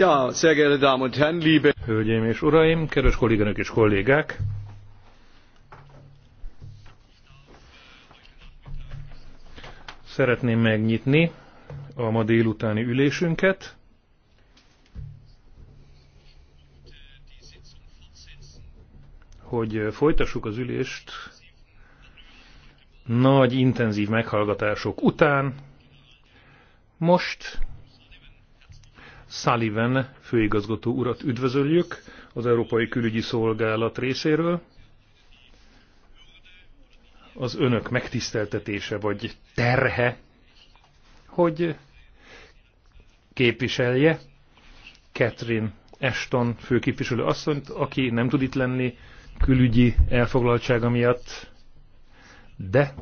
Ja, sehr geehrte Damen und Herren, liebe... Hölgyeim és uraim, kedves kolléganök és kollégák! Szeretném megnyitni a ma délutáni ülésünket. Hogy folytassuk az ülést nagy intenzív meghallgatások után, most Sullivan főigazgató urat üdvözöljük az Európai Külügyi Szolgálat részéről. Az önök megtiszteltetése vagy terhe, hogy képviselje Catherine Ashton főképviselő asszonyt, aki nem tud itt lenni külügyi elfoglaltsága miatt, de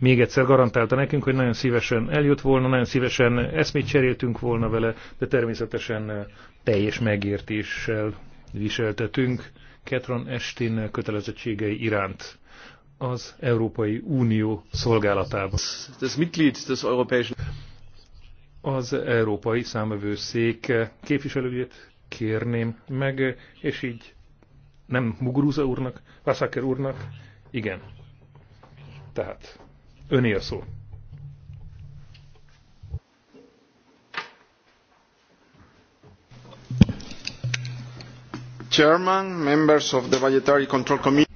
még egyszer garantálta nekünk, hogy nagyon szívesen eljött volna, nagyon szívesen eszmét cseréltünk volna vele, de természetesen eh, teljes megértéssel viseltetünk Ketron Estin kötelezettségei iránt az Európai Unió szolgálatában. Das Mitglied des Europäischen az Európai Számövőszék képviselőjét kérném meg, és így nem Muguruza úrnak, Vasaker úrnak, igen. Tehát Öné a szó. Chairman, members of the Budgetary Control Committee.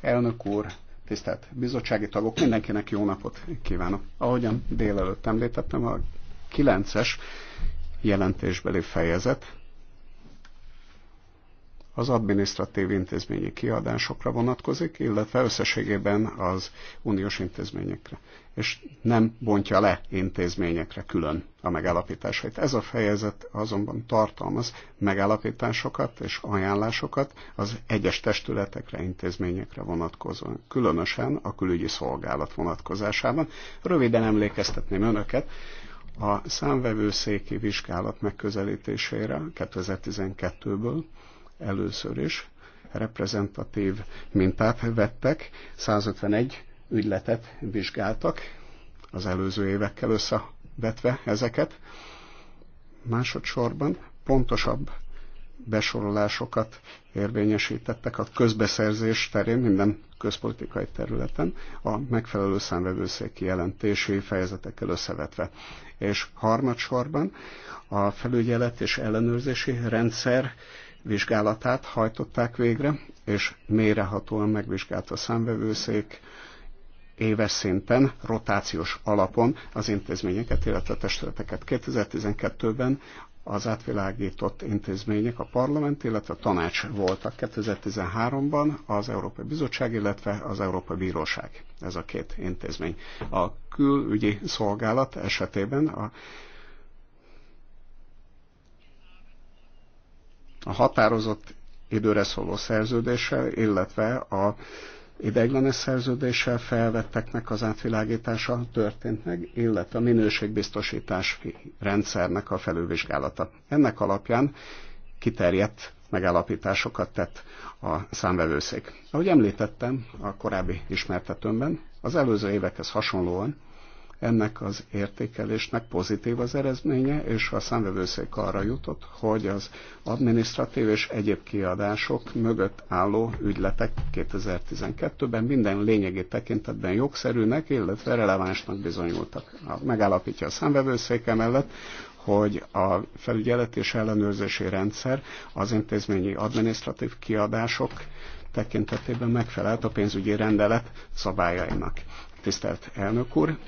Elnök úr, tisztelt bizottsági tagok, mindenkinek jó napot kívánok. Ahogyan délelőtt említettem, a 9-es jelentésbeli fejezet az adminisztratív intézményi kiadásokra vonatkozik, illetve összességében az uniós intézményekre, és nem bontja le intézményekre külön a megállapításait. Ez a fejezet azonban tartalmaz megállapításokat és ajánlásokat az egyes testületekre, intézményekre vonatkozóan, különösen a külügyi szolgálat vonatkozásában. Röviden emlékeztetném önöket, a számvevőszéki vizsgálat megközelítésére 2012-ből, először is reprezentatív mintát vettek, 151 ügyletet vizsgáltak az előző évekkel összevetve ezeket. Másodszorban pontosabb besorolásokat érvényesítettek a közbeszerzés terén, minden közpolitikai területen, a megfelelő számvevőszéki jelentési fejezetekkel összevetve. És harmadsorban a felügyelet és ellenőrzési rendszer vizsgálatát hajtották végre, és mérehatóan megvizsgálta a számvevőszék éves szinten, rotációs alapon az intézményeket, illetve a testületeket. 2012-ben az átvilágított intézmények a parlament, illetve a tanács voltak. 2013-ban az Európai Bizottság, illetve az Európai Bíróság. Ez a két intézmény. A külügyi szolgálat esetében a a határozott időre szóló szerződéssel, illetve a ideiglenes szerződéssel felvetteknek az átvilágítása történt meg, illetve a minőségbiztosítás rendszernek a felülvizsgálata. Ennek alapján kiterjedt megállapításokat tett a számvevőszék. Ahogy említettem a korábbi ismertetőmben, az előző évekhez hasonlóan ennek az értékelésnek pozitív az eredménye, és a számvevőszék arra jutott, hogy az administratív és egyéb kiadások mögött álló ügyletek 2012-ben minden lényegi tekintetben jogszerűnek, illetve relevánsnak bizonyultak. Megállapítja a számvevőszék emellett, hogy a felügyelet és ellenőrzési rendszer az intézményi administratív kiadások tekintetében megfelelt a pénzügyi rendelet szabályainak. Tisztelt elnök úr,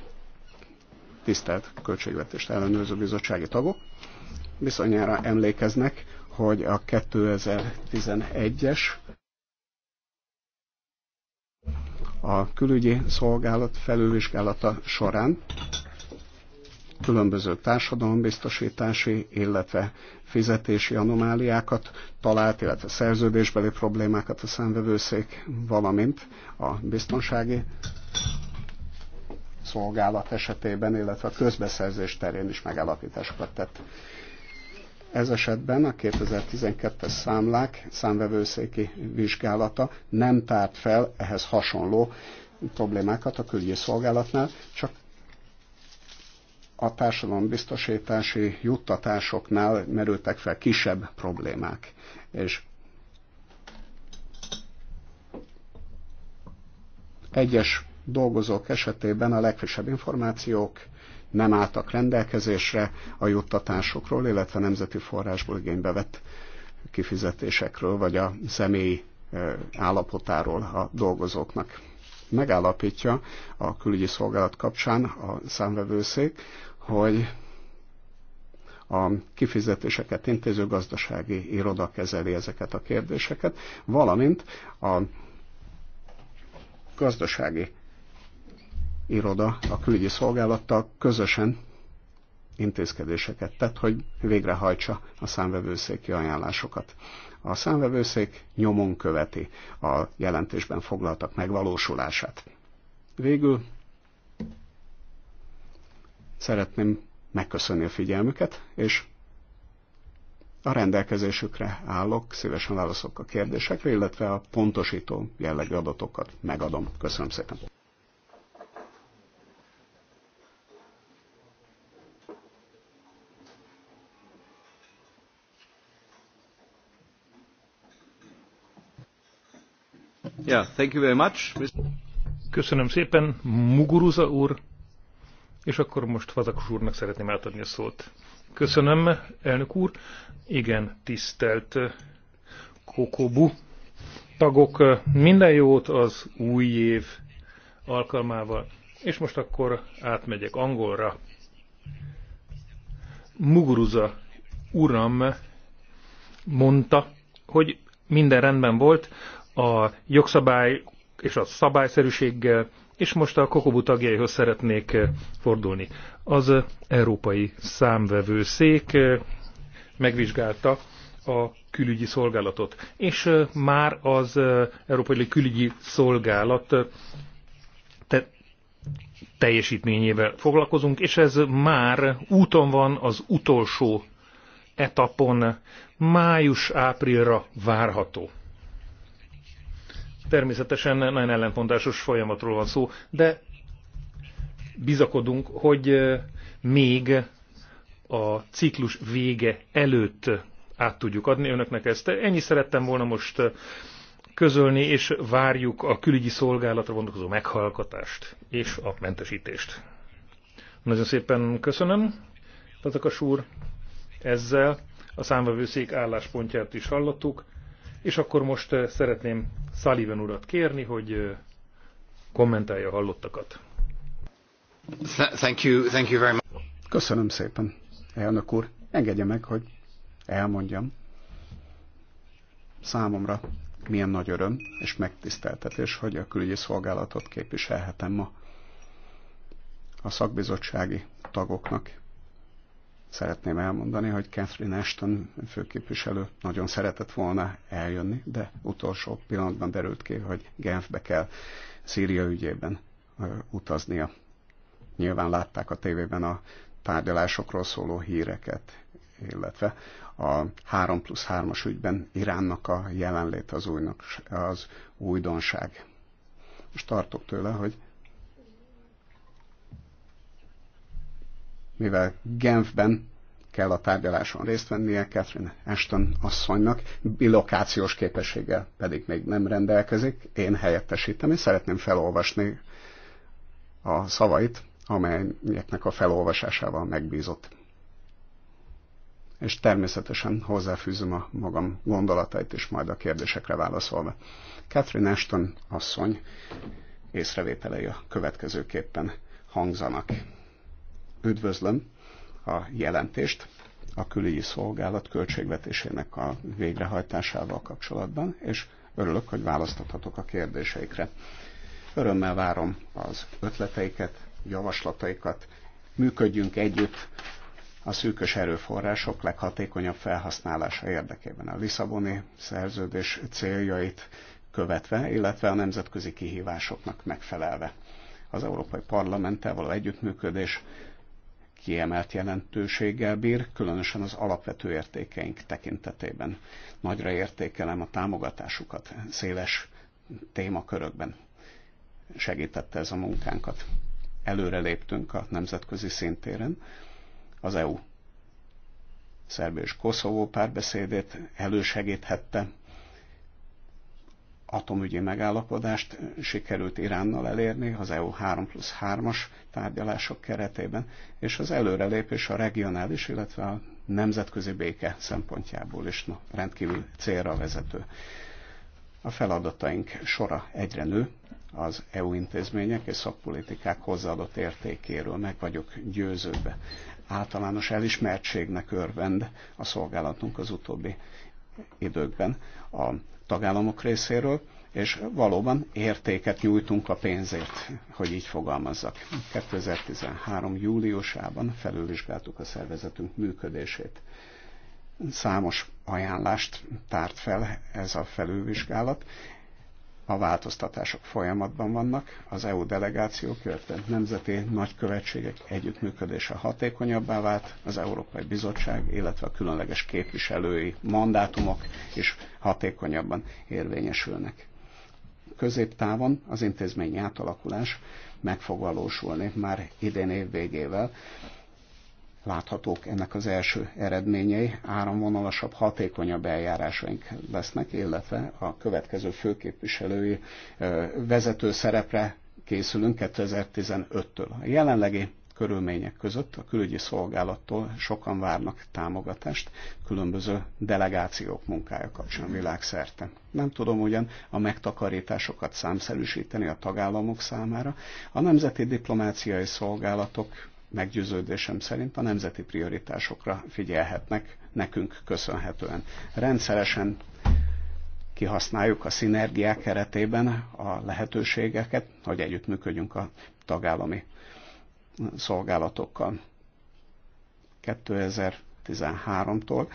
tisztelt Költségvetést ellenőrző bizottsági tagok bizonyára emlékeznek, hogy a 2011-es a külügyi szolgálat felülvizsgálata során különböző társadalombiztosítási, illetve fizetési anomáliákat talált, illetve szerződésbeli problémákat a számvevőszék, valamint a biztonsági szolgálat esetében, illetve a közbeszerzés terén is megállapításokat tett. Ez esetben a 2012-es számlák számvevőszéki vizsgálata nem tárt fel ehhez hasonló problémákat a külügyi szolgálatnál, csak a társadalombiztosítási juttatásoknál merültek fel kisebb problémák. És egyes dolgozók esetében a legfrissebb információk nem álltak rendelkezésre a juttatásokról, illetve a nemzeti forrásból igénybe vett kifizetésekről, vagy a személyi eh, állapotáról a dolgozóknak. Megállapítja a külügyi szolgálat kapcsán a számvevőszék, hogy a kifizetéseket intéző gazdasági iroda kezeli ezeket a kérdéseket, valamint a gazdasági iroda a külügyi szolgálattal közösen intézkedéseket tett, hogy végrehajtsa a számvevőszéki ajánlásokat. A számvevőszék nyomon követi a jelentésben foglaltak megvalósulását. Végül szeretném megköszönni a figyelmüket, és a rendelkezésükre állok, szívesen válaszolok a kérdésekre, illetve a pontosító jellegű adatokat megadom. Köszönöm szépen! Köszönöm szépen, Muguruza úr, és akkor most Fazakus úrnak szeretném átadni a szót. Köszönöm, elnök úr. Igen, tisztelt eh, Kokobu tagok, eh, minden jót az új év alkalmával. És most akkor átmegyek angolra. Muguruza uram mondta, hogy minden rendben volt, a jogszabály és a szabályszerűséggel, és most a Kokobu tagjaihoz szeretnék eh, fordulni. Az eh, Európai Számvevőszék eh, megvizsgálta a külügyi szolgálatot, és már az Európai Külügyi Szolgálat te teljesítményével foglalkozunk, és ez már úton van az utolsó etapon, május-áprilra várható. Természetesen nagyon ellentmondásos folyamatról van szó, de bizakodunk, hogy még a ciklus vége előtt át tudjuk adni önöknek ezt. Ennyi szerettem volna most közölni, és várjuk a külügyi szolgálatra vonatkozó meghallgatást és a mentesítést. Nagyon szépen köszönöm, Tatakas úr. Ezzel a számvevőszék álláspontját is hallottuk. És akkor most eh, szeretném Sullivan urat kérni, hogy eh, kommentálja a hallottakat. Thank you, thank you very much. Köszönöm szépen, elnök úr. Engedje meg, hogy elmondjam számomra milyen nagy öröm és megtiszteltetés, hogy a külügyi szolgálatot képviselhetem ma. A szakbizottsági tagoknak szeretném elmondani, hogy Catherine Ashton főképviselő nagyon szeretett volna eljönni, de utolsó pillanatban derült ki, hogy Genfbe kell Szíria ügyében utaznia. Nyilván látták a tévében a tárgyalásokról szóló híreket, illetve a 3 plusz 3-as ügyben Iránnak a jelenlét az, újnak, az újdonság. Most tartok tőle, hogy mivel Genfben kell a tárgyaláson részt vennie Catherine Ashton asszonynak, bilokációs képessége pedig még nem rendelkezik, én helyettesítem, és szeretném felolvasni a szavait, amelyeknek a felolvasásával megbízott. És természetesen hozzáfűzöm a magam gondolatait és majd a kérdésekre válaszolva. Catherine Ashton asszony észrevételei a következőképpen hangzanak. Üdvözlöm a jelentést a külügyi szolgálat költségvetésének a végrehajtásával kapcsolatban, és örülök, hogy választathatok a kérdéseikre. Örömmel várom az ötleteiket, javaslataikat, működjünk együtt a szűkös erőforrások leghatékonyabb felhasználása érdekében a Lisszaboni szerződés céljait követve, illetve a nemzetközi kihívásoknak megfelelve. Az Európai Parlamenttel való együttműködés kiemelt jelentőséggel bír, különösen az alapvető értékeink tekintetében. Nagyra értékelem a támogatásukat széles témakörökben. Segítette ez a munkánkat. Előre léptünk a nemzetközi szintéren. Az EU szerb és Koszovó párbeszédét elősegíthette, atomügyi megállapodást sikerült Iránnal elérni az EU 3 plusz 3-as tárgyalások keretében, és az előrelépés a regionális, illetve a nemzetközi béke szempontjából is na, rendkívül célra vezető. A feladataink sora egyre nő, az EU intézmények és szakpolitikák hozzáadott értékéről meg vagyok győződve. Általános elismertségnek örvend a szolgálatunk az utóbbi időkben a tagállamok részéről, és valóban értéket nyújtunk a pénzért, hogy így fogalmazzak. 2013. júliusában felülvizsgáltuk a szervezetünk működését. Számos ajánlást tárt fel ez a felülvizsgálat, a változtatások folyamatban vannak, az EU delegációk, illetve nemzeti nagykövetségek együttműködése hatékonyabbá vált, az Európai Bizottság, illetve a különleges képviselői mandátumok is hatékonyabban érvényesülnek. Középtávon az intézmény átalakulás meg fog valósulni már idén év végével, láthatók ennek az első eredményei, áramvonalasabb, hatékonyabb eljárásaink lesznek, illetve a következő főképviselői vezető szerepre készülünk 2015-től. A jelenlegi körülmények között a külügyi szolgálattól sokan várnak támogatást különböző delegációk munkája kapcsán világszerte. Nem tudom ugyan a megtakarításokat számszerűsíteni a tagállamok számára. A nemzeti diplomáciai szolgálatok meggyőződésem szerint a nemzeti prioritásokra figyelhetnek nekünk köszönhetően. Rendszeresen kihasználjuk a szinergiák keretében a lehetőségeket, hogy együttműködjünk a tagállami szolgálatokkal. 2013-tól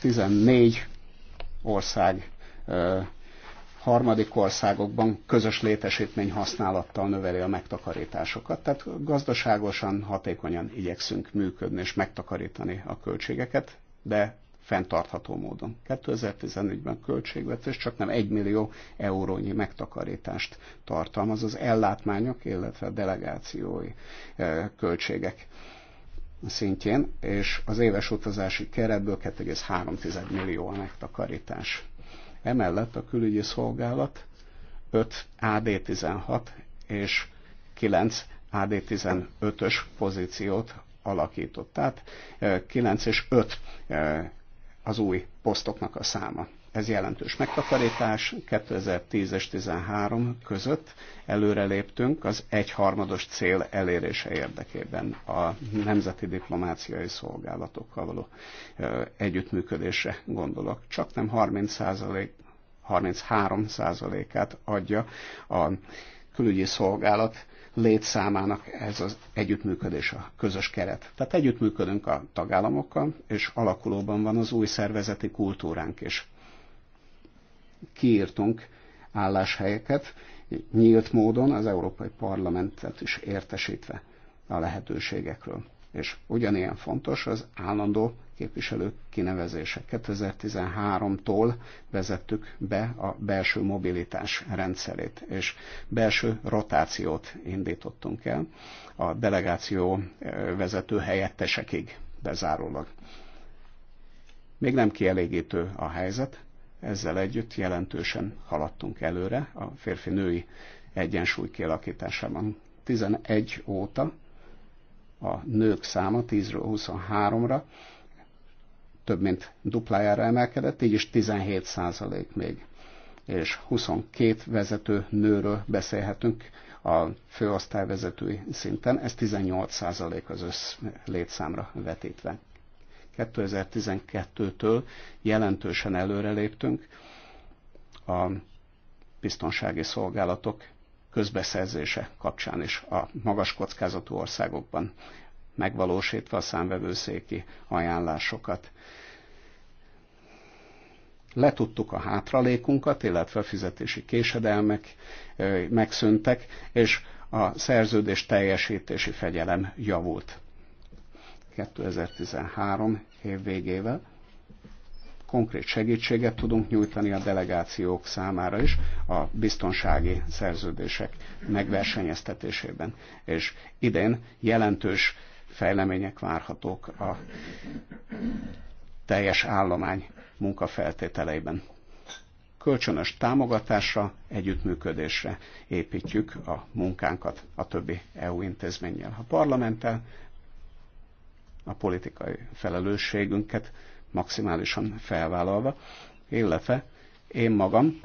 14 ország harmadik országokban közös létesítmény használattal növeli a megtakarításokat. Tehát gazdaságosan, hatékonyan igyekszünk működni és megtakarítani a költségeket, de fenntartható módon. 2014 ben költségvetés csak nem 1 millió eurónyi megtakarítást tartalmaz az ellátmányok, illetve a delegációi e, költségek szintjén, és az éves utazási keretből 2,3 millió a megtakarítás. Emellett a külügyi szolgálat 5 AD16 és 9 AD15-ös pozíciót alakított. Tehát 9 és 5 az új posztoknak a száma. Ez jelentős megtakarítás. 2010 és 2013 között előreléptünk az egyharmados cél elérése érdekében a nemzeti diplomáciai szolgálatokkal való együttműködésre gondolok. Csak nem 30 33%-át adja a külügyi szolgálat létszámának ez az együttműködés, a közös keret. Tehát együttműködünk a tagállamokkal, és alakulóban van az új szervezeti kultúránk is kiírtunk álláshelyeket, nyílt módon az Európai Parlamentet is értesítve a lehetőségekről. És ugyanilyen fontos az állandó képviselők kinevezése. 2013-tól vezettük be a belső mobilitás rendszerét, és belső rotációt indítottunk el a delegáció vezető helyettesekig bezárólag. Még nem kielégítő a helyzet, ezzel együtt jelentősen haladtunk előre a férfi-női egyensúly kialakításában. 11 óta a nők száma 10-ről 23-ra több mint duplájára emelkedett, így is 17 százalék még. És 22 vezető nőről beszélhetünk a főosztályvezetői szinten, ez 18 százalék az össz létszámra vetítve. 2012-től jelentősen előreléptünk a biztonsági szolgálatok közbeszerzése kapcsán is a magas kockázatú országokban megvalósítva a számvevőszéki ajánlásokat. Letudtuk a hátralékunkat, illetve a fizetési késedelmek megszűntek, és a szerződés teljesítési fegyelem javult. 2013 év végével konkrét segítséget tudunk nyújtani a delegációk számára is a biztonsági szerződések megversenyeztetésében. És idén jelentős fejlemények várhatók a teljes állomány munkafeltételeiben. Kölcsönös támogatásra, együttműködésre építjük a munkánkat a többi EU intézménnyel, a parlamenttel, a politikai felelősségünket maximálisan felvállalva, illetve én magam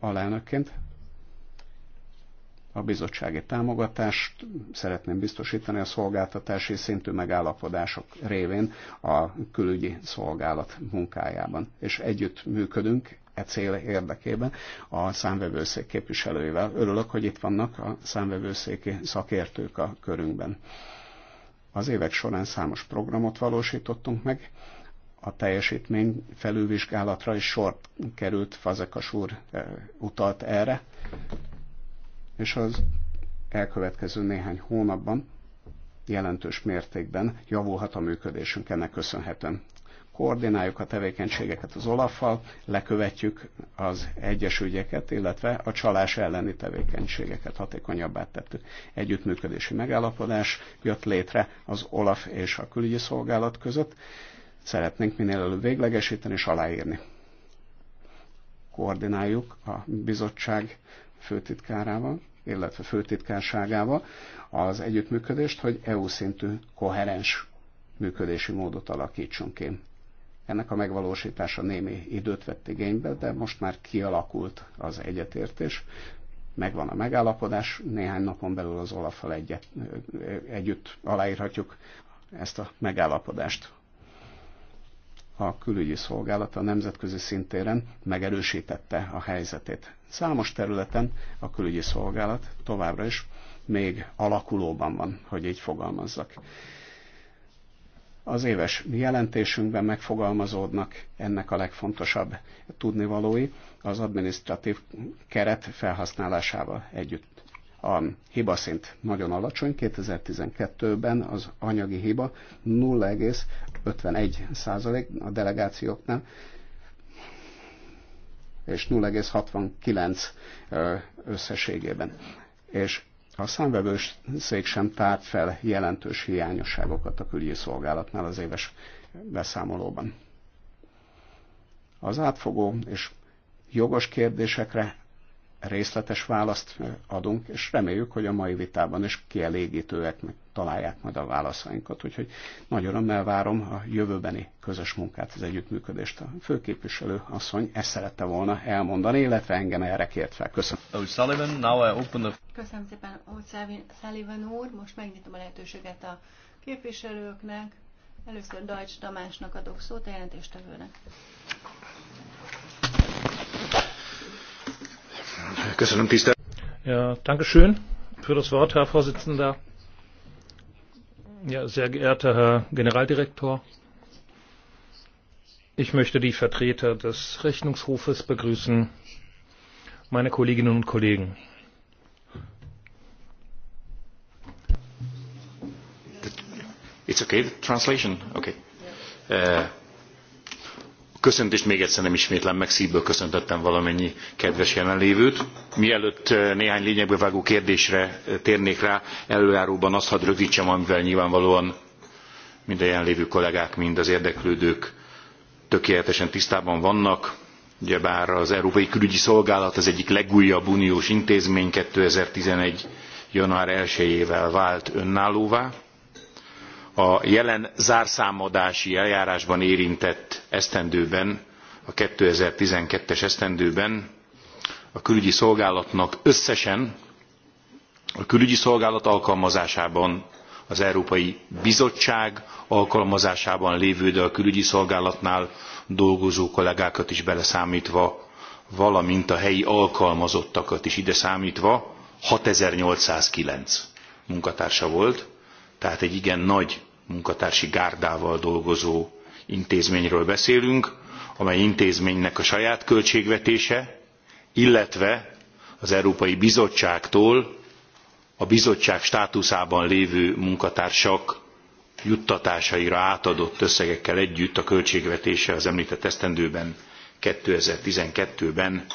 alelnökként a bizottsági támogatást szeretném biztosítani a szolgáltatási szintű megállapodások révén a külügyi szolgálat munkájában. És együtt működünk e cél érdekében a számvevőszék képviselőivel. Örülök, hogy itt vannak a számvevőszéki szakértők a körünkben. Az évek során számos programot valósítottunk meg, a teljesítmény felülvizsgálatra is sor került, Fazekas úr eh, utalt erre, és az elkövetkező néhány hónapban jelentős mértékben javulhat a működésünk ennek köszönhetően koordináljuk a tevékenységeket az Olaffal, lekövetjük az egyes ügyeket, illetve a csalás elleni tevékenységeket hatékonyabbá tettük. Együttműködési megállapodás jött létre az Olaf és a külügyi szolgálat között. Szeretnénk minél előbb véglegesíteni és aláírni. Koordináljuk a bizottság főtitkárával, illetve főtitkárságával az együttműködést, hogy EU szintű koherens működési módot alakítsunk ki. Ennek a megvalósítása némi időt vett igénybe, de most már kialakult az egyetértés. Megvan a megállapodás, néhány napon belül az olaf egyet, együtt aláírhatjuk ezt a megállapodást. A külügyi szolgálat a nemzetközi szintéren megerősítette a helyzetét. Számos területen a külügyi szolgálat továbbra is még alakulóban van, hogy így fogalmazzak az éves jelentésünkben megfogalmazódnak ennek a legfontosabb tudnivalói az administratív keret felhasználásával együtt. A hiba-szint nagyon alacsony, 2012-ben az anyagi hiba 0,51 százalék a delegációknál, és 0,69 összességében. És a számvevőszék sem tárt fel jelentős hiányosságokat a külügyi szolgálatnál az éves beszámolóban. Az átfogó és jogos kérdésekre részletes választ adunk, és reméljük, hogy a mai vitában is meg találják majd a válaszainkat. Úgyhogy nagy örömmel várom a jövőbeni közös munkát, az együttműködést. A főképviselő asszony ezt szerette volna elmondani, illetve engem erre kért fel. Köszönöm. Oh, open Köszönöm szépen, Sullivan úr. Most megnyitom a lehetőséget a képviselőknek. Először Dajcs Tamásnak adok szót a jelentéstevőnek. Köszönöm, tisztelt. Ja, danke schön für das Wort, Herr Vorsitzender. Ja, sehr geehrter Herr Generaldirektor, ich möchte die Vertreter des Rechnungshofes begrüßen, meine Kolleginnen und Kollegen. It's okay, the translation, okay. Uh, köszöntést még egyszer nem ismétlem meg, szívből köszöntöttem valamennyi kedves jelenlévőt. Mielőtt eh, néhány lényegbe vágó kérdésre eh, térnék rá, előjáróban azt hadd rögzítsem, amivel nyilvánvalóan mind a jelenlévő kollégák, mind az érdeklődők tökéletesen tisztában vannak. Ugyebár az Európai Külügyi Szolgálat az egyik legújabb uniós intézmény 2011. január 1-ével vált önállóvá a jelen zárszámadási eljárásban érintett esztendőben, a twelve es esztendőben a külügyi szolgálatnak összesen a külügyi szolgálat alkalmazásában, az Európai Bizottság alkalmazásában lévő, de a külügyi szolgálatnál dolgozó kollégákat is beleszámítva, valamint a helyi alkalmazottakat is ide számítva 6809 munkatársa volt, tehát egy igen nagy munkatársi gárdával dolgozó intézményről beszélünk, amely intézménynek a saját költségvetése, illetve az Európai Bizottságtól a bizottság státuszában lévő munkatársak juttatásaira átadott összegekkel együtt a költségvetése az említett esztendőben 2012-ben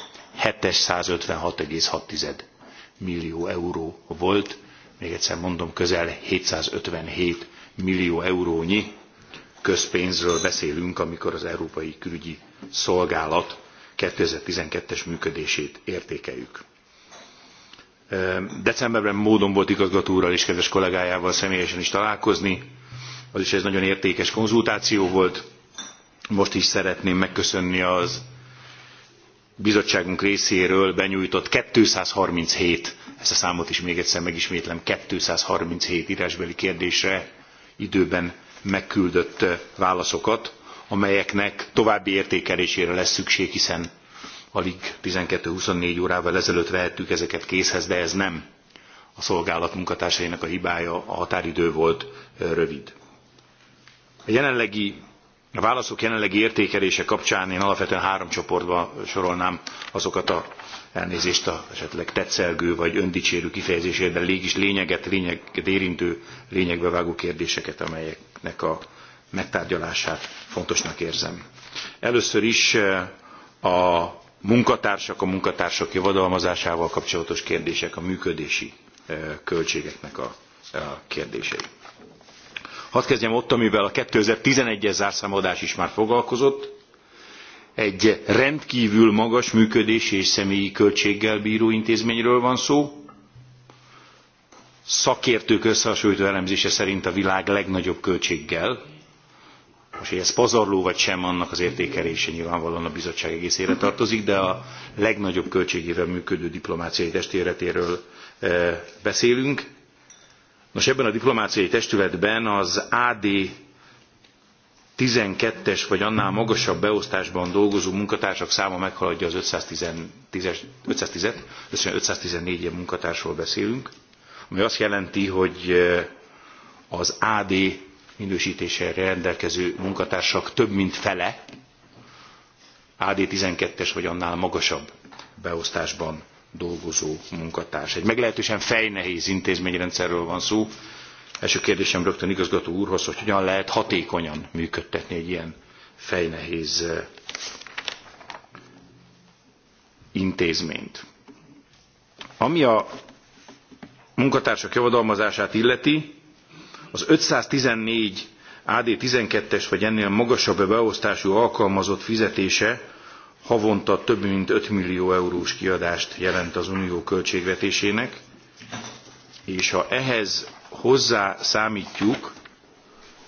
756,6 millió euró volt, még egyszer mondom, közel 757 millió eurónyi közpénzről beszélünk, amikor az Európai Külügyi Szolgálat 2012-es működését értékeljük. Decemberben módon volt igazgató úrral és kedves kollégájával személyesen is találkozni, az is egy nagyon értékes konzultáció volt. Most is szeretném megköszönni az bizottságunk részéről benyújtott 237, ezt a számot is még egyszer megismétlem, 237 írásbeli kérdésre időben megküldött eh, válaszokat, amelyeknek további értékelésére lesz szükség, hiszen alig 12-24 órával ezelőtt vehettük ezeket készhez, de ez nem a szolgálat munkatársainak a hibája, a határidő volt eh, rövid. A jelenlegi a válaszok jelenlegi értékelése kapcsán én alapvetően három csoportba sorolnám azokat a elnézést a esetleg tetszelgő vagy öndicsérő kifejezésért, de mégis lényeget, lényeget érintő, lényegbe vágó kérdéseket, amelyeknek a megtárgyalását fontosnak érzem. Először is eh, a munkatársak, a munkatársak javadalmazásával kapcsolatos kérdések, a működési eh, költségeknek a kérdései. Hadd kezdjem ott, amivel a 2011-es zárszámadás is már foglalkozott, egy rendkívül magas működési és személyi költséggel bíró intézményről van szó. Szakértők összehasonlító elemzése szerint a világ legnagyobb költséggel. Most, hogy ez pazarló vagy sem, annak az értékelése nyilvánvalóan a bizottság egészére tartozik, de a legnagyobb költségével működő diplomáciai testületéről eh, beszélünk. Nos, ebben a diplomáciai testületben az AD 12-es vagy annál magasabb beosztásban dolgozó munkatársak száma meghaladja az 510 et összesen 514 ilyen munkatársról beszélünk, ami azt jelenti, hogy eh, az AD minősítéssel rendelkező munkatársak több mint fele AD 12-es vagy annál magasabb beosztásban dolgozó munkatárs. Egy meglehetősen fejnehéz intézményrendszerről van szó, Első kérdésem rögtön igazgató úrhoz, hogy hogyan lehet hatékonyan működtetni egy ilyen fejnehéz eh, intézményt. Ami a munkatársak javadalmazását illeti, az 514 AD12-es vagy ennél magasabb beosztású alkalmazott fizetése havonta több mint 5 millió eurós kiadást jelent az unió költségvetésének, és ha ehhez hozzá számítjuk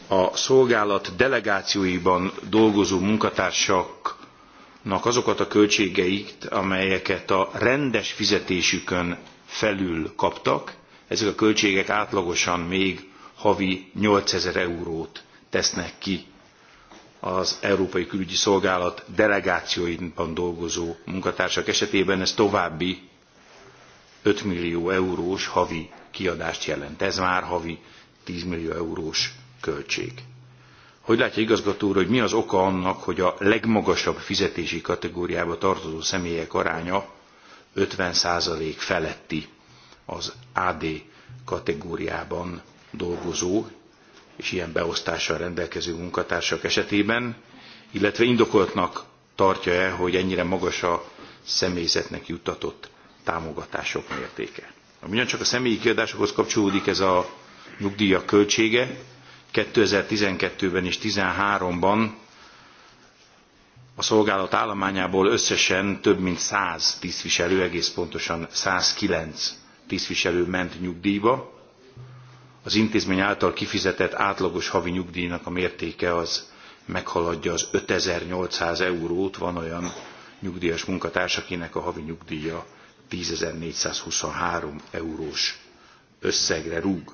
a szolgálat delegációiban dolgozó munkatársaknak azokat a költségeit, amelyeket a rendes fizetésükön felül kaptak. Ezek a költségek átlagosan még havi 8000 eurót tesznek ki az Európai Külügyi Szolgálat delegációiban dolgozó munkatársak esetében ez további 5 millió eurós havi kiadást jelent. Ez már havi 10 millió eurós költség. Hogy látja igazgató úr, hogy mi az oka annak, hogy a legmagasabb fizetési kategóriába tartozó személyek aránya 50% feletti az AD kategóriában dolgozó és ilyen beosztással rendelkező munkatársak esetében, illetve indokoltnak tartja-e, hogy ennyire magas a személyzetnek juttatott támogatások mértéke? ami ugyancsak a személyi kiadásokhoz kapcsolódik ez a nyugdíjak költsége, 2012-ben és 2013-ban a szolgálat állományából összesen több mint 100 tisztviselő, egész pontosan 109 tisztviselő ment nyugdíjba. Az intézmény által kifizetett átlagos havi nyugdíjnak a mértéke az meghaladja az 5800 eurót, van olyan nyugdíjas munkatárs, akinek a havi nyugdíja 10.423 eurós összegre rúg.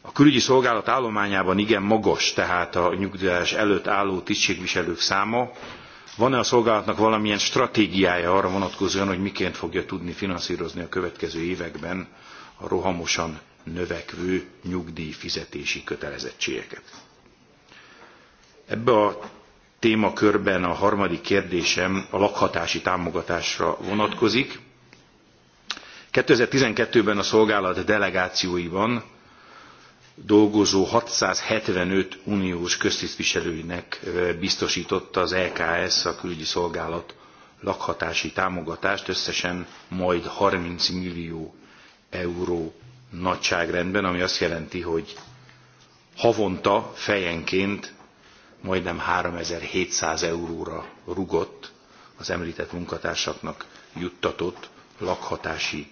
A külügyi szolgálat állományában igen magas, tehát a nyugdíjás előtt álló tisztségviselők száma. Van-e a szolgálatnak valamilyen stratégiája arra vonatkozóan, hogy miként fogja tudni finanszírozni a következő években a rohamosan növekvő nyugdíj fizetési kötelezettségeket? Ebbe a témakörben a harmadik kérdésem a lakhatási támogatásra vonatkozik. 2012-ben a szolgálat delegációiban dolgozó 675 uniós köztisztviselőinek biztosította az EKS, a külügyi szolgálat lakhatási támogatást összesen majd 30 millió euró nagyságrendben, ami azt jelenti, hogy havonta fejenként majdnem 3700 euróra rugott az említett munkatársaknak juttatott lakhatási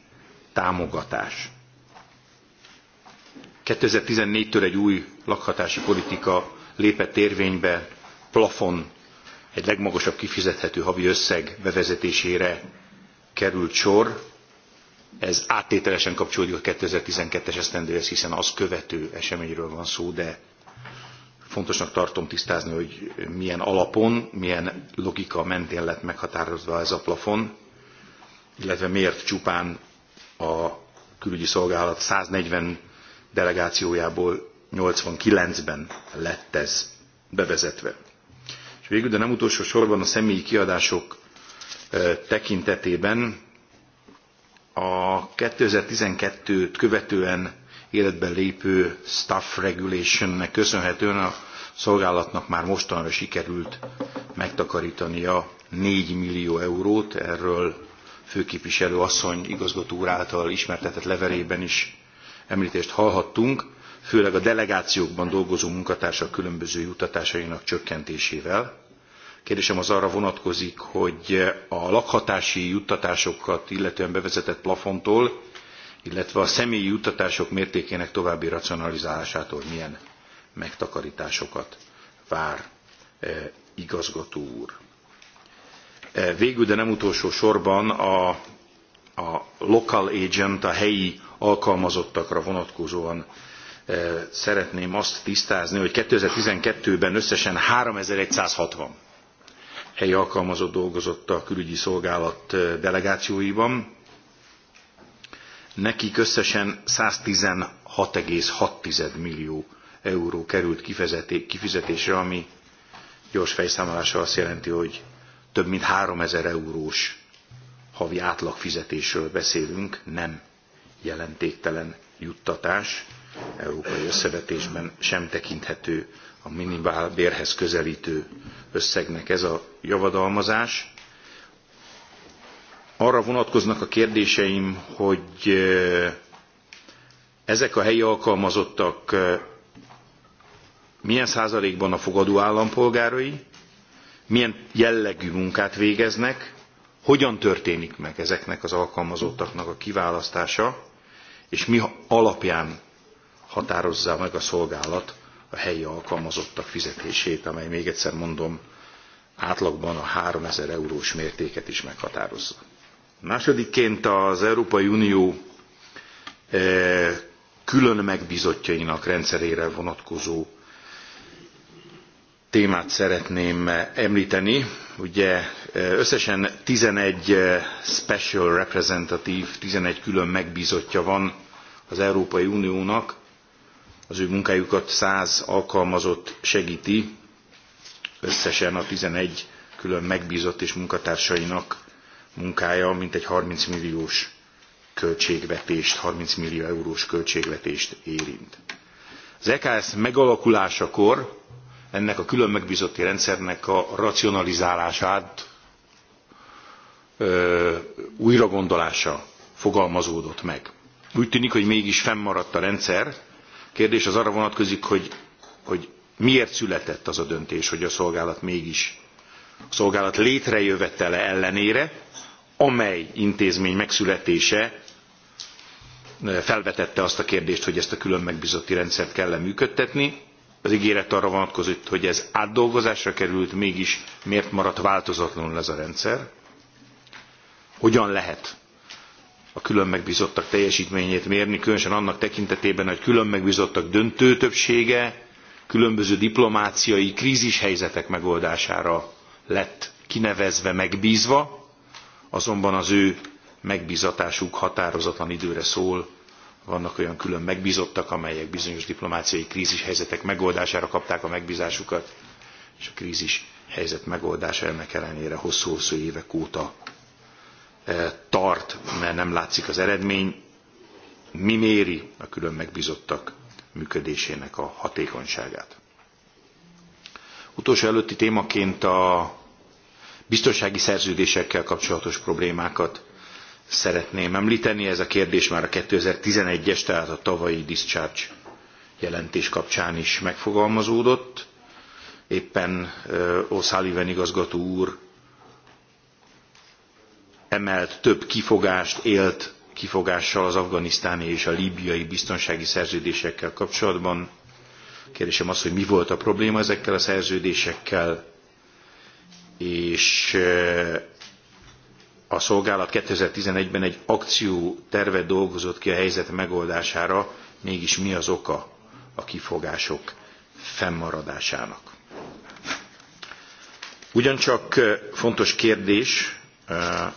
támogatás. 2014-től egy új lakhatási politika lépett érvénybe, plafon egy legmagasabb kifizethető havi összeg bevezetésére került sor. Ez áttételesen kapcsolódik a 2012-es esztendőhez, hiszen az követő eseményről van szó, de Fontosnak tartom tisztázni, hogy milyen alapon, milyen logika mentén lett meghatározva ez a plafon, illetve miért csupán a külügyi szolgálat 140 delegációjából 89-ben lett ez bevezetve. És végül, de nem utolsó sorban a személyi kiadások tekintetében a 2012-t követően életbe lépő staff regulationnek köszönhetően a szolgálatnak már mostanra sikerült megtakarítania 4 millió eurót, erről főképviselő asszony igazgató úr által ismertetett levelében is említést hallhattunk, főleg a delegációkban dolgozó munkatársak különböző juttatásainak csökkentésével. Kérdésem az arra vonatkozik, hogy a lakhatási juttatásokat illetően bevezetett plafontól illetve a személyi juttatások mértékének további racionalizálásától milyen megtakarításokat vár e, igazgató úr. E, végül, de nem utolsó sorban a, a local agent, a helyi alkalmazottakra vonatkozóan e, szeretném azt tisztázni, hogy 2012-ben összesen 3160 helyi alkalmazott dolgozott a külügyi szolgálat e, delegációiban, Nekik összesen 116,6 millió euró került kifizetésre, ami gyors fejszámolása azt jelenti, hogy több mint 3000 eurós havi átlagfizetésről beszélünk, nem jelentéktelen juttatás, európai összevetésben sem tekinthető a minimálbérhez közelítő összegnek ez a javadalmazás arra vonatkoznak a kérdéseim, hogy ezek a helyi alkalmazottak milyen százalékban a fogadó állampolgárai, milyen jellegű munkát végeznek, hogyan történik meg ezeknek az alkalmazottaknak a kiválasztása, és mi alapján határozza meg a szolgálat a helyi alkalmazottak fizetését, amely még egyszer mondom, átlagban a 3000 eurós mértéket is meghatározza másodikként az európai unió e, külön megbzottjainak rendszerére vonatkozó témát szeretném e, emlteni. ugye e, összesen eleven special representative eleven külön megbzottja van az európai uniónak az ő munkájukat 100 alkalmazott segíti összesen a 11 külön megbízott és munkatársainak munkája mintegy 30 milliós költségvetést, 30 millió eurós költségvetést érint. Az EKS megalakulásakor ennek a külön megbízotti rendszernek a racionalizálását, ö, újragondolása fogalmazódott meg. Úgy tűnik, hogy mégis fennmaradt a rendszer. Kérdés az arra vonatkozik, hogy, hogy miért született az a döntés, hogy a szolgálat mégis a szolgálat létrejövetele ellenére amely intézmény megszületése eh, felvetette azt a kérdést, hogy ezt a külön megbízotti rendszert kell-e működtetni. Az géret arra vonatkozott, hogy ez átdolgozásra került, mégis miért maradt változatlanul ez a rendszer? Hogyan lehet a külön megbízottak teljesítményét mérni, különösen annak tekintetében, hogy külön megbízottak döntő többsége különböző diplomáciai krízishelyzetek megoldására lett kinevezve, megbízva, azonban az ő megbizatásuk határozatlan időre szól, vannak olyan külön megbizottak, amelyek bizonyos diplomáciai krízis helyzetek megoldására kapták a megbízásukat, és a krízis helyzet megoldása ennek ellenére hosszú-hosszú évek óta eh, tart, mert nem látszik az eredmény. Mi méri a külön megbizottak működésének a hatékonyságát? Utolsó előtti témaként a biztonsági szerződésekkel kapcsolatos problémákat szeretném említeni. Ez a kérdés már a 2011-es, tehát a tavalyi discharge jelentés kapcsán is megfogalmazódott. Éppen O'Sullivan igazgató úr emelt több kifogást, élt kifogással az afganisztáni és a líbiai biztonsági szerződésekkel kapcsolatban. Kérdésem az, hogy mi volt a probléma ezekkel a szerződésekkel, és eh, a szolgálat 2011-ben egy akciótervet dolgozott ki a helyzet megoldására, mégis mi az oka a kifogások fennmaradásának. Ugyancsak eh, fontos kérdés eh,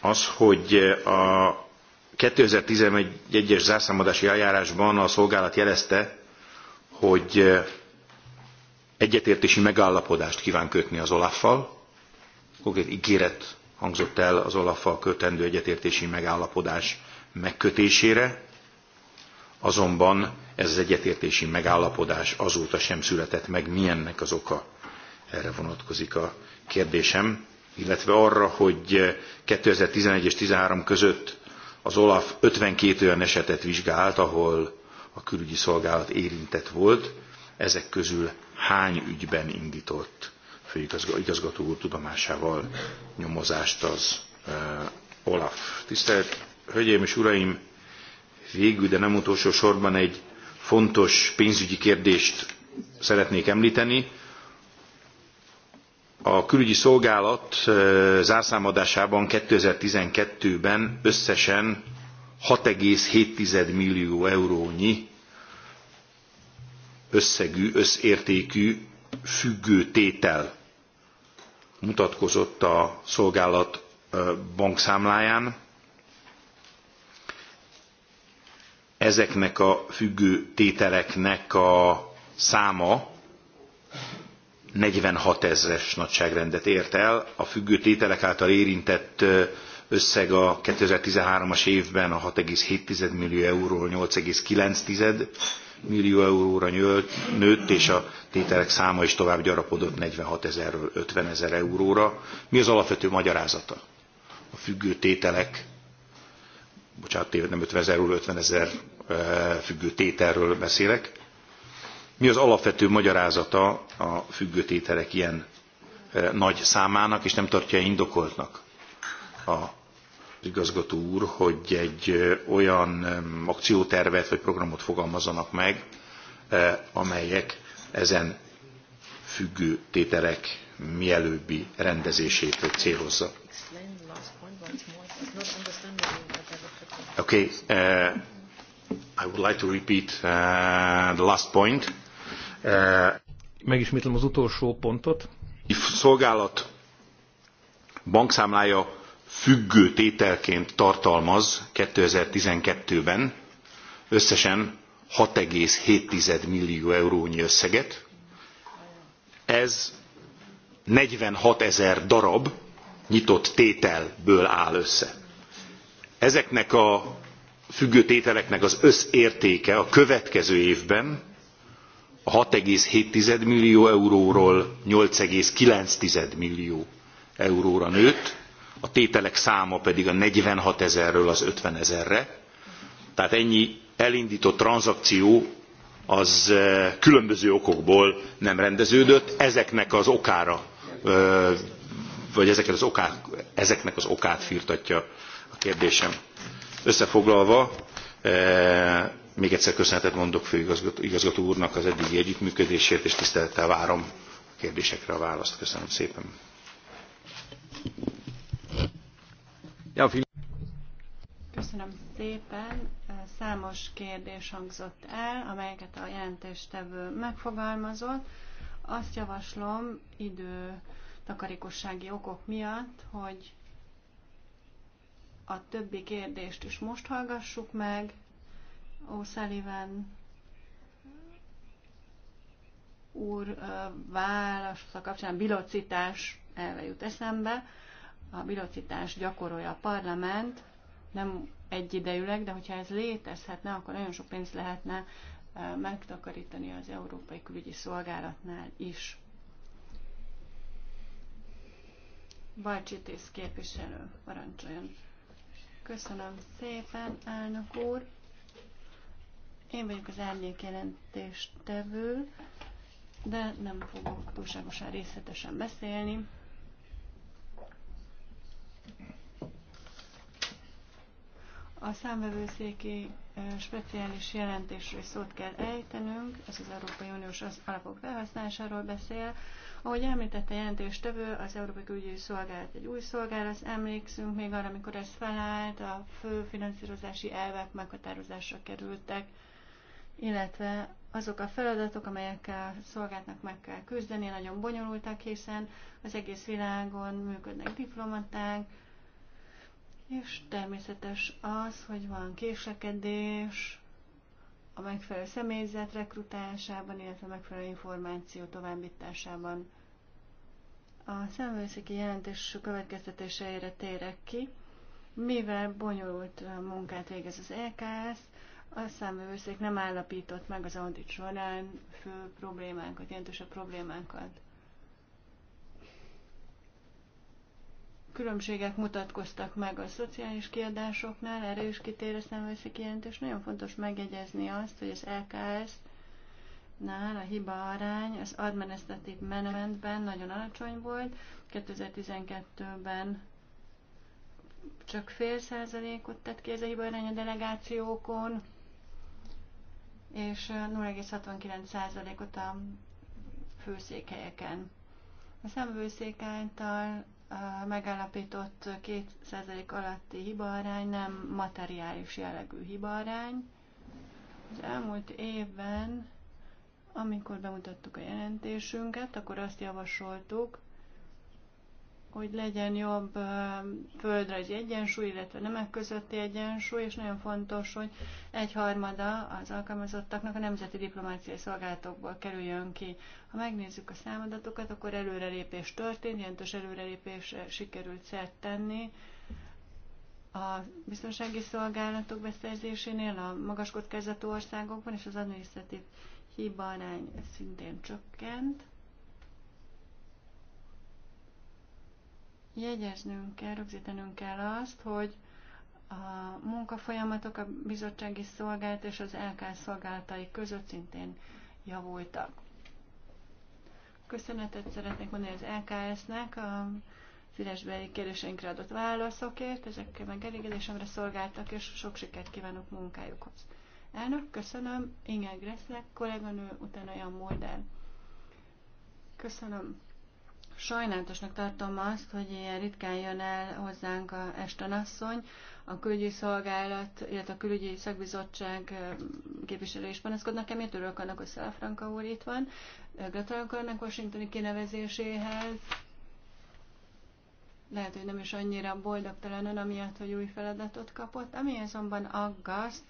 az, hogy a 2011-es zárszámadási eljárásban a szolgálat jelezte, hogy egyetértési megállapodást kíván kötni az Olaffal. Konkrét ígéret hangzott el az Olaffal kötendő egyetértési megállapodás megkötésére, azonban ez az egyetértési megállapodás azóta sem született meg, milyennek az oka. Erre vonatkozik a kérdésem, illetve arra, hogy 2011 és 2013 között az OLAF 52 olyan esetet vizsgált, ahol a külügyi szolgálat érintett volt, ezek közül hány ügyben indított főigazgató úr tudomásával nyomozást az Olaf. Tisztelt Hölgyeim és Uraim, végül, de nem utolsó sorban egy fontos pénzügyi kérdést szeretnék említeni. A külügyi szolgálat zárszámadásában 2012-ben összesen 6,7 millió eurónyi összegű, összértékű tétel mutatkozott a szolgálat bankszámláján. Ezeknek a függő tételeknek a száma 46 ezres nagyságrendet ért el. A függő tételek által érintett összeg a 2013-as évben a 6,7 millió euróról 8,9 millió euróra nyölt, nőtt, és a tételek száma is tovább gyarapodott 46 ezerről 50 ezer euróra. Mi az alapvető magyarázata? A függő tételek, bocsánat, téved nem 50 ezerről, 50 ezer eh, függő tételről beszélek. Mi az alapvető magyarázata a függő tételek ilyen eh, nagy számának, és nem tartja indokoltnak a igazgató úr, hogy egy olyan akciótervet vagy programot fogalmazanak meg, amelyek ezen függő tételek mielőbbi rendezését célozza. Okay, uh, I would like to repeat uh, the last point. Uh, Megismétlem az utolsó pontot. If szolgálat bankszámlája függő tételként tartalmaz 2012-ben összesen 6,7 millió eurónyi összeget. Ez 46 ezer darab nyitott tételből áll össze. Ezeknek a függő tételeknek az összértéke a következő évben a 6,7 millió euróról 8,9 millió euróra nőtt, a tételek száma pedig a 46 ezerről az 50 ezerre. Tehát ennyi elindított tranzakció az különböző okokból nem rendeződött. Ezeknek az okára, vagy ezeket az okát, ezeknek az okát firtatja a kérdésem. Összefoglalva, még egyszer köszönetet mondok főigazgató úrnak az eddigi együttműködésért, és tisztelettel várom a kérdésekre a választ. Köszönöm szépen. Köszönöm szépen. Számos kérdés hangzott el, amelyeket a jelentéstevő megfogalmazott. Azt javaslom idő takarékossági okok miatt, hogy a többi kérdést is most hallgassuk meg. O'Sullivan úr válasza kapcsán bilocitás elve jut eszembe a bilocitás gyakorolja a parlament, nem egyidejűleg, de hogyha ez létezhetne, akkor nagyon sok pénzt lehetne megtakarítani az Európai Külügyi Szolgálatnál is. Balcsitész képviselő, parancsoljon. Köszönöm szépen, elnök úr. Én vagyok az árnyék jelentéstevő, de nem fogok túlságosan részletesen beszélni. A számvevőszéki speciális jelentésről szót kell ejtenünk, ez az Európai Uniós alapok felhasználásáról beszél. Ahogy említette jelentéstevő, az Európai Külügyi Szolgálat egy új szolgálat, emlékszünk még arra, amikor ez felállt, a fő finanszírozási elvek meghatározásra kerültek, illetve azok a feladatok, amelyekkel a szolgálatnak meg kell küzdeni, nagyon bonyolultak, hiszen az egész világon működnek diplomaták, és természetes az, hogy van késlekedés a megfelelő személyzet rekrutálásában, illetve a megfelelő információ továbbításában. A szemvőszéki jelentés következtetéseire térek ki. Mivel bonyolult munkát végez az EKS, a számvevőszék nem állapított meg az audit során fő problémákat, jelentősebb problémákat. különbségek mutatkoztak meg a szociális kiadásoknál, erre is kitér a számvőszéki jelentés. Nagyon fontos megjegyezni azt, hogy az LKS-nál a hiba arány az administratív menetben nagyon alacsony volt, 2012-ben csak fél százalékot tett ki ez a hiba arány a delegációkon, és 0,69 százalékot a főszékhelyeken. A számvőszék által a megállapított 2% alatti hibaarány nem materiális jellegű hibaarány. Az elmúlt évben, amikor bemutattuk a jelentésünket, akkor azt javasoltuk, hogy legyen jobb földrajzi egyensúly, illetve nemek közötti egyensúly, és nagyon fontos, hogy egy harmada az alkalmazottaknak a nemzeti diplomáciai szolgálatokból kerüljön ki. Ha megnézzük a számadatokat, akkor előrelépés történt, jelentős előrelépés sikerült szert tenni. A biztonsági szolgálatok beszerzésénél a magas kockázatú országokban és az adminisztratív hibarány szintén csökkent. jegyeznünk kell, rögzítenünk kell azt, hogy a munkafolyamatok a bizottsági szolgált és az LK szolgálatai között szintén javultak. Köszönetet szeretnék mondani az LKS-nek a szívesbeli kérdéseinkre adott válaszokért, ezekkel meg elégedésemre szolgáltak, és sok sikert kívánok munkájukhoz. Elnök, köszönöm, Inge Gresznek, kolléganő, utána Jan Molder. Köszönöm. Sajnálatosnak tartom azt, hogy ilyen ritkán jön el hozzánk a estanasszony. a külügyi szolgálat, illetve a külügyi szakbizottság képviselő is panaszkodnak, emiatt örülök annak, hogy Szalafranka úr itt van. Gratulálok annak Washingtoni kinevezéséhez. Lehet, hogy nem is annyira boldogtalan amiatt, hogy új feladatot kapott, ami azonban aggaszt,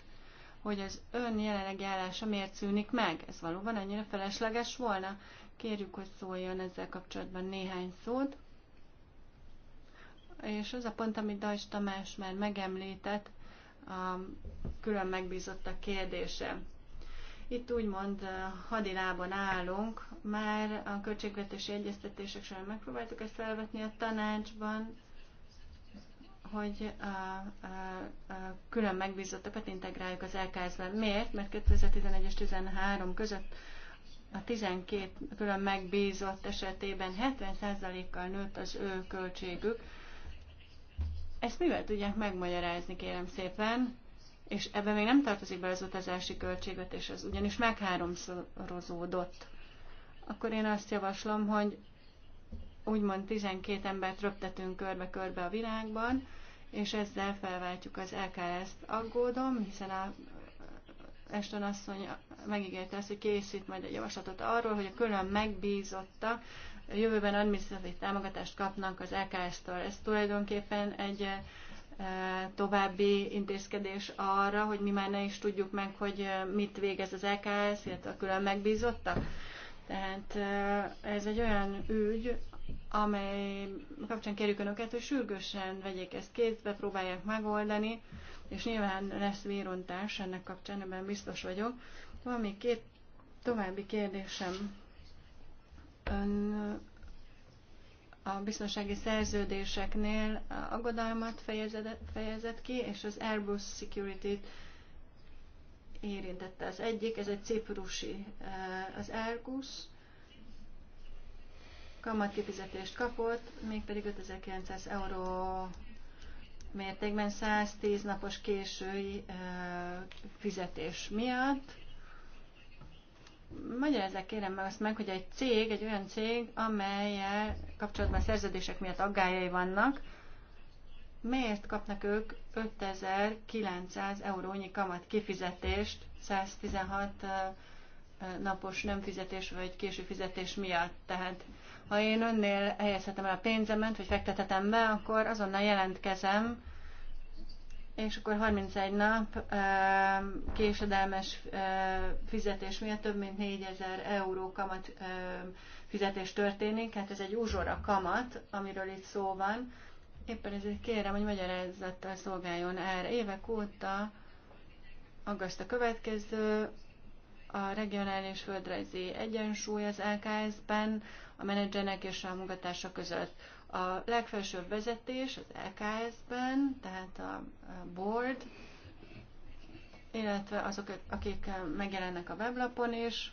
hogy az ön jelenlegi állása miért szűnik meg. Ez valóban annyira felesleges volna. Kérjük, hogy szóljon ezzel kapcsolatban néhány szót. És az a pont, amit Dajs Tamás már megemlített, a külön a kérdése. Itt úgymond hadilában állunk, már a költségvetési egyeztetések során megpróbáltuk ezt felvetni a tanácsban, hogy a, a, a külön megbízottakat integráljuk az LKS-ben. Miért? Mert 2011 és 2013 között a 12 külön megbízott esetében 70%-kal nőtt az ő költségük. Ezt mivel tudják megmagyarázni, kérem szépen? És ebben még nem tartozik be az utazási költséget, és az ugyanis megháromszorozódott. Akkor én azt javaslom, hogy úgymond 12 embert röptetünk körbe-körbe a világban, és ezzel felváltjuk az LKS-t aggódom, hiszen a Eston asszony megígérte azt, hogy készít majd egy javaslatot arról, hogy a külön megbízotta a jövőben adminisztratív támogatást kapnak az LKS-től. Ez tulajdonképpen egy e, további intézkedés arra, hogy mi már ne is tudjuk meg, hogy e, mit végez az LKS, illetve a külön megbízotta. Tehát e, ez egy olyan ügy, amely kapcsán kérjük Önöket, hogy sürgősen vegyék ezt kézbe, próbálják megoldani, és nyilván lesz vérontás ennek kapcsán, ebben biztos vagyok. Van még két további kérdésem. Ön a biztonsági szerződéseknél aggodalmat fejezett, fejezett ki, és az Airbus Security-t érintette az egyik, ez egy ciprusi, eh, az Airbus, kamatkifizetést kapott, mégpedig 5900 euró mértékben 110 napos késői fizetés miatt. Magyarázzák kérem meg azt meg, hogy egy cég, egy olyan cég, amelyel kapcsolatban szerződések miatt aggályai vannak, miért kapnak ők 5900 eurónyi kamat kifizetést 116 napos nem fizetés vagy késő fizetés miatt. Tehát ha én önnél helyezhetem el a pénzemet, vagy fektethetem be, akkor azonnal jelentkezem, és akkor 31 nap késedelmes fizetés miatt több mint 4000 euró kamat fizetés történik, hát ez egy uzsora kamat, amiről itt szó van. Éppen ezért kérem, hogy magyarázattal szolgáljon erre. Évek óta aggaszt a következő, a regionális földrajzi egyensúly az LKS-ben, a menedzsernek és a munkatársa között. A legfelsőbb vezetés az LKS-ben, tehát a board, illetve azok, akik megjelennek a weblapon is,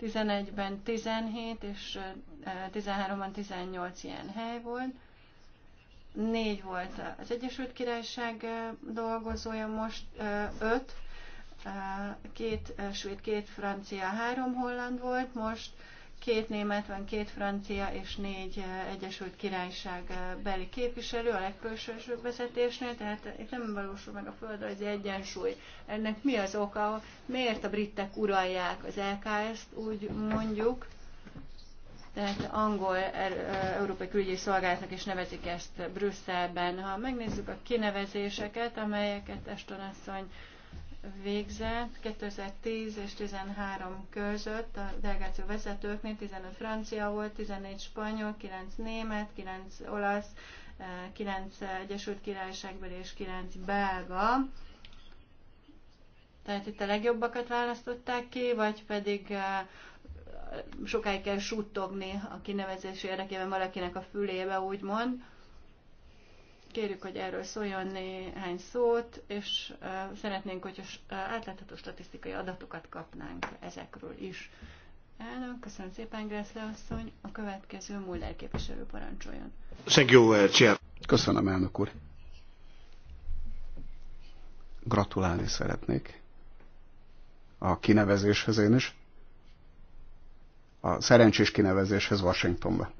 11-ben 17, és 13-ban 18 ilyen hely volt. Négy volt az Egyesült Királyság dolgozója, most öt, két svéd, két francia, három holland volt, most két német van, két francia és négy Egyesült Királyság beli képviselő a legfősősök vezetésnél, tehát itt nem valósul meg a földrajzi egyensúly. Ennek mi az oka, miért a britek uralják az LKS-t, úgy mondjuk, tehát angol er, európai külügyi szolgálatnak is nevezik ezt Brüsszelben. Ha megnézzük a kinevezéseket, amelyeket Eston asszony végzett 2010 és 13 között a delegáció vezetőknél 15 francia volt, 14 spanyol, 9 német, 9 olasz, 9 eh, Egyesült Királyságból és 9 belga. Tehát itt a legjobbakat választották ki, vagy pedig eh, sokáig kell suttogni a kinevezési érdekében valakinek a fülébe, úgymond kérjük, hogy erről szóljon néhány szót, és szeretnénk, hogy átlátható statisztikai adatokat kapnánk ezekről is. Elnök, köszönöm szépen, Greszle asszony. A következő Muller képviselő parancsoljon. Uh, köszönöm, elnök úr. Gratulálni szeretnék a kinevezéshez én is. A szerencsés kinevezéshez Washingtonba.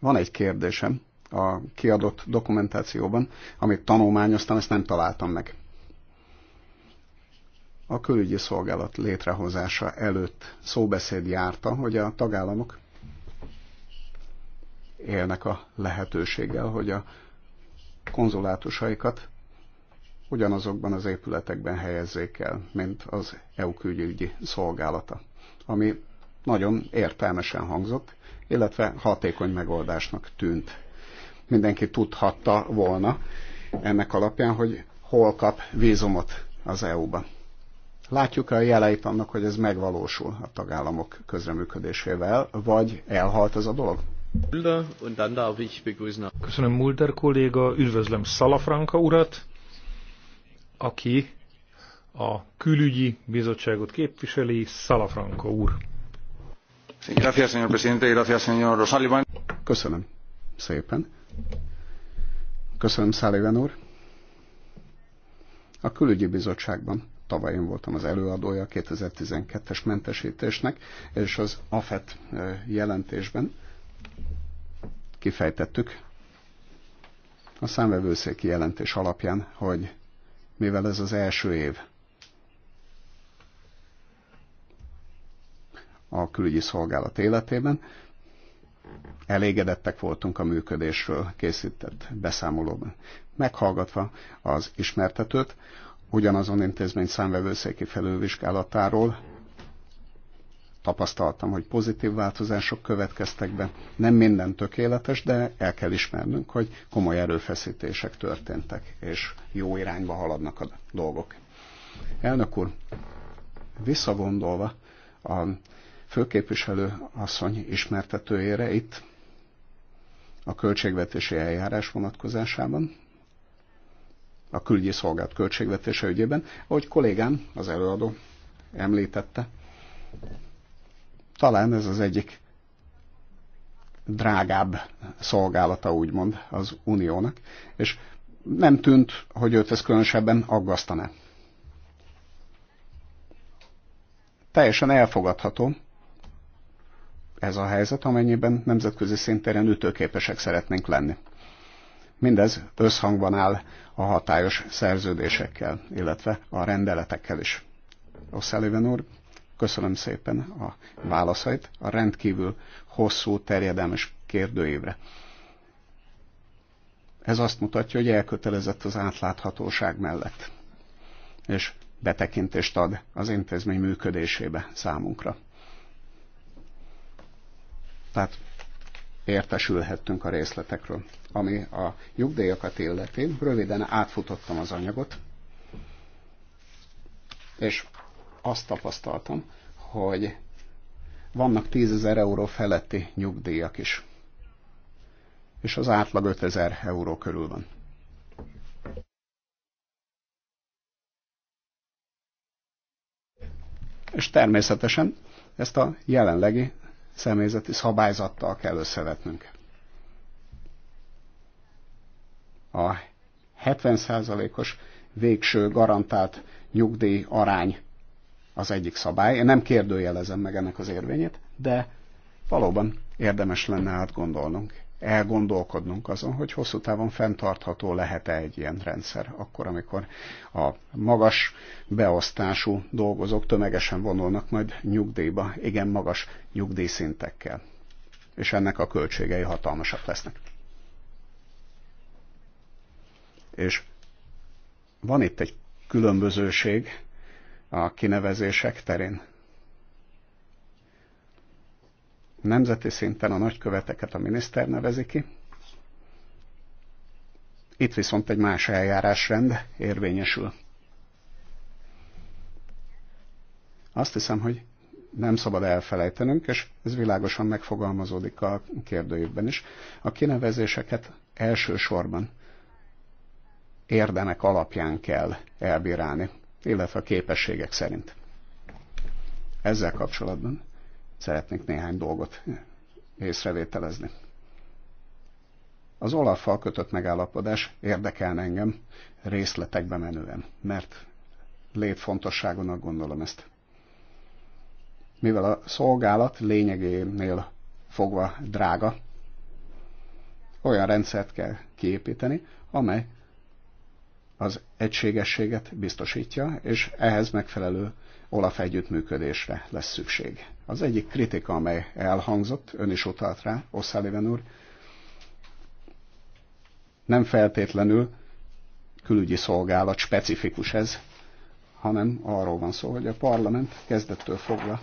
Van egy kérdésem a kiadott dokumentációban, amit tanulmányoztam, ezt nem találtam meg. A külügyi szolgálat létrehozása előtt szóbeszéd járta, hogy a tagállamok élnek a lehetőséggel, hogy a konzulátusaikat ugyanazokban az épületekben helyezzék el, mint az EU külügyi szolgálata, ami nagyon értelmesen hangzott, illetve hatékony megoldásnak tűnt. Mindenki tudhatta volna ennek alapján, hogy hol kap vízumot az EU-ba. Látjuk -e a jeleit annak, hogy ez megvalósul a tagállamok közreműködésével, vagy elhalt ez a dolog? Köszönöm Mulder kolléga, üdvözlöm Salafranka urat, aki a külügyi bizottságot képviseli, Salafranka úr. Köszönöm szépen. Köszönöm, Sullivan úr. A külügyi bizottságban tavaly én voltam az előadója a 2012-es mentesítésnek, és az AFET jelentésben kifejtettük a számvevőszéki jelentés alapján, hogy mivel ez az első év, a külügyi szolgálat életében. Elégedettek voltunk a működésről készített beszámolóban. Meghallgatva az ismertetőt, ugyanazon intézmény számvevőszéki felülvizsgálatáról tapasztaltam, hogy pozitív változások következtek be. Nem minden tökéletes, de el kell ismernünk, hogy komoly erőfeszítések történtek, és jó irányba haladnak a dolgok. Elnök úr, visszagondolva a főképviselő asszony ismertetőjére itt a költségvetési eljárás vonatkozásában, a külgyi szolgált költségvetése ügyében, ahogy kollégám, az előadó említette. Talán ez az egyik drágább szolgálata, úgymond, az uniónak, és nem tűnt, hogy őt ez különösebben aggasztaná. Teljesen elfogadható, ez a helyzet, amennyiben nemzetközi szintéren ütőképesek szeretnénk lenni. Mindez összhangban áll a hatályos szerződésekkel, illetve a rendeletekkel is. Oszeliven úr, köszönöm szépen a válaszait a rendkívül hosszú, terjedelmes kérdőívre. Ez azt mutatja, hogy elkötelezett az átláthatóság mellett, és betekintést ad az intézmény működésébe számunkra. Tehát értesülhettünk a részletekről. Ami a nyugdíjakat illeti, röviden átfutottam az anyagot, és azt tapasztaltam, hogy vannak 10.000 euró feletti nyugdíjak is. És az átlag 5.000 euró körül van. És természetesen ezt a jelenlegi személyzeti szabályzattal kell összevetnünk. A 70%-os végső garantált nyugdíj arány az egyik szabály. Én nem kérdőjelezem meg ennek az érvényét, de valóban érdemes lenne átgondolnunk elgondolkodnunk azon, hogy hosszú távon fenntartható lehet-e egy ilyen rendszer, akkor, amikor a magas beosztású dolgozók tömegesen vonulnak majd nyugdíjba, igen magas nyugdíjszintekkel. És ennek a költségei hatalmasak lesznek. És van itt egy különbözőség a kinevezések terén. Nemzeti szinten a nagyköveteket a miniszter nevezi ki. Itt viszont egy más eljárásrend érvényesül. Azt hiszem, hogy nem szabad elfelejtenünk, és ez világosan megfogalmazódik a kérdőjükben is. A kinevezéseket elsősorban érdemek alapján kell elbírálni, illetve a képességek szerint. Ezzel kapcsolatban szeretnék néhány dolgot észrevételezni. Az olaf kötött megállapodás érdekel engem részletekbe menően, mert létfontosságonak gondolom ezt. Mivel a szolgálat lényegénél fogva drága, olyan rendszert kell kiépíteni, amely az egységességet biztosítja, és ehhez megfelelő Olaf együttműködésre lesz szükség. Az egyik kritika, amely elhangzott, ön is utalt rá, Oszáliven úr, nem feltétlenül külügyi szolgálat specifikus ez, hanem arról van szó, hogy a parlament kezdettől fogva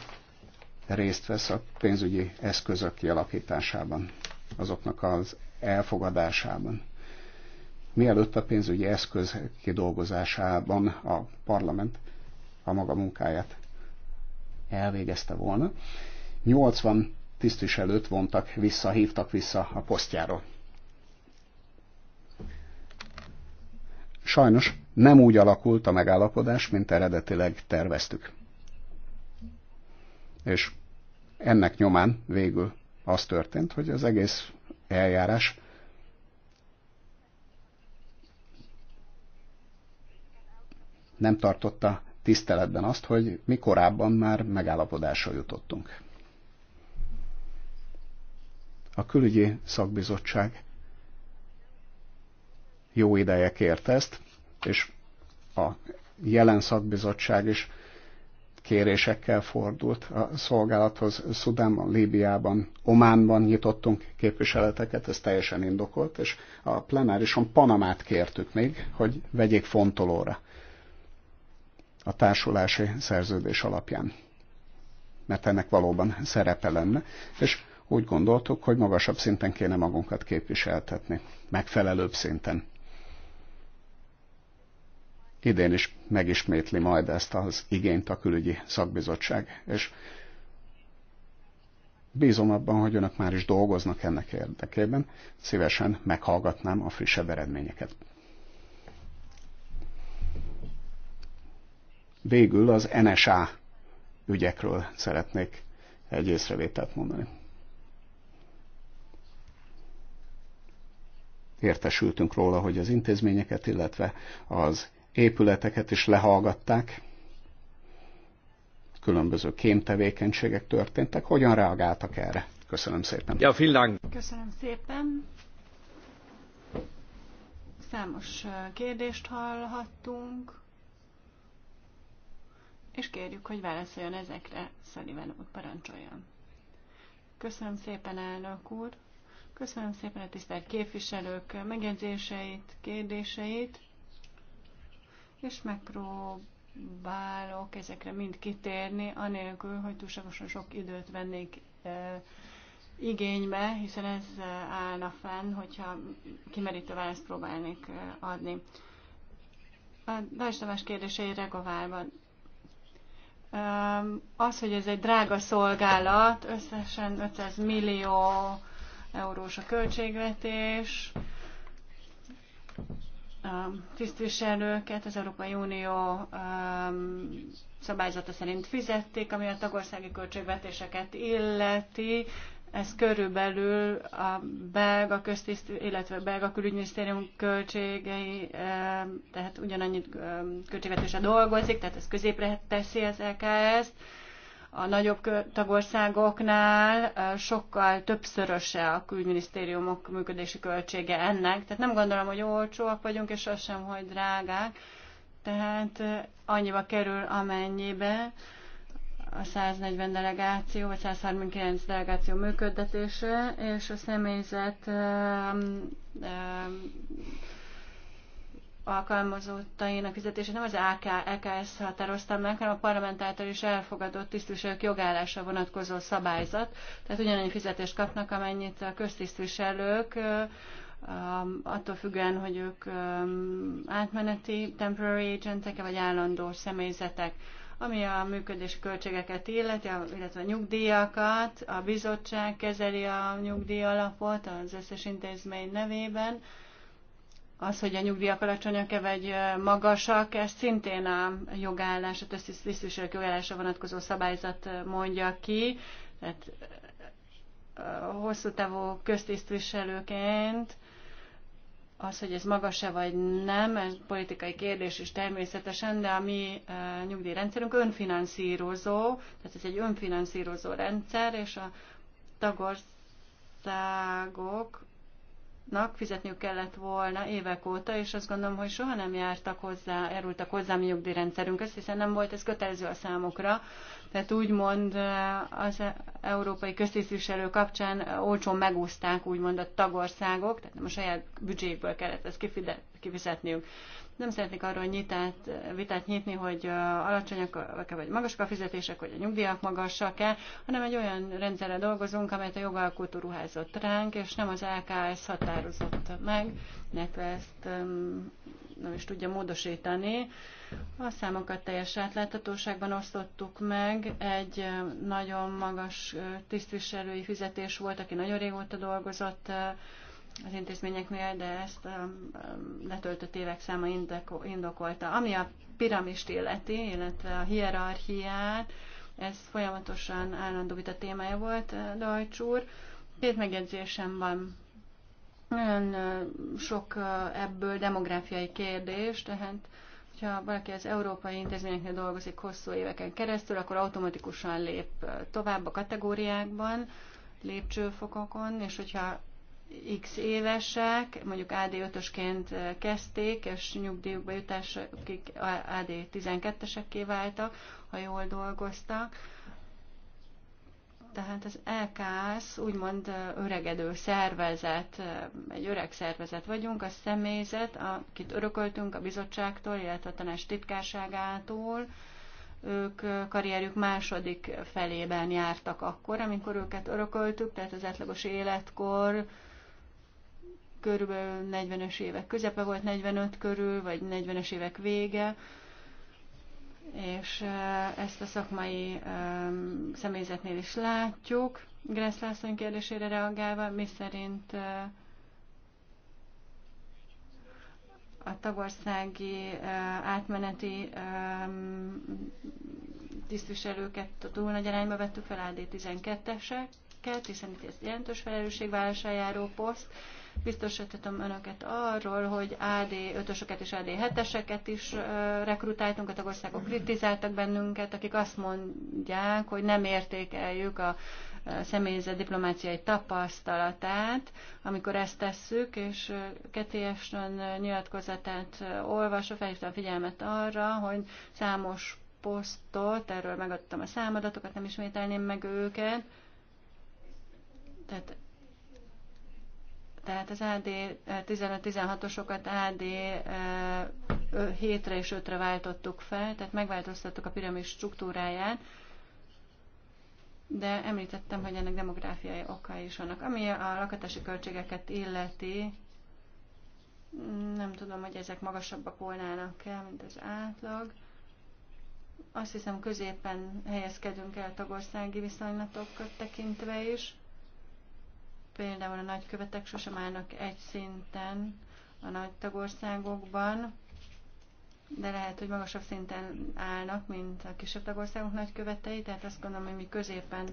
részt vesz a pénzügyi eszközök kialakításában, azoknak az elfogadásában. Mielőtt a pénzügyi eszköz kidolgozásában a parlament a maga munkáját elvégezte volna. 80 tisztviselőt vontak vissza, hívtak vissza a posztjáról. Sajnos nem úgy alakult a megállapodás, mint eredetileg terveztük. És ennek nyomán végül az történt, hogy az egész eljárás nem tartotta tiszteletben azt, hogy mi korábban már megállapodásra jutottunk. A külügyi szakbizottság jó ideje kért ezt, és a jelen szakbizottság is kérésekkel fordult a szolgálathoz Szudánban, Líbiában, Ománban nyitottunk képviseleteket, ez teljesen indokolt, és a plenárison Panamát kértük még, hogy vegyék fontolóra a társulási szerződés alapján. Mert ennek valóban szerepe lenne, és úgy gondoltuk, hogy magasabb szinten kéne magunkat képviseltetni, megfelelőbb szinten. Idén is megismétli majd ezt az igényt a külügyi szakbizottság, és bízom abban, hogy önök már is dolgoznak ennek érdekében, szívesen meghallgatnám a frissebb eredményeket. Végül az NSA ügyekről szeretnék egy észrevételt mondani. Értesültünk róla, hogy az intézményeket, illetve az épületeket is lehallgatták, különböző kémtevékenységek történtek. Hogyan reagáltak erre? Köszönöm szépen. Ja, vielen Köszönöm szépen. Számos uh, kérdést hallhattunk és kérjük, hogy válaszoljon ezekre, Sullivan úr parancsoljon. Köszönöm szépen, elnök úr! Köszönöm szépen a tisztelt képviselők megjegyzéseit, kérdéseit, és megpróbálok ezekre mind kitérni, anélkül, hogy túlságosan sok időt vennék e, igénybe, hiszen ez állna fenn, hogyha kimerítő választ próbálnék e, adni. A Dajs Tamás kérdéseire Regovárban az, hogy ez egy drága szolgálat, összesen 500 millió eurós a költségvetés, tisztviselőket az Európai Unió szabályzata szerint fizették, ami a tagországi költségvetéseket illeti. Ez körülbelül a belga köztiszt, illetve a belga külügyminisztérium költségei, tehát ugyanannyit költségvetősen dolgozik, tehát ez középre teszi az LKS-t a nagyobb tagországoknál sokkal többszöröse a külügyminisztériumok működési költsége ennek. Tehát nem gondolom, hogy olcsóak vagyunk, és az sem, hogy drágák. Tehát annyiba kerül amennyibe, a 140 delegáció, vagy 139 delegáció működtetése, és a személyzet um, um, alkalmazottainak fizetése nem az LKS e határozta meg, hanem a parlament által is elfogadott tisztviselők jogállása vonatkozó szabályzat. Tehát ugyanannyi fizetést kapnak, amennyit a köztisztviselők, um, attól függően, hogy ők átmeneti temporary agentek vagy állandó személyzetek. Ami a működés költségeket illeti, illetve a nyugdíjakat, a bizottság kezeli a nyugdíj alapot az összes intézmény nevében. Az, hogy a nyugdíjak alacsonyak-e vagy magasak, ez szintén a jogállás, a tisztviselők jogállása vonatkozó szabályzat mondja ki. Tehát hosszú távú köztisztviselőként az, hogy ez magas-e vagy nem, ez politikai kérdés is természetesen, de a mi e, nyugdíjrendszerünk önfinanszírozó, tehát ez egy önfinanszírozó rendszer, és a tagországoknak fizetniük kellett volna évek óta, és azt gondolom, hogy soha nem jártak hozzá, erültek hozzá mi nyugdíjrendszerünk hiszen nem volt ez kötelező a számokra, tehát úgymond az e- európai köztisztviselő kapcsán olcsón megúzták úgymond a tagországok, tehát nem a saját büdzséjükből kellett ezt kifizetniük. Nem szeretnék arról nyitát, vitát nyitni, hogy alacsonyak-e vagy magasak a fizetések, hogy a nyugdíjak magasak-e, hanem egy olyan rendszerre dolgozunk, amelyet a jogalkotó ruházott ránk, és nem az LKS határozott meg, mert ezt nem is tudja módosítani. A számokat teljes átláthatóságban osztottuk meg. Egy nagyon magas tisztviselői fizetés volt, aki nagyon régóta dolgozott az intézményeknél, de ezt a letöltött évek száma indokolta. Ami a piramist illeti, illetve a hierarchiát, ez folyamatosan állandó vita témája volt, Dajcsúr. Két megjegyzésem van nagyon sok ebből demográfiai kérdés, tehát hogyha valaki az európai intézményeknél dolgozik hosszú éveken keresztül, akkor automatikusan lép tovább a kategóriákban, lépcsőfokokon, és hogyha x évesek, mondjuk AD5-ösként kezdték, és nyugdíjukba jutásokig AD12-esekké váltak, ha jól dolgoztak, tehát az LKS úgymond öregedő szervezet, egy öreg szervezet vagyunk, a személyzet, akit örököltünk a bizottságtól, illetve a tanács titkárságától, ők karrierjük második felében jártak akkor, amikor őket örököltük, tehát az átlagos életkor körülbelül 40-es évek közepe volt, 45 körül, vagy 40-es évek vége, és ezt a szakmai személyzetnél is látjuk. Gressz László kérdésére reagálva, mi szerint a tagországi átmeneti tisztviselőket túl nagy arányba vettük fel AD12-eseket, hiszen itt ez jelentős felelősségvállalással poszt, biztosítottam önöket arról, hogy AD 5 öseket és AD 7-eseket is rekrutáltunk, a tagországok kritizáltak bennünket, akik azt mondják, hogy nem értékeljük a személyzet diplomáciai tapasztalatát, amikor ezt tesszük, és Keti Ashton nyilatkozatát olvasva felhívtam figyelmet arra, hogy számos posztot, erről megadtam a számadatokat, nem ismételném meg őket, tehát tehát az AD 15-16-osokat AD 7-re és 5-re váltottuk fel, tehát megváltoztattuk a piramis struktúráját, de említettem, hogy ennek demográfiai okai is vannak. Ami a lakatási költségeket illeti, nem tudom, hogy ezek magasabbak volnának-e, mint az átlag. Azt hiszem, középen helyezkedünk el tagországi viszonylatokat tekintve is. Például a nagykövetek sosem állnak egy szinten a nagy tagországokban, de lehet, hogy magasabb szinten állnak, mint a kisebb tagországok nagykövetei, tehát azt gondolom, hogy mi középen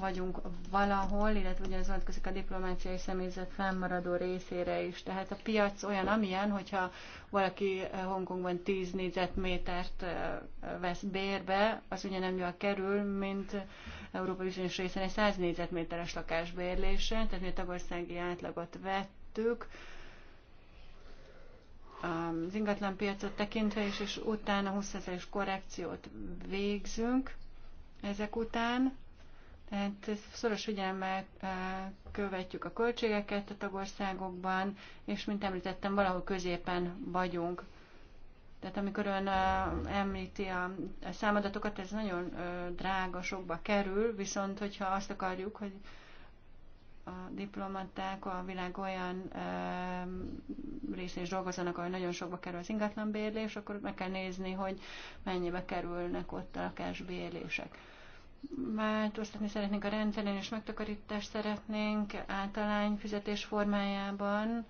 vagyunk valahol, illetve ez vonatkozik a diplomáciai személyzet fennmaradó részére is. Tehát a piac olyan, amilyen, hogyha valaki eh, Hongkongban 10 négyzetmétert eh, vesz bérbe, az ugyanannyival kerül, mint Európa bizonyos részén egy 100 négyzetméteres lakásbérlése, tehát mi a tagországi átlagot vettük, az ingatlan piacot tekintve is, és utána 20%-os korrekciót végzünk ezek után. Tehát szoros figyelmmel e, követjük a költségeket a tagországokban, és mint említettem, valahol középen vagyunk. Tehát amikor ön említi a számadatokat, ez nagyon drága, sokba kerül, viszont hogyha azt akarjuk, hogy a diplomaták a világ olyan részén is dolgozzanak, ahol nagyon sokba kerül az ingatlanbérlés, akkor meg kell nézni, hogy mennyibe kerülnek ott a lakásbérlések változtatni szeretnénk a rendszeren, és megtakarítást szeretnénk általány fizetés formájában,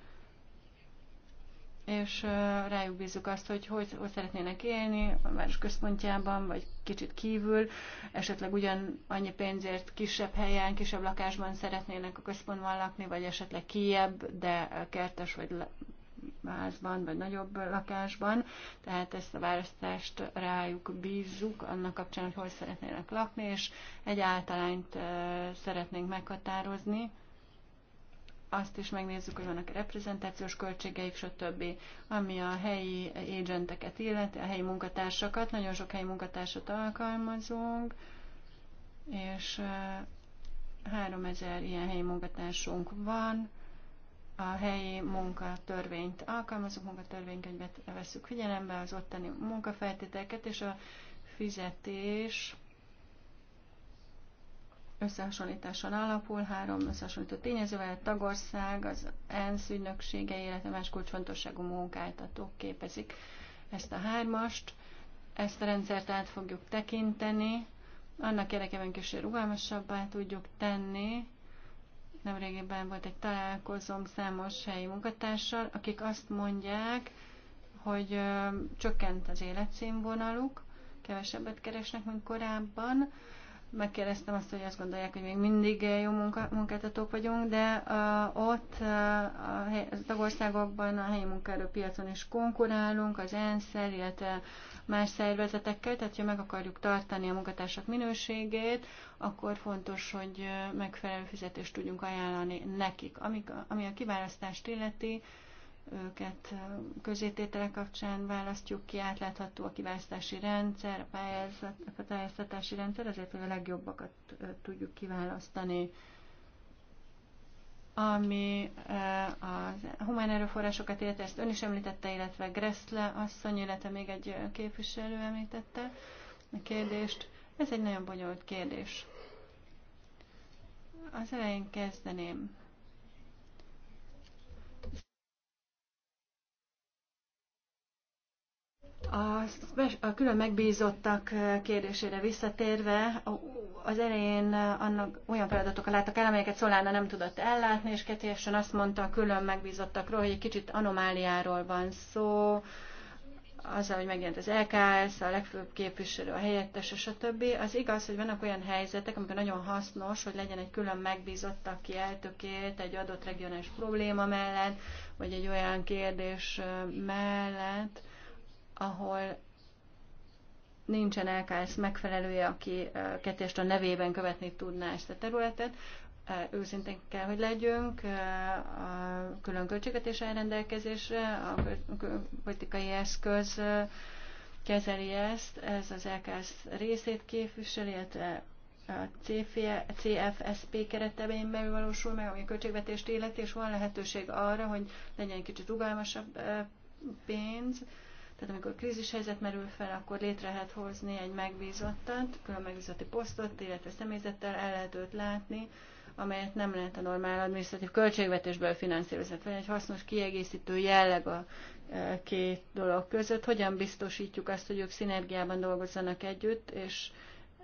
és rájuk bízzuk azt, hogy hogy, hogy szeretnének élni, a város központjában, vagy kicsit kívül, esetleg ugyan annyi pénzért kisebb helyen, kisebb lakásban szeretnének a központban lakni, vagy esetleg kiebb, de kertes vagy házban, vagy nagyobb lakásban. Tehát ezt a választást rájuk bízzuk annak kapcsán, hogy hol szeretnének lakni, és egy általányt szeretnénk meghatározni, azt is megnézzük, hogy vannak reprezentációs költségeik, stb. Ami a helyi agenteket illeti, a helyi munkatársakat, nagyon sok helyi munkatársat alkalmazunk, és 3000 eh, ilyen helyi munkatársunk van, a helyi munkatörvényt alkalmazunk, munkatörvénykönyvet veszük figyelembe, az ottani munkafeltételeket, és a fizetés összehasonlításon alapul, három összehasonlító tényezővel, a tagország, az ENSZ ügynöksége, illetve más kulcsfontosságú munkáltatók képezik ezt a hármast. Ezt a rendszert át fogjuk tekinteni, annak érdekében kicsi rugalmasabbá tudjuk tenni. Nemrégiben volt egy találkozom számos helyi munkatársal, akik azt mondják, hogy ö, csökkent az életszínvonaluk, kevesebbet keresnek, mint korábban, megkérdeztem azt, hogy azt gondolják, hogy még mindig jó munka, munkáltatók vagyunk, de uh, ott uh, a, hely, a tagországokban a helyi munkaerőpiacon is konkurálunk, az ensz illetve más szervezetekkel, tehát ha meg akarjuk tartani a munkatársak minőségét, akkor fontos, hogy megfelelő fizetést tudjunk ajánlani nekik. Amik, ami a kiválasztást illeti, uh, őket közététele kapcsán választjuk ki, átlátható a kiválasztási rendszer, a, pályázat, a pályáztatási rendszer, azért, hogy a legjobbakat tudjuk kiválasztani. Ami a humán erőforrásokat illetve, ezt ön is említette, illetve Gressle asszony, illetve még egy képviselő említette a kérdést. Ez egy nagyon bonyolult kérdés. Az elején kezdeném A, a külön megbízottak eh, kérdésére visszatérve, az elején eh, annak olyan feladatokat láttak el, amelyeket Szolána nem tudott ellátni, és kettősen azt mondta a külön megbízottakról, hogy egy kicsit anomáliáról van szó, azzal, hogy megjelent az LKS, a legfőbb képviselő, a helyettes, és a többi. Az igaz, hogy vannak olyan helyzetek, amikor nagyon hasznos, hogy legyen egy külön megbízott, aki eltökélt egy adott regionális probléma mellett, vagy egy olyan kérdés eh, mellett, ahol nincsen LKS megfelelője, aki a nevében követni tudná ezt a területet. Őszintén kell, hogy legyünk, a külön költségvetés elrendelkezésre, a politikai eszköz kezeli ezt, ez az LKS részét képvisel, illetve a CFSP keretében belül valósul meg, ami a költségvetést illeti, és van lehetőség arra, hogy legyen egy kicsit rugalmasabb pénz, tehát amikor krízis helyzet merül fel, akkor létre lehet hozni egy megbízottat, külön megbízotti posztot, illetve személyzettel el lehet őt látni, amelyet nem lehet a normál adminisztratív költségvetésből finanszírozni. Tehát egy hasznos kiegészítő jelleg a e, két dolog között. Hogyan biztosítjuk azt, hogy ők szinergiában dolgozzanak együtt, és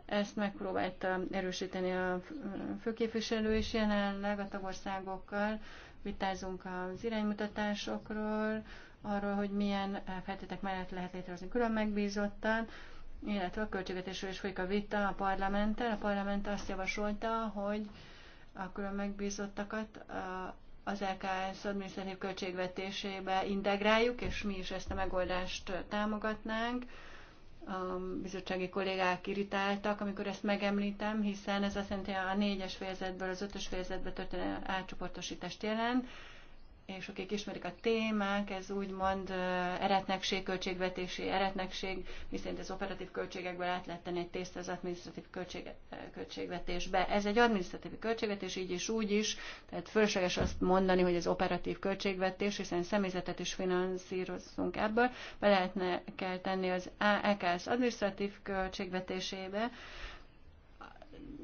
ezt megpróbálta erősíteni a e, főképviselő is jelenleg a tagországokkal. Vitázunk az iránymutatásokról, arról, hogy milyen eh, feltétek mellett lehet létrehozni külön megbízottan, illetve a költségvetésről is folyik a vita a parlamenten A parlament azt javasolta, hogy a külön megbízottakat eh, az LKS adminisztratív költségvetésébe integráljuk, és mi is ezt a megoldást eh, támogatnánk. A bizottsági kollégák irritáltak, amikor ezt megemlítem, hiszen ez azt jelenti, hogy a négyes fejezetből az ötös fejezetbe történő átcsoportosítást jelent, és akik ismerik a témák, ez úgymond eretnekség, költségvetési eretnekség, miszerint az operatív költségekből át lehet tenni egy tészt az administratív költség, költségvetésbe. Ez egy administratív költségvetés, így is úgy is, tehát fölösleges azt mondani, hogy ez operatív költségvetés, hiszen személyzetet is finanszírozunk ebből, be lehetne kell tenni az EKS administratív költségvetésébe,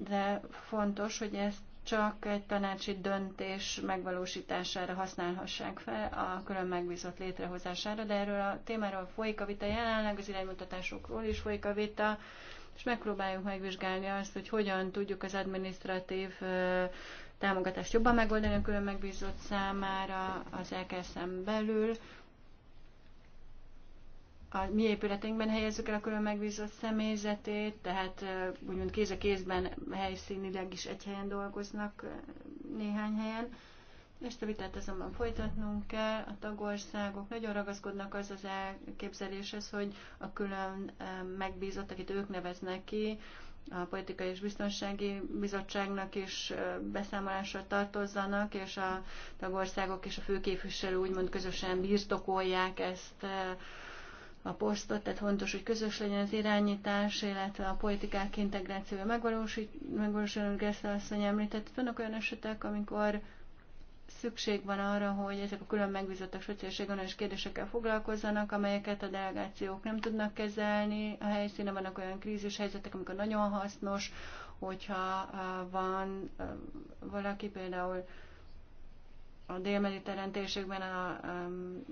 de fontos, hogy ezt csak egy tanácsi döntés megvalósítására használhassák fel, a külön megbízott létrehozására, de erről a témáról folyik a vita jelenleg, az iránymutatásokról is folyik a vita, és megpróbáljuk megvizsgálni azt, hogy hogyan tudjuk az administratív támogatást jobban megoldani a külön megbízott számára az elkezdem belül, a mi épületünkben helyezzük el a külön megbízott személyzetét, tehát úgymond kéz a kézben helyszínileg is egy helyen dolgoznak néhány helyen. és a vitát azonban folytatnunk kell. A tagországok nagyon ragaszkodnak az az elképzeléshez, hogy a külön megbízott, akit ők neveznek ki, a politikai és biztonsági bizottságnak is beszámolásra tartozzanak, és a tagországok és a főképviselő úgymond közösen birtokolják ezt a posztot, tehát fontos, hogy közös legyen az irányítás, illetve a politikák integrációja megvalósuljon, Gresszel asszony említett. Vannak olyan esetek, amikor szükség van arra, hogy ezek a külön megbízottak és kérdésekkel foglalkozzanak, amelyeket a delegációk nem tudnak kezelni. A helyszínen vannak olyan krízis helyzetek, amikor nagyon hasznos, hogyha uh, van uh, valaki például a dél-mediterrán térségben a um,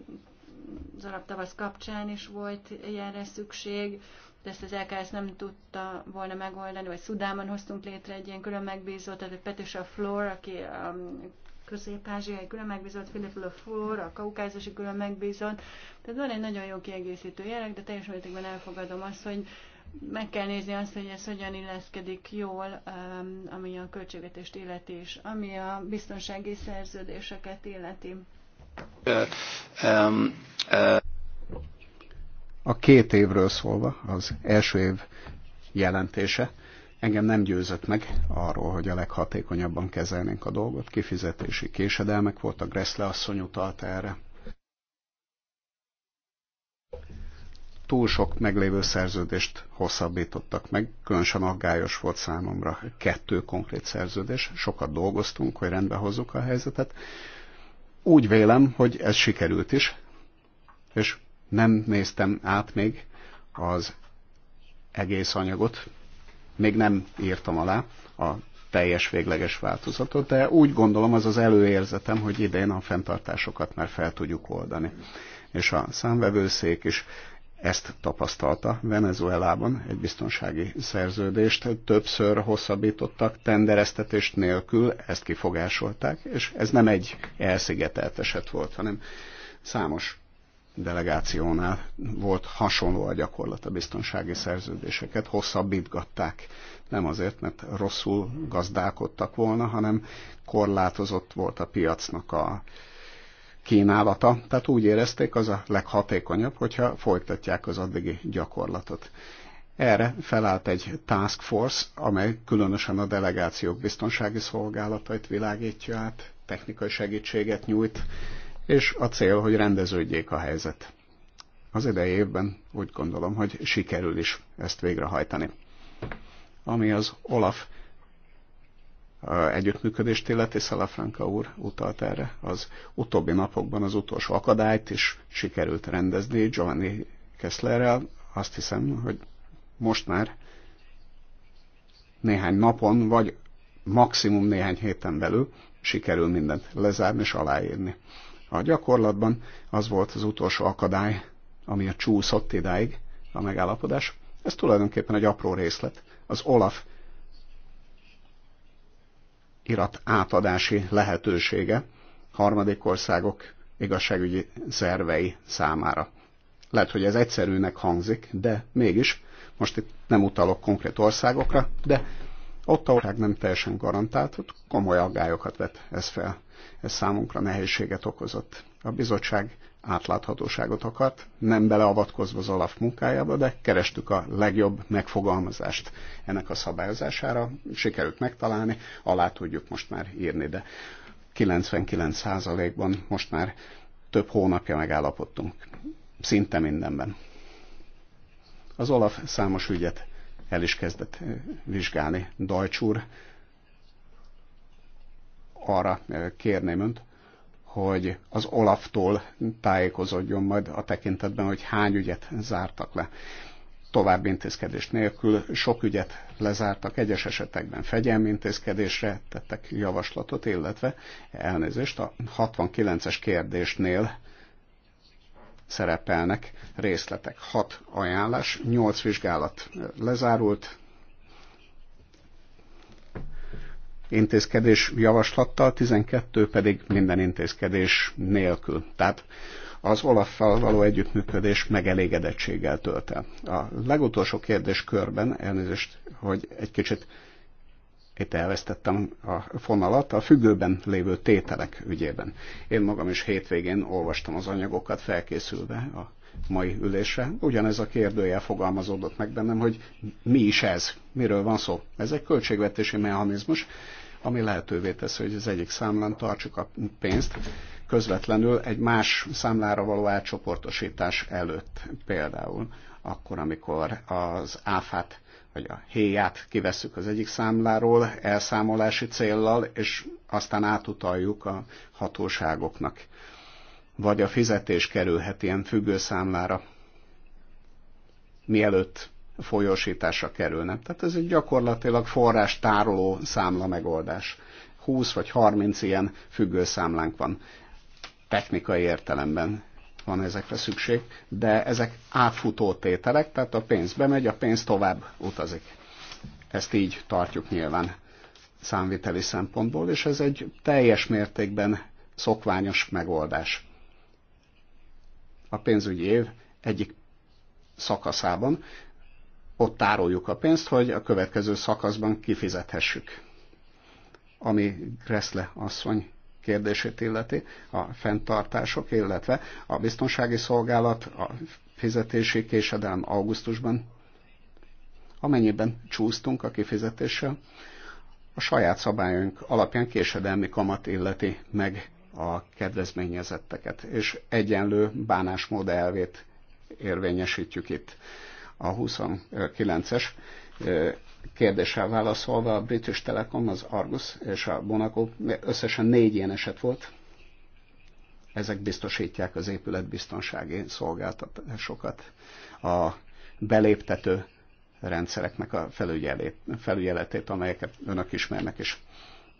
az arab tavasz kapcsán is volt ilyenre szükség, de ezt az LKS nem tudta volna megoldani, vagy Szudában hoztunk létre egy ilyen külön megbízót, tehát Petisha Flor, aki a közép-ázsiai külön megbízott, Philip Flor, a kaukázusi külön megbízott. Tehát van egy nagyon jó kiegészítő jelek, de teljes mértékben elfogadom azt, hogy meg kell nézni azt, hogy ez hogyan illeszkedik jól, um, ami a költségvetést illeti, és ami a biztonsági szerződéseket illeti. A két évről szólva, az első év jelentése engem nem győzött meg arról, hogy a leghatékonyabban kezelnénk a dolgot. Kifizetési késedelmek voltak, Gressle asszony utalta erre. túl sok meglévő szerződést hosszabbítottak meg, különösen aggályos volt számomra kettő konkrét szerződés, sokat dolgoztunk, hogy rendbe hozzuk a helyzetet, úgy vélem, hogy ez sikerült is, és nem néztem át még az egész anyagot, még nem írtam alá a teljes végleges változatot, de úgy gondolom az az előérzetem, hogy idén a fenntartásokat már fel tudjuk oldani. És a számvevőszék is ezt tapasztalta Venezuelában, egy biztonsági szerződést többször hosszabbítottak, tendereztetést nélkül ezt kifogásolták, és ez nem egy elszigetelt eset volt, hanem számos delegációnál volt hasonló a gyakorlat a biztonsági szerződéseket, hosszabbítgatták. Nem azért, mert rosszul gazdálkodtak volna, hanem korlátozott volt a piacnak a, kínálata, tehát úgy érezték, az a leghatékonyabb, hogyha folytatják az addigi gyakorlatot. Erre felállt egy task force, amely különösen a delegációk biztonsági szolgálatait világítja át, technikai segítséget nyújt, és a cél, hogy rendeződjék a helyzet. Az idei évben úgy gondolom, hogy sikerül is ezt végrehajtani. Ami az Olaf együttműködést illeti, Szalafranka úr utalt erre. Az utóbbi napokban az utolsó akadályt is sikerült rendezni Giovanni Kesslerrel. Azt hiszem, hogy most már néhány napon, vagy maximum néhány héten belül sikerül mindent lezárni és aláírni. A gyakorlatban az volt az utolsó akadály, ami a csúszott idáig a megállapodás. Ez tulajdonképpen egy apró részlet. Az Olaf irat átadási lehetősége harmadik országok igazságügyi szervei számára. Lehet, hogy ez egyszerűnek hangzik, de mégis, most itt nem utalok konkrét országokra, de ott, ahol nem teljesen garantált, ott komoly aggályokat vett ez fel. Ez számunkra nehézséget okozott. A bizottság átláthatóságot akart, nem beleavatkozva az alap munkájába, de kerestük a legjobb megfogalmazást ennek a szabályozására. Sikerült megtalálni, alá tudjuk most már írni, de 99%-ban most már több hónapja megállapodtunk. Szinte mindenben. Az Olaf számos ügyet el is kezdett vizsgálni. Dajcsúr, arra kérném önt, hogy az Olaftól tájékozódjon majd a tekintetben, hogy hány ügyet zártak le. További intézkedés nélkül sok ügyet lezártak, egyes esetekben fegyelmi intézkedésre tettek javaslatot, illetve elnézést a 69-es kérdésnél szerepelnek részletek. Hat ajánlás, nyolc vizsgálat lezárult, intézkedés javaslattal, 12 pedig minden intézkedés nélkül. Tehát az olaf való együttműködés megelégedettséggel tölt el. A legutolsó kérdés körben, elnézést, hogy egy kicsit itt elvesztettem a fonalat, a függőben lévő tételek ügyében. Én magam is hétvégén olvastam az anyagokat felkészülve a mai ülésre. Ugyanez a kérdője fogalmazódott meg bennem, hogy mi is ez, miről van szó. Ez egy költségvetési mechanizmus, ami lehetővé teszi, hogy az egyik számlán tartsuk a pénzt közvetlenül egy más számlára való átcsoportosítás előtt például, akkor, amikor az áfát vagy a héját kivesszük az egyik számláról elszámolási céllal, és aztán átutaljuk a hatóságoknak. Vagy a fizetés kerülhet ilyen függőszámlára, mielőtt folyósításra kerülne. Tehát ez egy gyakorlatilag forrás tároló számla megoldás. 20 vagy 30 ilyen függőszámlánk van. Technikai értelemben van ezekre szükség, de ezek átfutó tételek, tehát a pénz bemegy, a pénz tovább utazik. Ezt így tartjuk nyilván számviteli szempontból, és ez egy teljes mértékben szokványos megoldás. A pénzügyi év egyik szakaszában ott tároljuk a pénzt, hogy a következő szakaszban kifizethessük. Ami Gressle asszony kérdését illeti, a fenntartások, illetve a biztonsági szolgálat, a fizetési késedelem augusztusban, amennyiben csúsztunk a kifizetéssel, a saját szabályunk alapján késedelmi kamat illeti meg a kedvezményezetteket, és egyenlő bánásmód elvét érvényesítjük itt. A 29-es kérdéssel válaszolva a British Telecom, az Argus és a Monaco összesen négy ilyen eset volt. Ezek biztosítják az épület biztonsági szolgáltatásokat. A beléptető rendszereknek a felügyeletét, amelyeket önök ismernek is.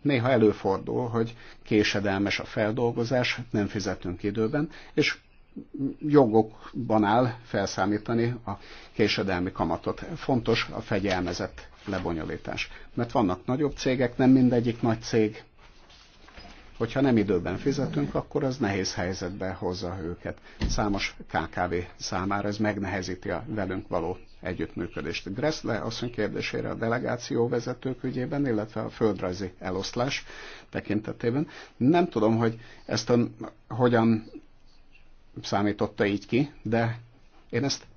Néha előfordul, hogy késedelmes a feldolgozás, nem fizetünk időben, és jogokban áll felszámítani a késedelmi kamatot. Fontos a fegyelmezett lebonyolítás. Mert vannak nagyobb cégek, nem mindegyik nagy cég. Hogyha nem időben fizetünk, akkor az nehéz helyzetbe hozza őket. Számos KKV számára ez megnehezíti a velünk való együttműködést. Gressle asszony kérdésére a delegáció vezetők ügyében, illetve a földrajzi eloszlás tekintetében. Nem tudom, hogy ezt a, hogyan számította így ki, de én ezt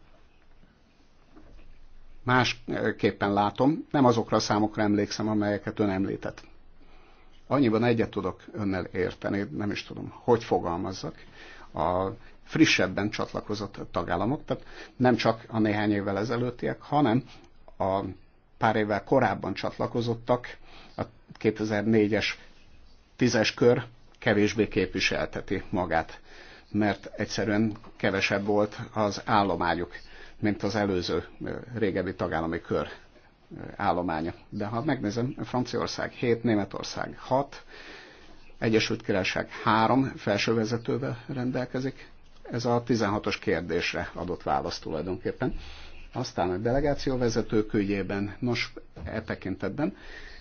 másképpen látom, nem azokra a számokra emlékszem, amelyeket ön említett. Annyiban egyet tudok önnel érteni, nem is tudom, hogy fogalmazzak. A frissebben csatlakozott tagállamok, tehát nem csak a néhány évvel ezelőttiek, hanem a pár évvel korábban csatlakozottak, a 2004-es tízes kör kevésbé képviselteti magát mert egyszerűen kevesebb volt az állományuk, mint az előző régebbi tagállami kör állománya. De ha megnézem, Franciaország 7, Németország 6, Egyesült Királyság 3 felsővezetővel rendelkezik. Ez a 16-os kérdésre adott válasz tulajdonképpen. Aztán a delegáció vezetők nos, e tekintetben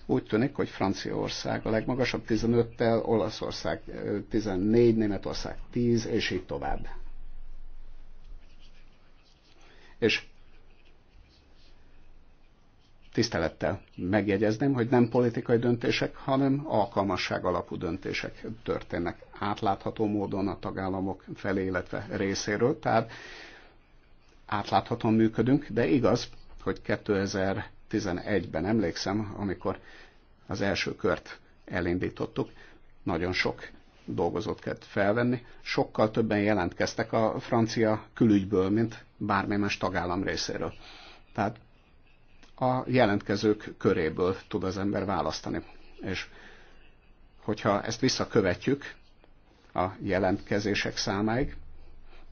úgy tűnik, hogy Franciaország a legmagasabb 15-tel, Olaszország 14, Németország 10, és így tovább. És tisztelettel megjegyezném, hogy nem politikai döntések, hanem alkalmasság alapú döntések történnek átlátható módon a tagállamok felé, illetve részéről. Tehát átláthatóan működünk, de igaz, hogy 2000 2011-ben emlékszem, amikor az első kört elindítottuk, nagyon sok dolgozót kellett felvenni. Sokkal többen jelentkeztek a francia külügyből, mint bármely más tagállam részéről. Tehát a jelentkezők köréből tud az ember választani. És hogyha ezt visszakövetjük a jelentkezések számáig,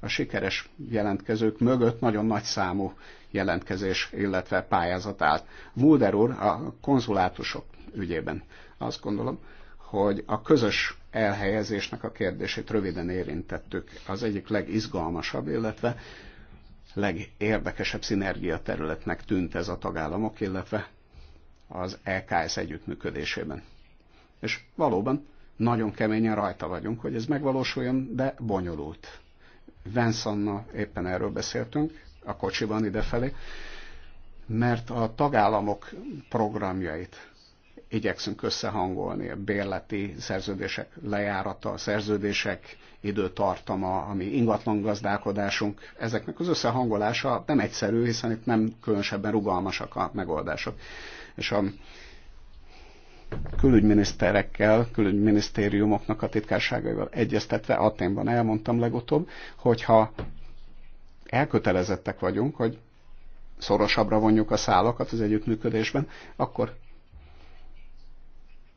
a sikeres jelentkezők mögött nagyon nagy számú jelentkezés, illetve pályázat állt. Mulder úr a konzulátusok ügyében azt gondolom, hogy a közös elhelyezésnek a kérdését röviden érintettük. Az egyik legizgalmasabb, illetve legérdekesebb szinergia területnek tűnt ez a tagállamok, illetve az LKS együttműködésében. És valóban nagyon keményen rajta vagyunk, hogy ez megvalósuljon, de bonyolult Vensanna éppen erről beszéltünk, a kocsiban idefelé, mert a tagállamok programjait igyekszünk összehangolni, a bérleti szerződések lejárata, a szerződések időtartama, ami ingatlan gazdálkodásunk, ezeknek az összehangolása nem egyszerű, hiszen itt nem különösebben rugalmasak a megoldások. És a külügyminiszterekkel, külügyminisztériumoknak a titkárságaival egyeztetve Aténban elmondtam legutóbb, hogyha elkötelezettek vagyunk, hogy szorosabbra vonjuk a szálakat az együttműködésben, akkor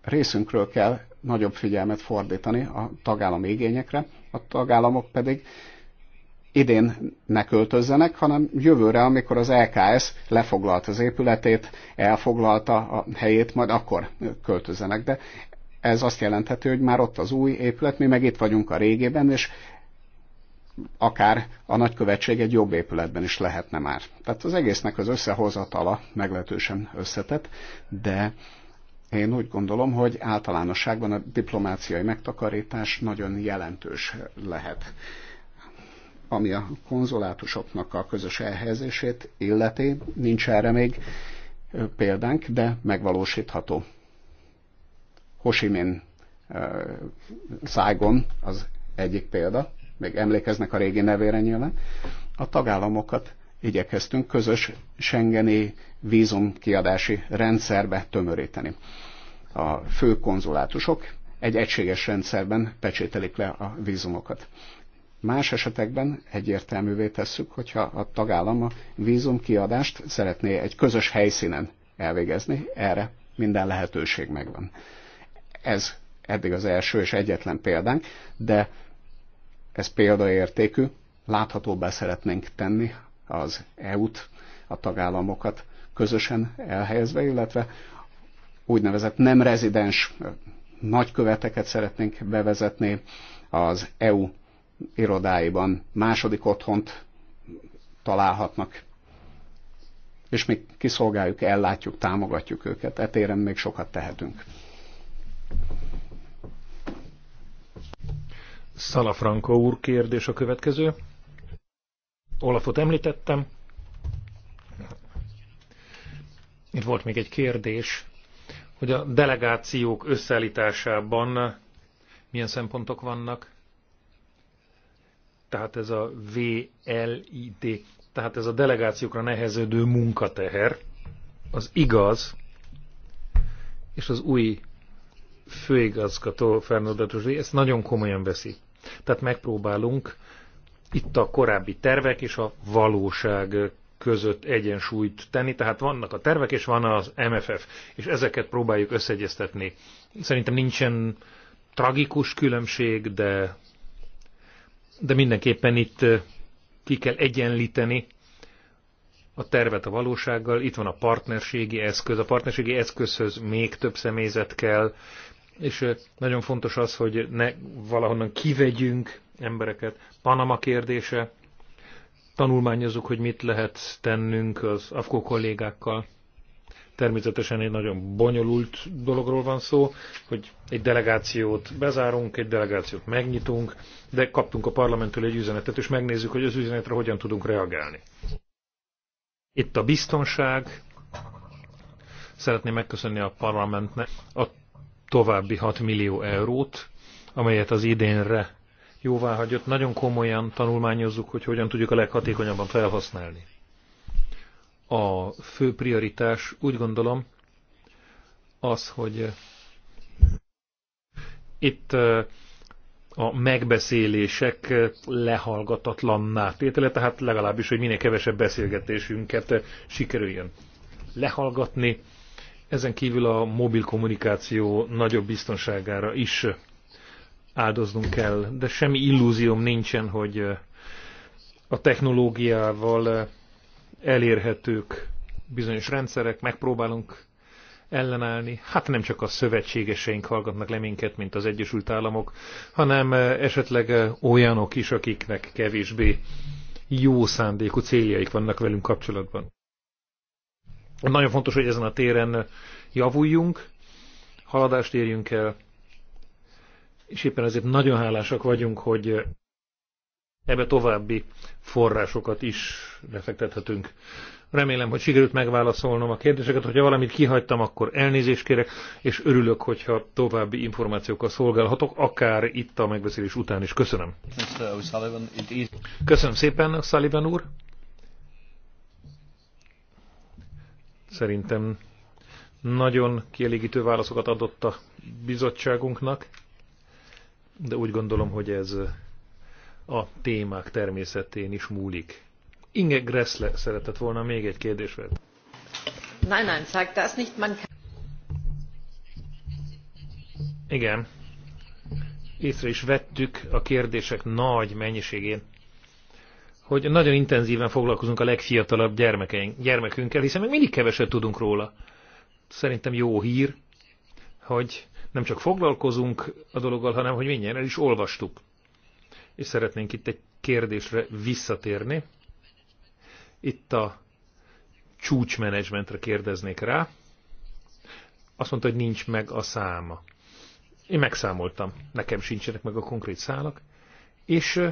részünkről kell nagyobb figyelmet fordítani a tagállam igényekre, a tagállamok pedig idén ne költözzenek, hanem jövőre, amikor az LKS lefoglalt az épületét, elfoglalta a helyét, majd akkor költözzenek. De ez azt jelenthető, hogy már ott az új épület, mi meg itt vagyunk a régében, és akár a nagykövetség egy jobb épületben is lehetne már. Tehát az egésznek az összehozatala meglehetősen összetett, de én úgy gondolom, hogy általánosságban a diplomáciai megtakarítás nagyon jelentős lehet ami a konzulátusoknak a közös elhelyezését illeti, nincs erre még példánk, de megvalósítható. Hosimin Szájgon az egyik példa, még emlékeznek a régi nevére nyilván, a tagállamokat igyekeztünk közös Schengeni vízumkiadási rendszerbe tömöríteni. A fő konzulátusok egy egységes rendszerben pecsételik le a vízumokat. Más esetekben egyértelművé tesszük, hogyha a tagállam a vízum kiadást szeretné egy közös helyszínen elvégezni, erre minden lehetőség megvan. Ez eddig az első és egyetlen példánk, de ez példaértékű, láthatóbbá szeretnénk tenni az EU-t, a tagállamokat közösen elhelyezve, illetve úgynevezett nem rezidens nagyköveteket szeretnénk bevezetni az EU irodáiban második otthont találhatnak, és mi kiszolgáljuk, ellátjuk, támogatjuk őket. Etéren még sokat tehetünk. Szalafranka úr kérdés a következő. Olafot említettem. Itt volt még egy kérdés, hogy a delegációk összeállításában milyen szempontok vannak tehát ez a VLID, tehát ez a delegációkra neheződő munkateher, az igaz, és az új főigazgató Fernandatos ezt nagyon komolyan veszi. Tehát megpróbálunk itt a korábbi tervek és a valóság között egyensúlyt tenni, tehát vannak a tervek és van az MFF, és ezeket próbáljuk összeegyeztetni. Szerintem nincsen tragikus különbség, de de mindenképpen itt ki kell egyenlíteni a tervet a valósággal. Itt van a partnerségi eszköz. A partnerségi eszközhöz még több személyzet kell, és nagyon fontos az, hogy ne valahonnan kivegyünk embereket. Panama kérdése, tanulmányozzuk, hogy mit lehet tennünk az afgó kollégákkal. Természetesen egy nagyon bonyolult dologról van szó, hogy egy delegációt bezárunk, egy delegációt megnyitunk, de kaptunk a parlamenttől egy üzenetet, és megnézzük, hogy az üzenetre hogyan tudunk reagálni. Itt a biztonság. Szeretném megköszönni a parlamentnek a további 6 millió eurót, amelyet az idénre jóvá hagyott. Nagyon komolyan tanulmányozzuk, hogy hogyan tudjuk a leghatékonyabban felhasználni a fő prioritás úgy gondolom az, hogy itt a megbeszélések lehallgatatlanná tétele, tehát legalábbis, hogy minél kevesebb beszélgetésünket sikerüljön lehallgatni. Ezen kívül a mobil kommunikáció nagyobb biztonságára is áldoznunk kell, de semmi illúzióm nincsen, hogy a technológiával elérhetők bizonyos rendszerek, megpróbálunk ellenállni. Hát nem csak a szövetségeseink hallgatnak le minket, mint az Egyesült Államok, hanem eh, esetleg eh, olyanok is, akiknek kevésbé jó szándékú céljaik vannak velünk kapcsolatban. Nagyon fontos, hogy ezen a téren javuljunk, haladást érjünk el, és éppen ezért nagyon hálásak vagyunk, hogy ebbe további forrásokat is befektethetünk. Remélem, hogy sikerült megválaszolnom a kérdéseket. Hogyha valamit kihagytam, akkor elnézést kérek, és örülök, hogyha további információkkal szolgálhatok, akár itt a megbeszélés után is. Köszönöm. Köszönöm szépen, Sullivan úr. Szerintem nagyon kielégítő válaszokat adott a bizottságunknak, de úgy gondolom, hogy ez a témák természetén is múlik. Inge Gressle szeretett volna még egy kérdést vetni. Nein, nein, sag das nicht, man kann... Igen. Észre is vettük a kérdések nagy mennyiségén, hogy nagyon intenzíven foglalkozunk a legfiatalabb gyermekeink, gyermekünkkel, hiszen még mindig keveset tudunk róla. Szerintem jó hír, hogy nem csak foglalkozunk a dologgal, hanem hogy mindjárt el is olvastuk és szeretnénk itt egy kérdésre visszatérni. Itt a csúcsmenedzsmentre kérdeznék rá. Azt mondta, hogy nincs meg a száma. Én megszámoltam, nekem sincsenek meg a konkrét szálak. És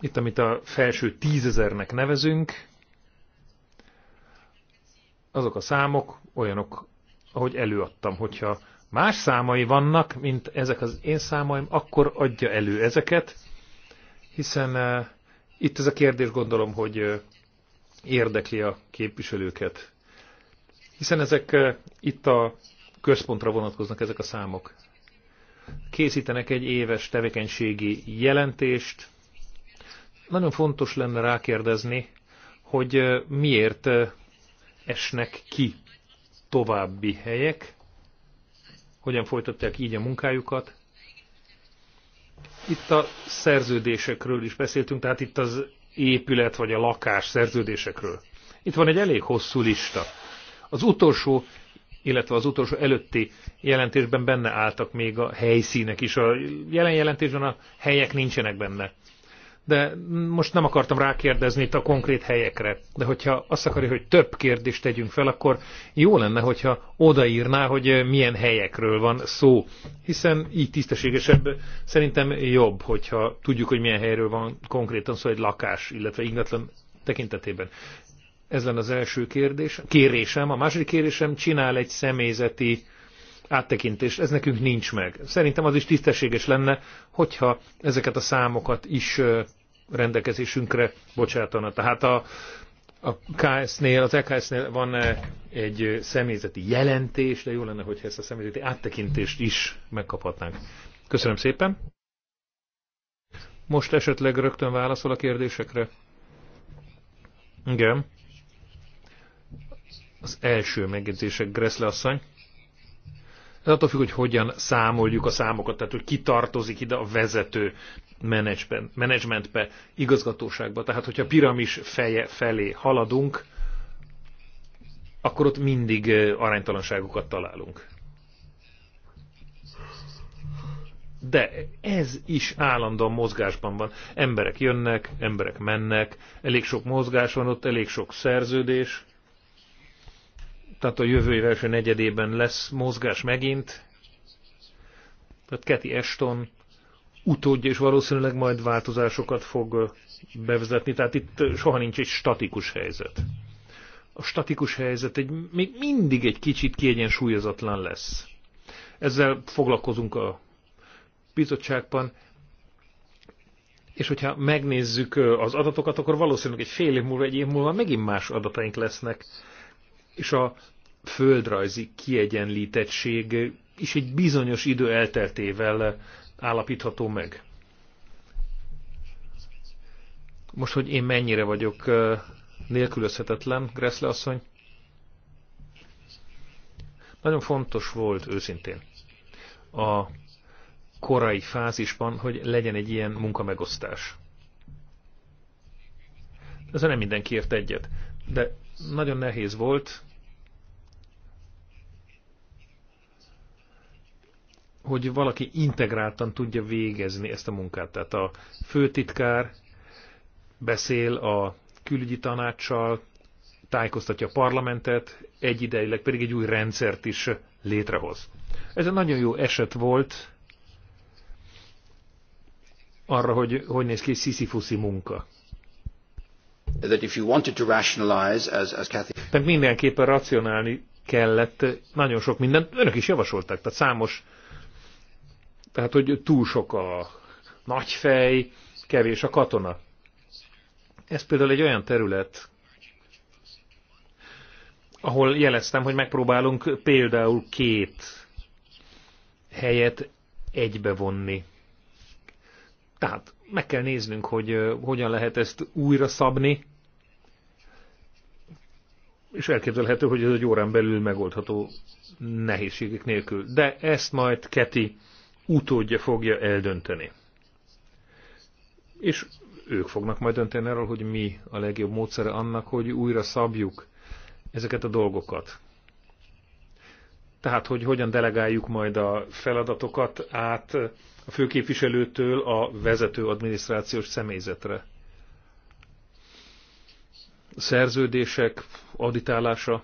itt, amit a felső tízezernek nevezünk, azok a számok olyanok, ahogy előadtam, hogyha más számai vannak, mint ezek az én számaim, akkor adja elő ezeket, hiszen uh, itt ez a kérdés gondolom, hogy uh, érdekli a képviselőket. Hiszen ezek uh, itt a központra vonatkoznak ezek a számok. Készítenek egy éves tevékenységi jelentést. Nagyon fontos lenne rákérdezni, hogy miért esnek ki további helyek, hogyan folytatták így a munkájukat. Itt a szerződésekről is beszéltünk, tehát itt az épület vagy a lakás szerződésekről. Itt van egy elég hosszú lista. Az utolsó, illetve az utolsó előtti jelentésben benne álltak még a helyszínek is. A jelen jelentésben a helyek nincsenek benne de most nem akartam rákérdezni itt a konkrét helyekre. De hogyha azt akarja, hogy több kérdést tegyünk fel, akkor jó lenne, hogyha odaírná, hogy milyen helyekről van szó. Hiszen így tisztességesebb, szerintem jobb, hogyha tudjuk, hogy milyen helyről van konkrétan szó egy lakás, illetve ingatlan tekintetében. Ez lenne az első kérdés. Kérésem. A második kérésem csinál egy személyzeti áttekintést. Ez nekünk nincs meg. Szerintem az is tisztességes lenne, hogyha ezeket a számokat is rendelkezésünkre bocsátana. Tehát a, a KS-nél, az EKS-nél van egy személyzeti jelentés, de jó lenne, hogyha ezt a személyzeti áttekintést is megkaphatnánk. Köszönöm szépen. Most esetleg rögtön válaszol a kérdésekre? Igen. Az első megjegyzések, Greszle asszony. Ez attól függ, hogy hogyan számoljuk a számokat, tehát hogy ki tartozik ide a vezető menedzsmentbe, igazgatóságba. Tehát, hogyha piramis feje felé haladunk, akkor ott mindig aránytalanságokat találunk. De ez is állandóan mozgásban van. Emberek jönnek, emberek mennek, elég sok mozgás van ott, elég sok szerződés tehát a jövő év első negyedében lesz mozgás megint. Tehát Keti Eston utódja és valószínűleg majd változásokat fog bevezetni, tehát itt soha nincs egy statikus helyzet. A statikus helyzet egy, még mindig egy kicsit kiegyensúlyozatlan lesz. Ezzel foglalkozunk a bizottságban, és hogyha megnézzük az adatokat, akkor valószínűleg egy fél év múlva, egy év múlva megint más adataink lesznek, és a földrajzi kiegyenlítettség is egy bizonyos idő elteltével állapítható meg. Most, hogy én mennyire vagyok nélkülözhetetlen, Gressle asszony, nagyon fontos volt őszintén a korai fázisban, hogy legyen egy ilyen munkamegosztás. Ezzel nem mindenki ért egyet, de nagyon nehéz volt hogy valaki integráltan tudja végezni ezt a munkát. Tehát a főtitkár beszél a külügyi tanácssal, tájékoztatja a parlamentet, egyidejileg pedig egy új rendszert is létrehoz. Ez egy nagyon jó eset volt arra, hogy hogy néz ki egy sziszifuszi munka. That if you wanted to rationalize, as, as Kathy... Tehát mindenképpen racionálni kellett nagyon sok mindent. Önök is javasolták, tehát számos tehát, hogy túl sok a nagyfej, kevés a katona. Ez például egy olyan terület, ahol jeleztem, hogy megpróbálunk például két helyet egybevonni. Tehát meg kell néznünk, hogy hogyan lehet ezt újra szabni, és elképzelhető, hogy ez egy órán belül megoldható nehézségek nélkül. De ezt majd Keti utódja fogja eldönteni. És ők fognak majd dönteni arról, hogy mi a legjobb módszere annak, hogy újra szabjuk ezeket a dolgokat. Tehát, hogy hogyan delegáljuk majd a feladatokat át a főképviselőtől a vezető adminisztrációs személyzetre. Szerződések auditálása,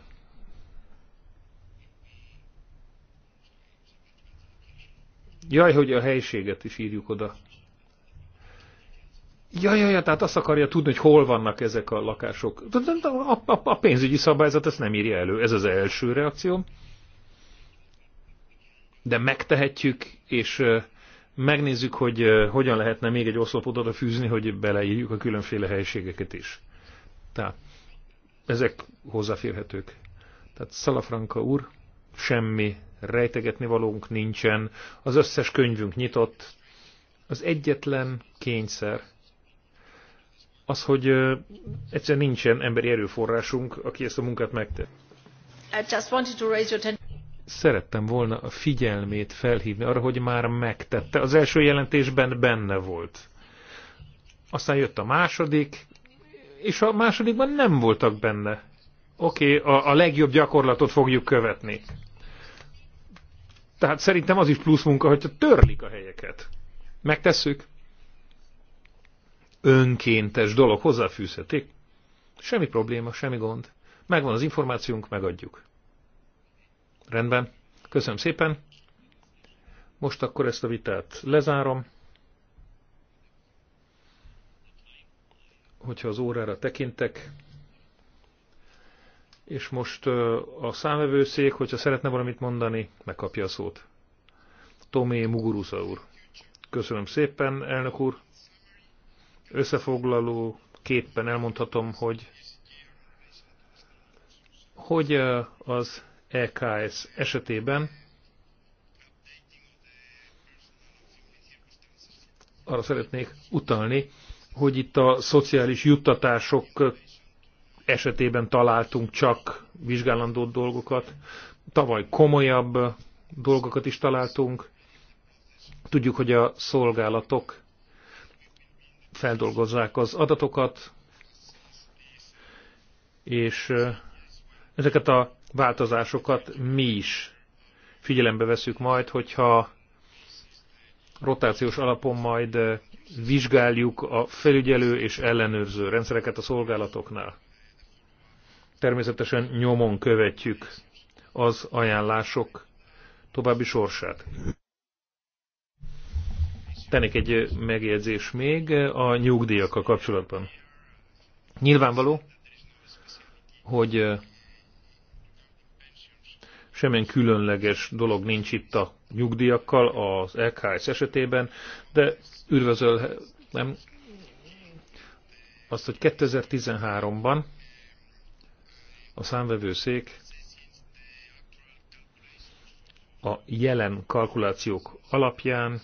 Jaj, hogy a helységet is írjuk oda. Jaj, jaj, tehát azt akarja tudni, hogy hol vannak ezek a lakások. A, a, a pénzügyi szabályzat ezt nem írja elő. Ez az első reakció, De megtehetjük, és megnézzük, hogy hogyan lehetne még egy oszlopot oda fűzni, hogy beleírjuk a különféle helységeket is. Tehát ezek hozzáférhetők. Tehát Szalafranka úr, semmi rejtegetni valónk nincsen, az összes könyvünk nyitott. Az egyetlen kényszer az, hogy egyszerűen nincsen emberi erőforrásunk, aki ezt a munkát megtett. Szerettem volna a figyelmét felhívni arra, hogy már megtette. Az első jelentésben benne volt. Aztán jött a második, és a másodikban nem voltak benne. Oké, okay, a, a legjobb gyakorlatot fogjuk követni. Tehát szerintem az is plusz munka, hogyha törlik a helyeket. Megtesszük? Önkéntes dolog, hozzáfűzhetik. Semmi probléma, semmi gond. Megvan az információnk, megadjuk. Rendben. Köszönöm szépen. Most akkor ezt a vitát lezárom. Hogyha az órára tekintek, és most a számvevőszék, hogyha szeretne valamit mondani, megkapja a szót. Tomé Muguruza úr. Köszönöm szépen, elnök úr. Összefoglaló képpen elmondhatom, hogy hogy az EKS esetében arra szeretnék utalni, hogy itt a szociális juttatások esetében találtunk csak vizsgálandó dolgokat. Tavaly komolyabb dolgokat is találtunk. Tudjuk, hogy a szolgálatok feldolgozzák az adatokat, és ezeket a változásokat mi is figyelembe veszük majd, hogyha rotációs alapon majd vizsgáljuk a felügyelő és ellenőrző rendszereket a szolgálatoknál. Természetesen nyomon követjük az ajánlások további sorsát. Tennék egy megjegyzés még a nyugdíjakkal kapcsolatban. Nyilvánvaló, hogy semmilyen különleges dolog nincs itt a nyugdíjakkal az LKS esetében, de üdvözöl, nem, azt, hogy 2013-ban a számvevőszék a jelen kalkulációk alapján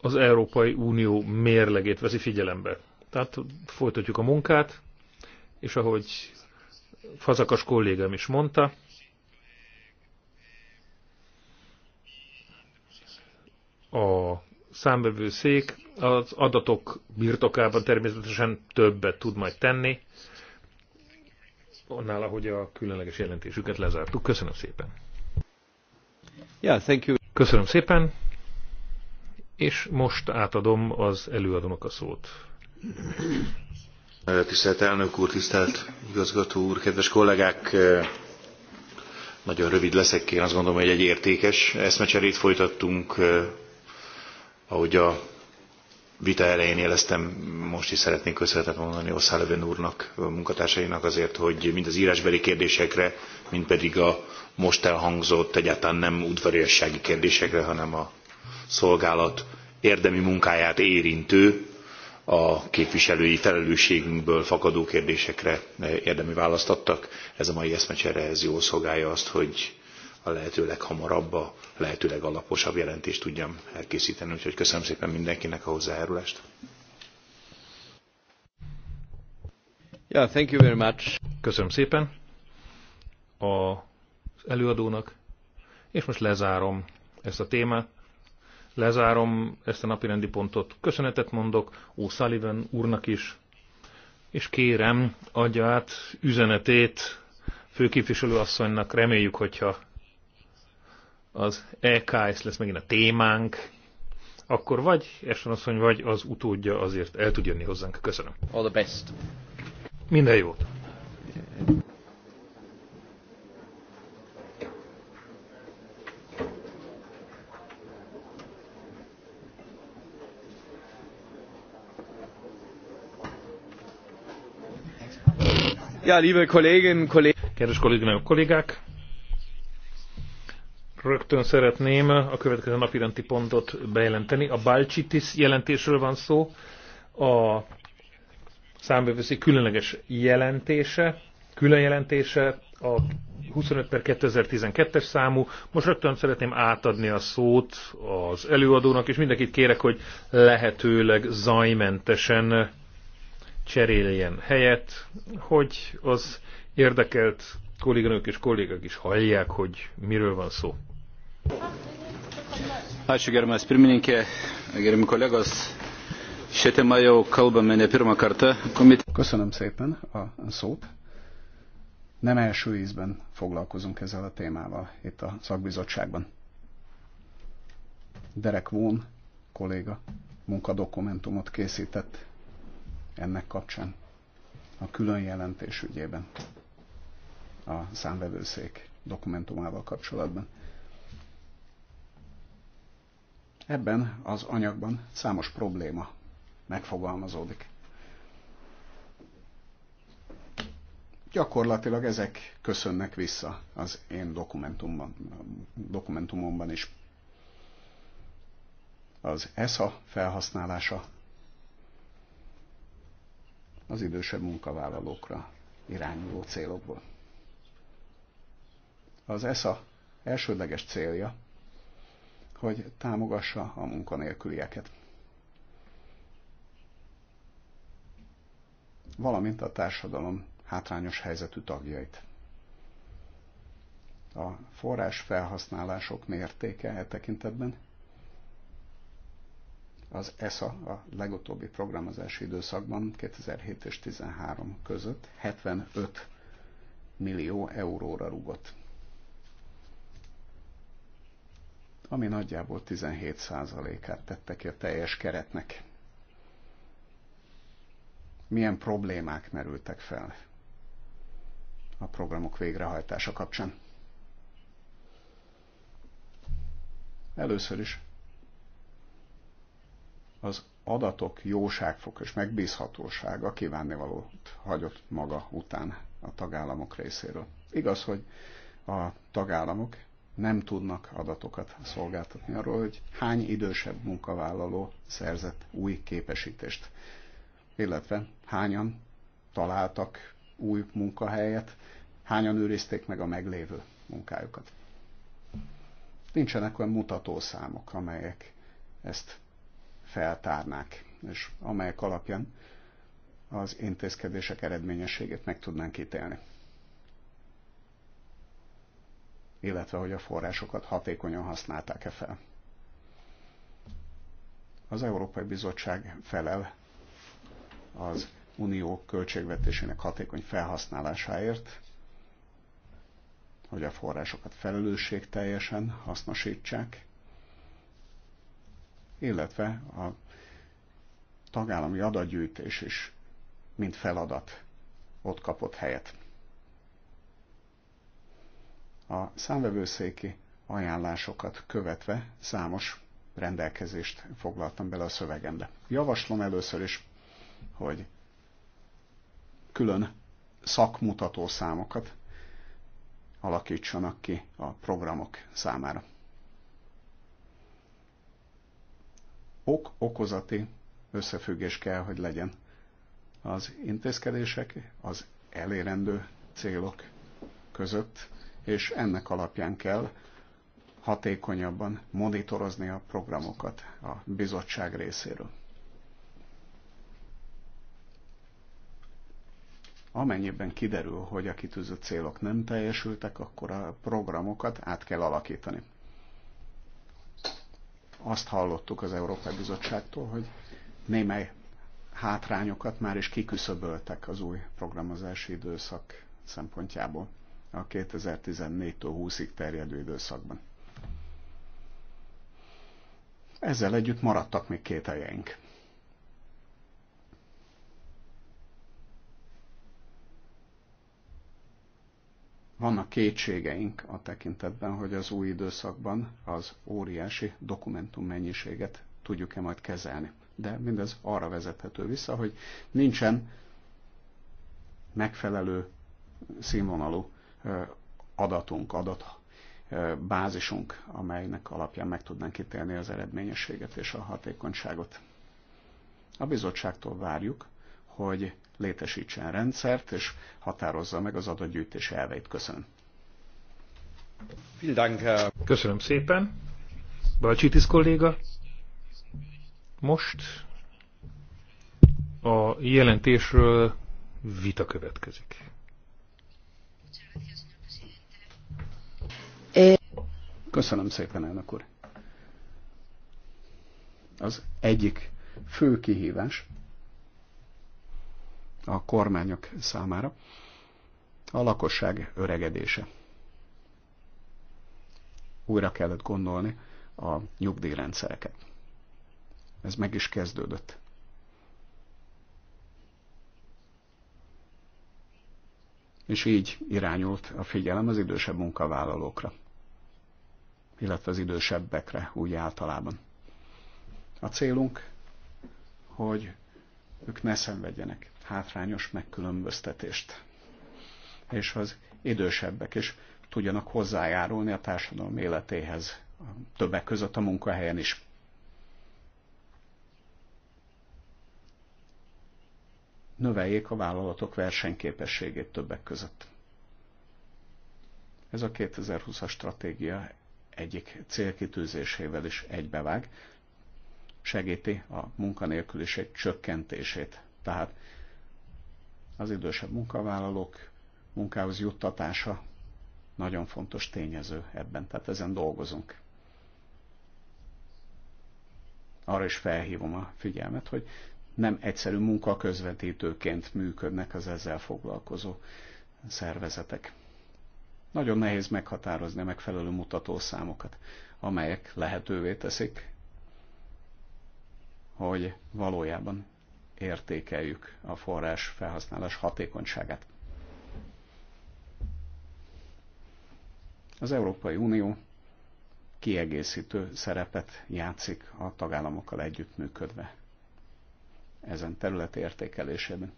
az Európai Unió mérlegét veszi figyelembe. Tehát folytatjuk a munkát, és ahogy fazakas kollégám is mondta, a számvevőszék az adatok birtokában természetesen többet tud majd tenni, annál, ahogy a különleges jelentésüket lezártuk. Köszönöm szépen. Yeah, thank you. Köszönöm szépen, és most átadom az előadónak a szót. Tisztelt elnök úr, tisztelt igazgató úr, kedves kollégák! Eh, nagyon rövid leszek, én azt gondolom, hogy egy értékes eszmecserét folytattunk, eh, ahogy a vita elején éleztem, most is szeretnék köszönetet mondani Oszálövön úrnak, a munkatársainak azért, hogy mind az írásbeli kérdésekre, mind pedig a most elhangzott egyáltalán nem udvariassági kérdésekre, hanem a szolgálat érdemi munkáját érintő, a képviselői felelősségünkből fakadó kérdésekre érdemi választ adtak. Ez a mai eszmecsere ez jól szolgálja azt, hogy a lehető leghamarabb, a lehető legalaposabb jelentést tudjam elkészíteni. Úgyhogy köszönöm szépen mindenkinek a hozzájárulást. Yeah, thank you very much. Köszönöm szépen az előadónak, és most lezárom ezt a témát. Lezárom ezt a napirendi pontot. Köszönetet mondok Sullivan úrnak is, és kérem, adja át üzenetét asszonynak, Reméljük, hogyha az EKS lesz megint a témánk, akkor vagy Eston asszony, vagy az utódja azért el tud jönni hozzánk. Köszönöm. All the best. Minden jót. Ja, liebe Kolleginnen und Kollegen. Kedves kolléganok, kollégák! Rögtön szeretném a következő napirenti pontot bejelenteni. A Balcsitis jelentésről van szó, a számbevőszék különleges jelentése, külön jelentése, a 25 per 2012-es számú. Most rögtön szeretném átadni a szót az előadónak, és mindenkit kérek, hogy lehetőleg zajmentesen cseréljen helyet, hogy az érdekelt kolléganők és kollégák is hallják, hogy miről van szó. Ačiū gerbiamas pirmininkė, gerbiami kolegos. Šią temą jau kalbame ne pirmą kartą. Komit... Köszönöm szépen a szót. Nem első ízben foglalkozunk ezzel a témával itt a szakbizottságban. Derek Wohn, kolléga munkadokumentumot készített ennek kapcsán a külön jelentés ügyében a számvevőszék dokumentumával kapcsolatban. Ebben az anyagban számos probléma megfogalmazódik. Gyakorlatilag ezek köszönnek vissza az én dokumentumban, dokumentumomban is. Az ESA felhasználása az idősebb munkavállalókra irányuló célokból. Az ESA elsődleges célja, hogy támogassa a munkanélkülieket. Valamint a társadalom hátrányos helyzetű tagjait. A forrás felhasználások mértéke e tekintetben az ESA a legutóbbi programozási időszakban 2007 és 2013 között 75 millió euróra rúgott. ami nagyjából 17%-át tette ki a teljes keretnek. Milyen problémák merültek fel a programok végrehajtása kapcsán? Először is az adatok jóságfok és megbízhatósága kívánnivalót hagyott maga után a tagállamok részéről. Igaz, hogy a tagállamok nem tudnak adatokat szolgáltatni arról, hogy hány idősebb munkavállaló szerzett új képesítést, illetve hányan találtak új munkahelyet, hányan őrizték meg a meglévő munkájukat. Nincsenek olyan mutatószámok, amelyek ezt feltárnák, és amelyek alapján az intézkedések eredményességét meg tudnánk ítélni illetve hogy a forrásokat hatékonyan használták-e fel. Az Európai Bizottság felel az unió költségvetésének hatékony felhasználásáért, hogy a forrásokat teljesen hasznosítsák, illetve a tagállami adatgyűjtés is, mint feladat ott kapott helyet a számvevőszéki ajánlásokat követve számos rendelkezést foglaltam bele a szövegembe. Javaslom először is, hogy külön szakmutató számokat alakítsanak ki a programok számára. Ok-okozati összefüggés kell, hogy legyen az intézkedések, az elérendő célok között, és ennek alapján kell hatékonyabban monitorozni a programokat a bizottság részéről. Amennyiben kiderül, hogy a kitűzött célok nem teljesültek, akkor a programokat át kell alakítani. Azt hallottuk az Európai Bizottságtól, hogy némely hátrányokat már is kiküszöböltek az új programozási időszak szempontjából a 2014-től 20-ig terjedő időszakban. Ezzel együtt maradtak még két helyeink. vannak kétségeink a tekintetben, hogy az új időszakban az óriási dokumentum mennyiséget tudjuk-e majd kezelni. De mindez arra vezethető vissza, hogy nincsen megfelelő színvonalú adatunk, adat bázisunk, amelynek alapján meg tudnánk ítélni az eredményességet és a hatékonyságot. A bizottságtól várjuk, hogy létesítsen rendszert, és határozza meg az adatgyűjtés elveit. Köszönöm. Köszönöm szépen. Balcsitis kolléga, most a jelentésről vita következik. Köszönöm szépen, elnök úr. Az egyik fő kihívás a kormányok számára a lakosság öregedése. Újra kellett gondolni a nyugdíjrendszereket. Ez meg is kezdődött. És így irányult a figyelem az idősebb munkavállalókra illetve az idősebbekre úgy általában. A célunk, hogy ők ne szenvedjenek hátrányos megkülönböztetést, és az idősebbek is tudjanak hozzájárulni a társadalom életéhez, többek között a munkahelyen is. Növeljék a vállalatok versenyképességét többek között. Ez a 2020-as stratégia egyik célkitűzésével is egybevág, segíti a munkanélküliség csökkentését. Tehát az idősebb munkavállalók munkához juttatása nagyon fontos tényező ebben, tehát ezen dolgozunk. Arra is felhívom a figyelmet, hogy nem egyszerű munkaközvetítőként működnek az ezzel foglalkozó szervezetek nagyon nehéz meghatározni a megfelelő mutatószámokat, amelyek lehetővé teszik, hogy valójában értékeljük a forrás felhasználás hatékonyságát. Az Európai Unió kiegészítő szerepet játszik a tagállamokkal együttműködve ezen terület értékelésében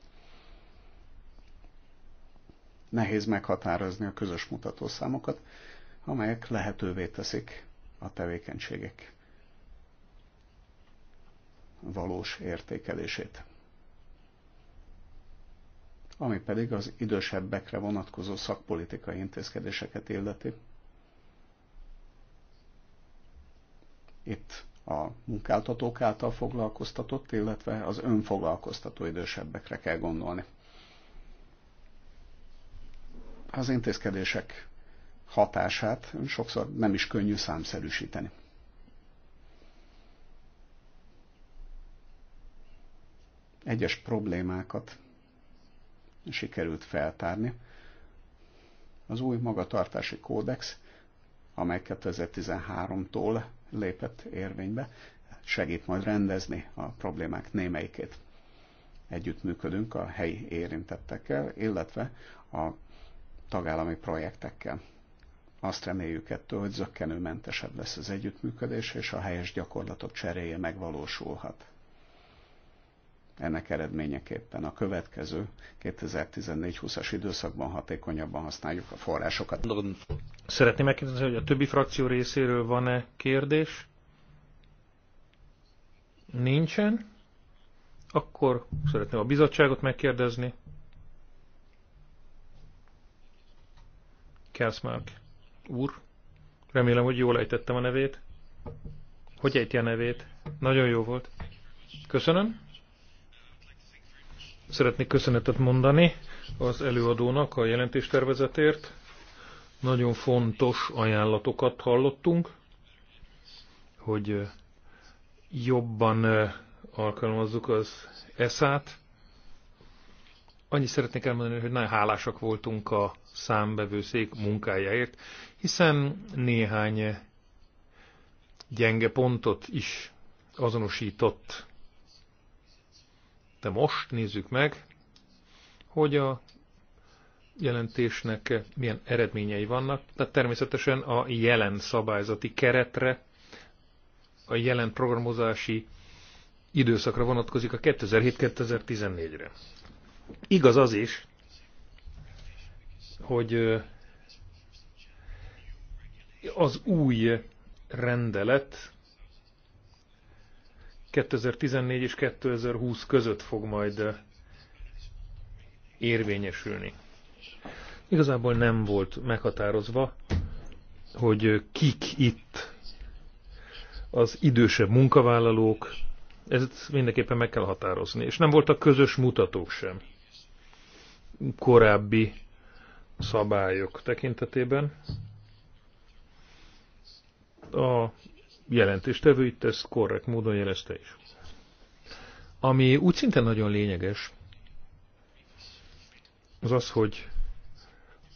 nehéz meghatározni a közös mutatószámokat, amelyek lehetővé teszik a tevékenységek valós értékelését. Ami pedig az idősebbekre vonatkozó szakpolitikai intézkedéseket illeti. Itt a munkáltatók által foglalkoztatott, illetve az önfoglalkoztató idősebbekre kell gondolni az intézkedések hatását sokszor nem is könnyű számszerűsíteni. Egyes problémákat sikerült feltárni. Az új magatartási kódex, amely 2013-tól lépett érvénybe, segít majd rendezni a problémák némelyikét. Együttműködünk a helyi érintettekkel, illetve a tagállami projektekkel. Azt reméljük ettől, hogy zöggenőmentesebb lesz az együttműködés, és a helyes gyakorlatok cseréje megvalósulhat. Ennek eredményeképpen a következő 2014-20-as időszakban hatékonyabban használjuk a forrásokat. Szeretném megkérdezni, hogy a többi frakció részéről van-e kérdés? Nincsen. Akkor szeretném a bizottságot megkérdezni. Kelsmark úr. Remélem, hogy jól ejtettem a nevét. Hogy ejti a nevét? Nagyon jó volt. Köszönöm. Szeretnék köszönetet mondani az előadónak a jelentéstervezetért. Nagyon fontos ajánlatokat hallottunk, hogy jobban eh, alkalmazzuk az eszát, annyit szeretnék elmondani, hogy nagyon hálásak voltunk a számbevőszék munkájáért, hiszen néhány gyenge pontot is azonosított. De most nézzük meg, hogy a jelentésnek milyen eredményei vannak. Tehát természetesen a jelen szabályzati keretre, a jelen programozási időszakra vonatkozik a 2007-2014-re. Igaz az is, hogy az új rendelet 2014 és 2020 között fog majd érvényesülni. Igazából nem volt meghatározva, hogy kik itt az idősebb munkavállalók, ezt mindenképpen meg kell határozni, és nem voltak közös mutatók sem korábbi szabályok tekintetében. A jelentéstevő itt ezt korrekt módon jelezte is. Ami úgy szinte nagyon lényeges, az az, hogy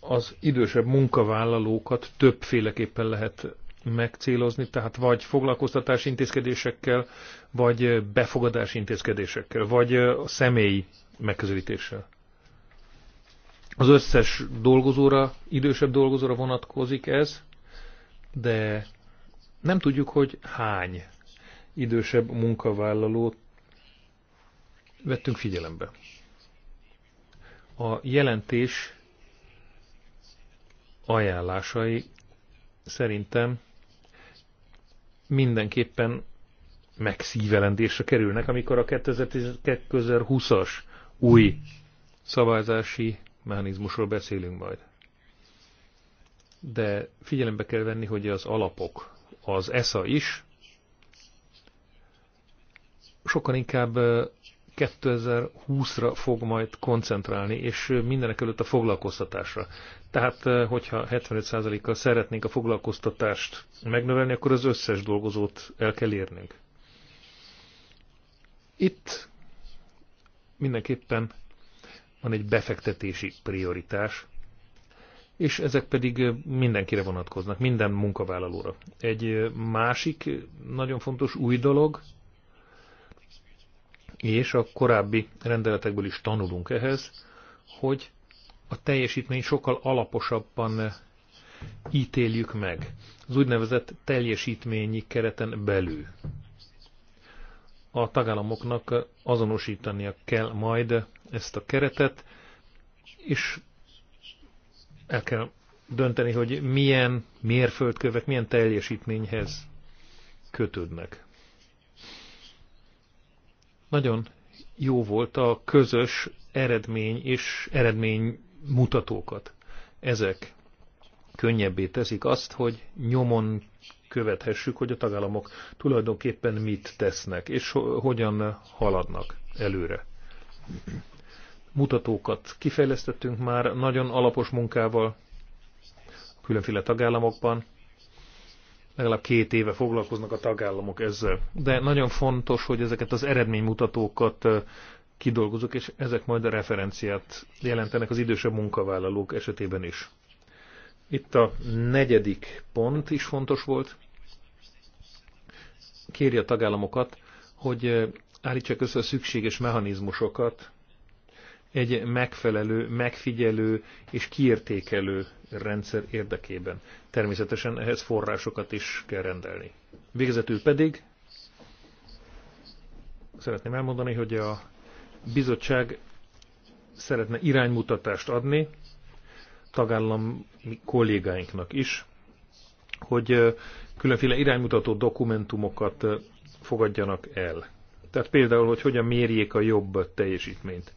az idősebb munkavállalókat többféleképpen lehet megcélozni, tehát vagy foglalkoztatási intézkedésekkel, vagy befogadási intézkedésekkel, vagy a személyi megközelítéssel. Az összes dolgozóra, idősebb dolgozóra vonatkozik ez, de nem tudjuk, hogy hány idősebb munkavállalót vettünk figyelembe. A jelentés ajánlásai szerintem mindenképpen megszívelendésre kerülnek, amikor a 2020-as új szabályzási mechanizmusról beszélünk majd. De figyelembe kell venni, hogy az alapok, az ESA is sokkal inkább 2020-ra fog majd koncentrálni, és mindenek előtt a foglalkoztatásra. Tehát, hogyha 75%-kal szeretnénk a foglalkoztatást megnövelni, akkor az összes dolgozót el kell érnünk. Itt mindenképpen van egy befektetési prioritás, és ezek pedig mindenkire vonatkoznak, minden munkavállalóra. Egy másik nagyon fontos új dolog, és a korábbi rendeletekből is tanulunk ehhez, hogy a teljesítmény sokkal alaposabban ítéljük meg. Az úgynevezett teljesítményi kereten belül a tagállamoknak azonosítania kell majd ezt a keretet, és el kell dönteni, hogy milyen mérföldkövek, milyen teljesítményhez kötődnek. Nagyon jó volt a közös eredmény és eredmény mutatókat. Ezek könnyebbé teszik azt, hogy nyomon követhessük, hogy a tagállamok tulajdonképpen mit tesznek, és hogyan haladnak előre. Mutatókat kifejlesztettünk már nagyon alapos munkával különféle tagállamokban. Legalább két éve foglalkoznak a tagállamok ezzel. De nagyon fontos, hogy ezeket az eredménymutatókat kidolgozok, és ezek majd a referenciát jelentenek az idősebb munkavállalók esetében is. Itt a negyedik pont is fontos volt. Kéri a tagállamokat, hogy eh, állítsák össze a szükséges mechanizmusokat egy megfelelő, megfigyelő és kiértékelő rendszer érdekében. Természetesen ehhez forrásokat is kell rendelni. Végezetül pedig szeretném elmondani, hogy a bizottság szeretne iránymutatást adni, tagállam kollégáinknak is, hogy különféle iránymutató dokumentumokat fogadjanak el. Tehát például, hogy hogyan mérjék a jobb teljesítményt.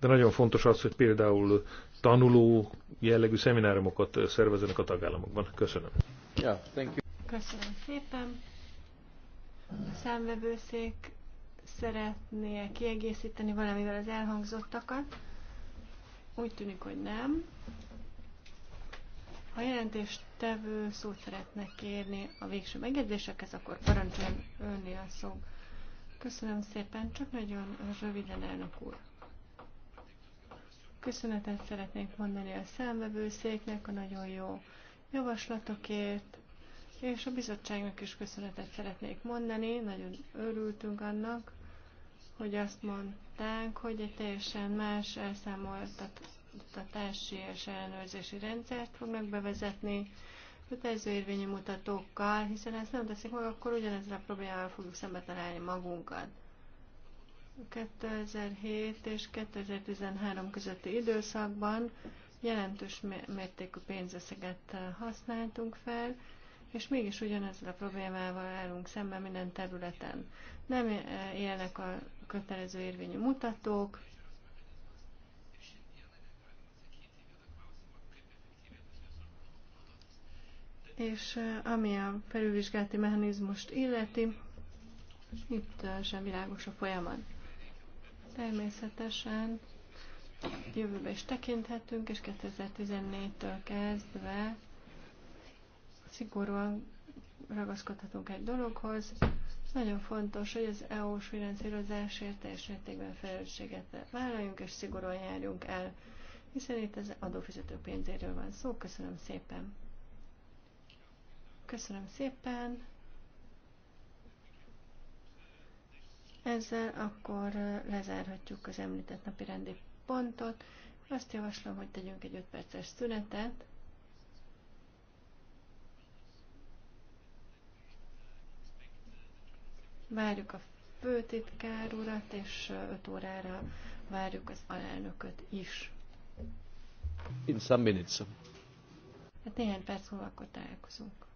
De nagyon fontos az, hogy például tanuló jellegű szemináriumokat szervezenek a tagállamokban. Köszönöm. Yeah, thank you. Köszönöm szépen. A számvevőszék szeretné kiegészíteni valamivel az elhangzottakat? Úgy tűnik, hogy nem. Ha jelentéstevő szót szeretne kérni a végső megjegyzésekhez, akkor parancsoljon önni a szó. Köszönöm szépen, csak nagyon röviden, elnök úr. Köszönetet szeretnénk mondani a számvevőszéknek a nagyon jó javaslatokért, és a bizottságnak is köszönetet szeretnék mondani. Nagyon örültünk annak, hogy azt mondták, hogy egy teljesen más elszámoltat tájékoztatási és ellenőrzési rendszert fognak bevezetni, kötelező érvényű mutatókkal, hiszen ezt nem teszik meg, akkor ugyanezzel a problémával fogjuk szembe találni magunkat. 2007 és 2013 közötti időszakban jelentős mértékű pénzösszeget eh, használtunk fel, és mégis ugyanezzel a problémával állunk szemben minden területen. Nem eh, élnek a kötelező érvényű mutatók, És ami a felülvizsgálati mechanizmust illeti, itt sem világos a folyamat. Természetesen jövőbe is tekinthetünk, és 2014-től kezdve szigorúan ragaszkodhatunk egy dologhoz. Nagyon fontos, hogy az EU-s finanszírozásért teljes mértékben felelősséget vállaljunk, és szigorúan járjunk el, hiszen itt az adófizető pénzéről van szó. Köszönöm szépen! Köszönöm szépen. Ezzel akkor lezárhatjuk az említett napi rendi pontot. Azt javaslom, hogy tegyünk egy 5 perces szünetet. Várjuk a főtitkár urat, és 5 órára várjuk az alelnököt is. In some minutes. Hát néhány perc múlva akkor találkozunk.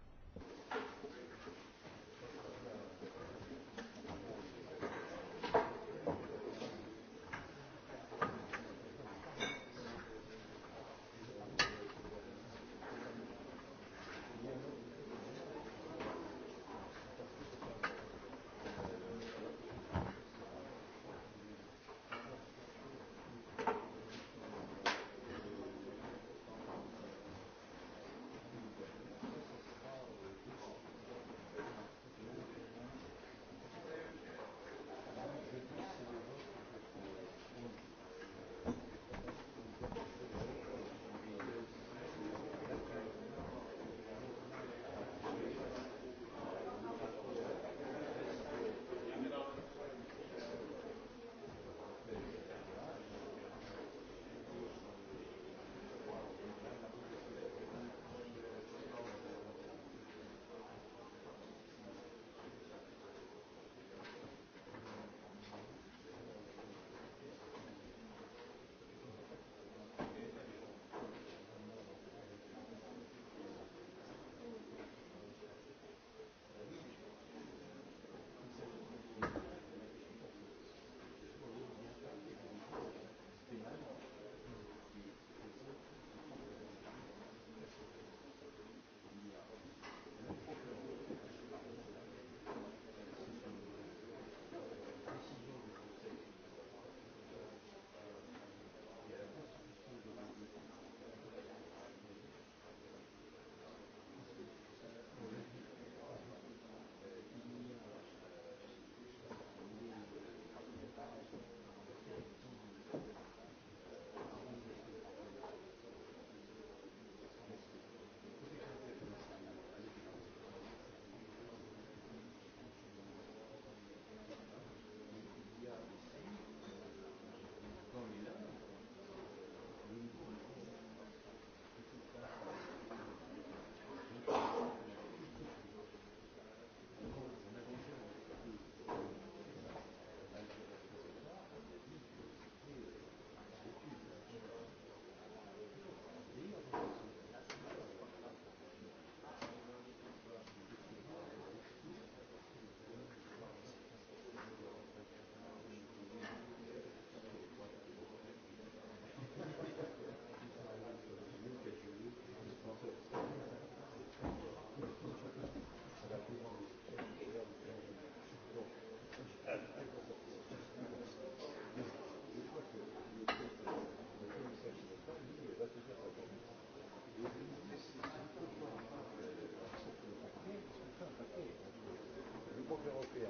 progrès européen,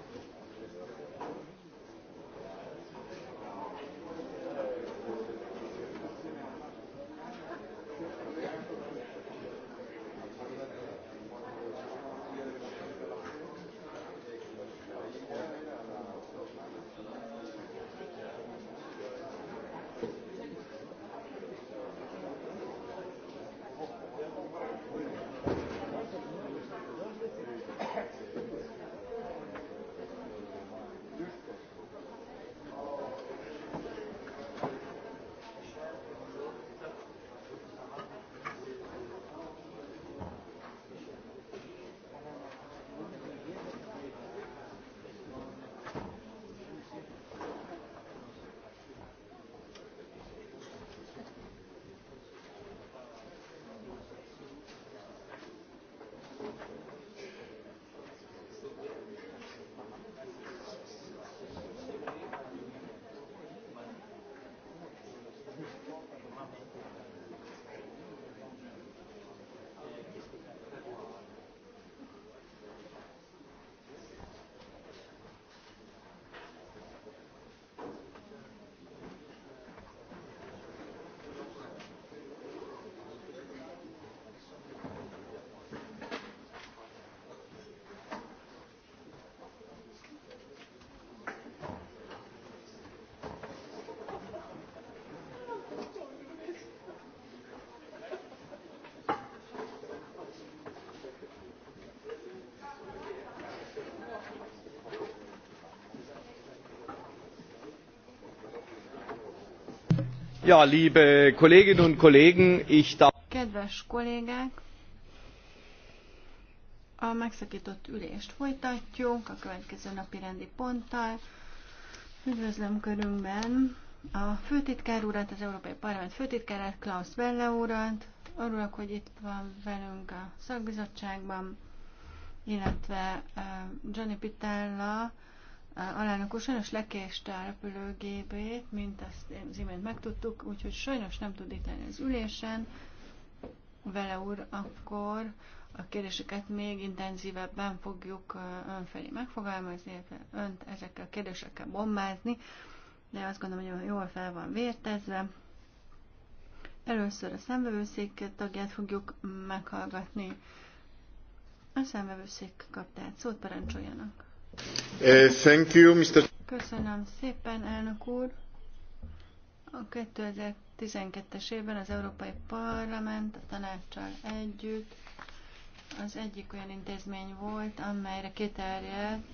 liebe Kolleginnen und Kollegen, ich darf... Kedves kollégák, a megszakított ülést folytatjuk a következő napi rendi ponttal. Üdvözlöm körünkben a főtitkár urat, az Európai Parlament főtitkárát, Klaus Belle urat. Örülök, hogy itt van velünk a szakbizottságban, illetve eh, Johnny Pitella, alelnök úr sajnos lekéste a repülőgépét, mint azt az imént megtudtuk, úgyhogy sajnos nem tud itt lenni az ülésen. Vele úr, akkor a kérdéseket még intenzívebben fogjuk ön felé, megfogalmazni, illetve önt ezekkel a kérdésekkel bombázni, de azt gondolom, hogy jól fel van vértezve. Először a szemvevőszék tagját fogjuk meghallgatni. A szemvevőszék kaptát szót parancsoljanak. Eh, thank you, Mr. Köszönöm szépen, elnök úr. A 2012-es évben az Európai Parlament a tanácssal együtt az egyik olyan intézmény volt, amelyre kiterjedt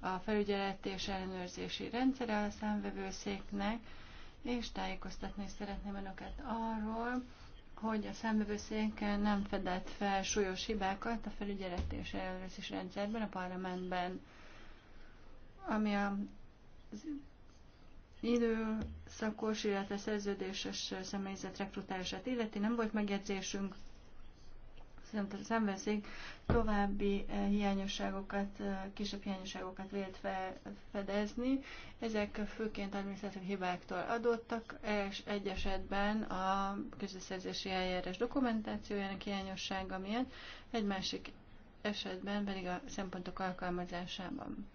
a felügyeleti és ellenőrzési rendszere a számvevőszéknek, és tájékoztatni szeretném önöket arról, hogy a számvevőszék nem fedett fel súlyos hibákat a felügyeleti és ellenőrzési rendszerben, a parlamentben ami a időszakos, illetve szerződéses személyzet rekrutálását illeti, nem volt megjegyzésünk, szerintem szemveszik, további eh, hiányosságokat, eh, kisebb hiányosságokat vélt fedezni. Ezek főként adminisztratív hibáktól adottak, és egy esetben a közösszerzési eljárás dokumentációjának hiányossága miatt, egy másik esetben pedig a szempontok alkalmazásában.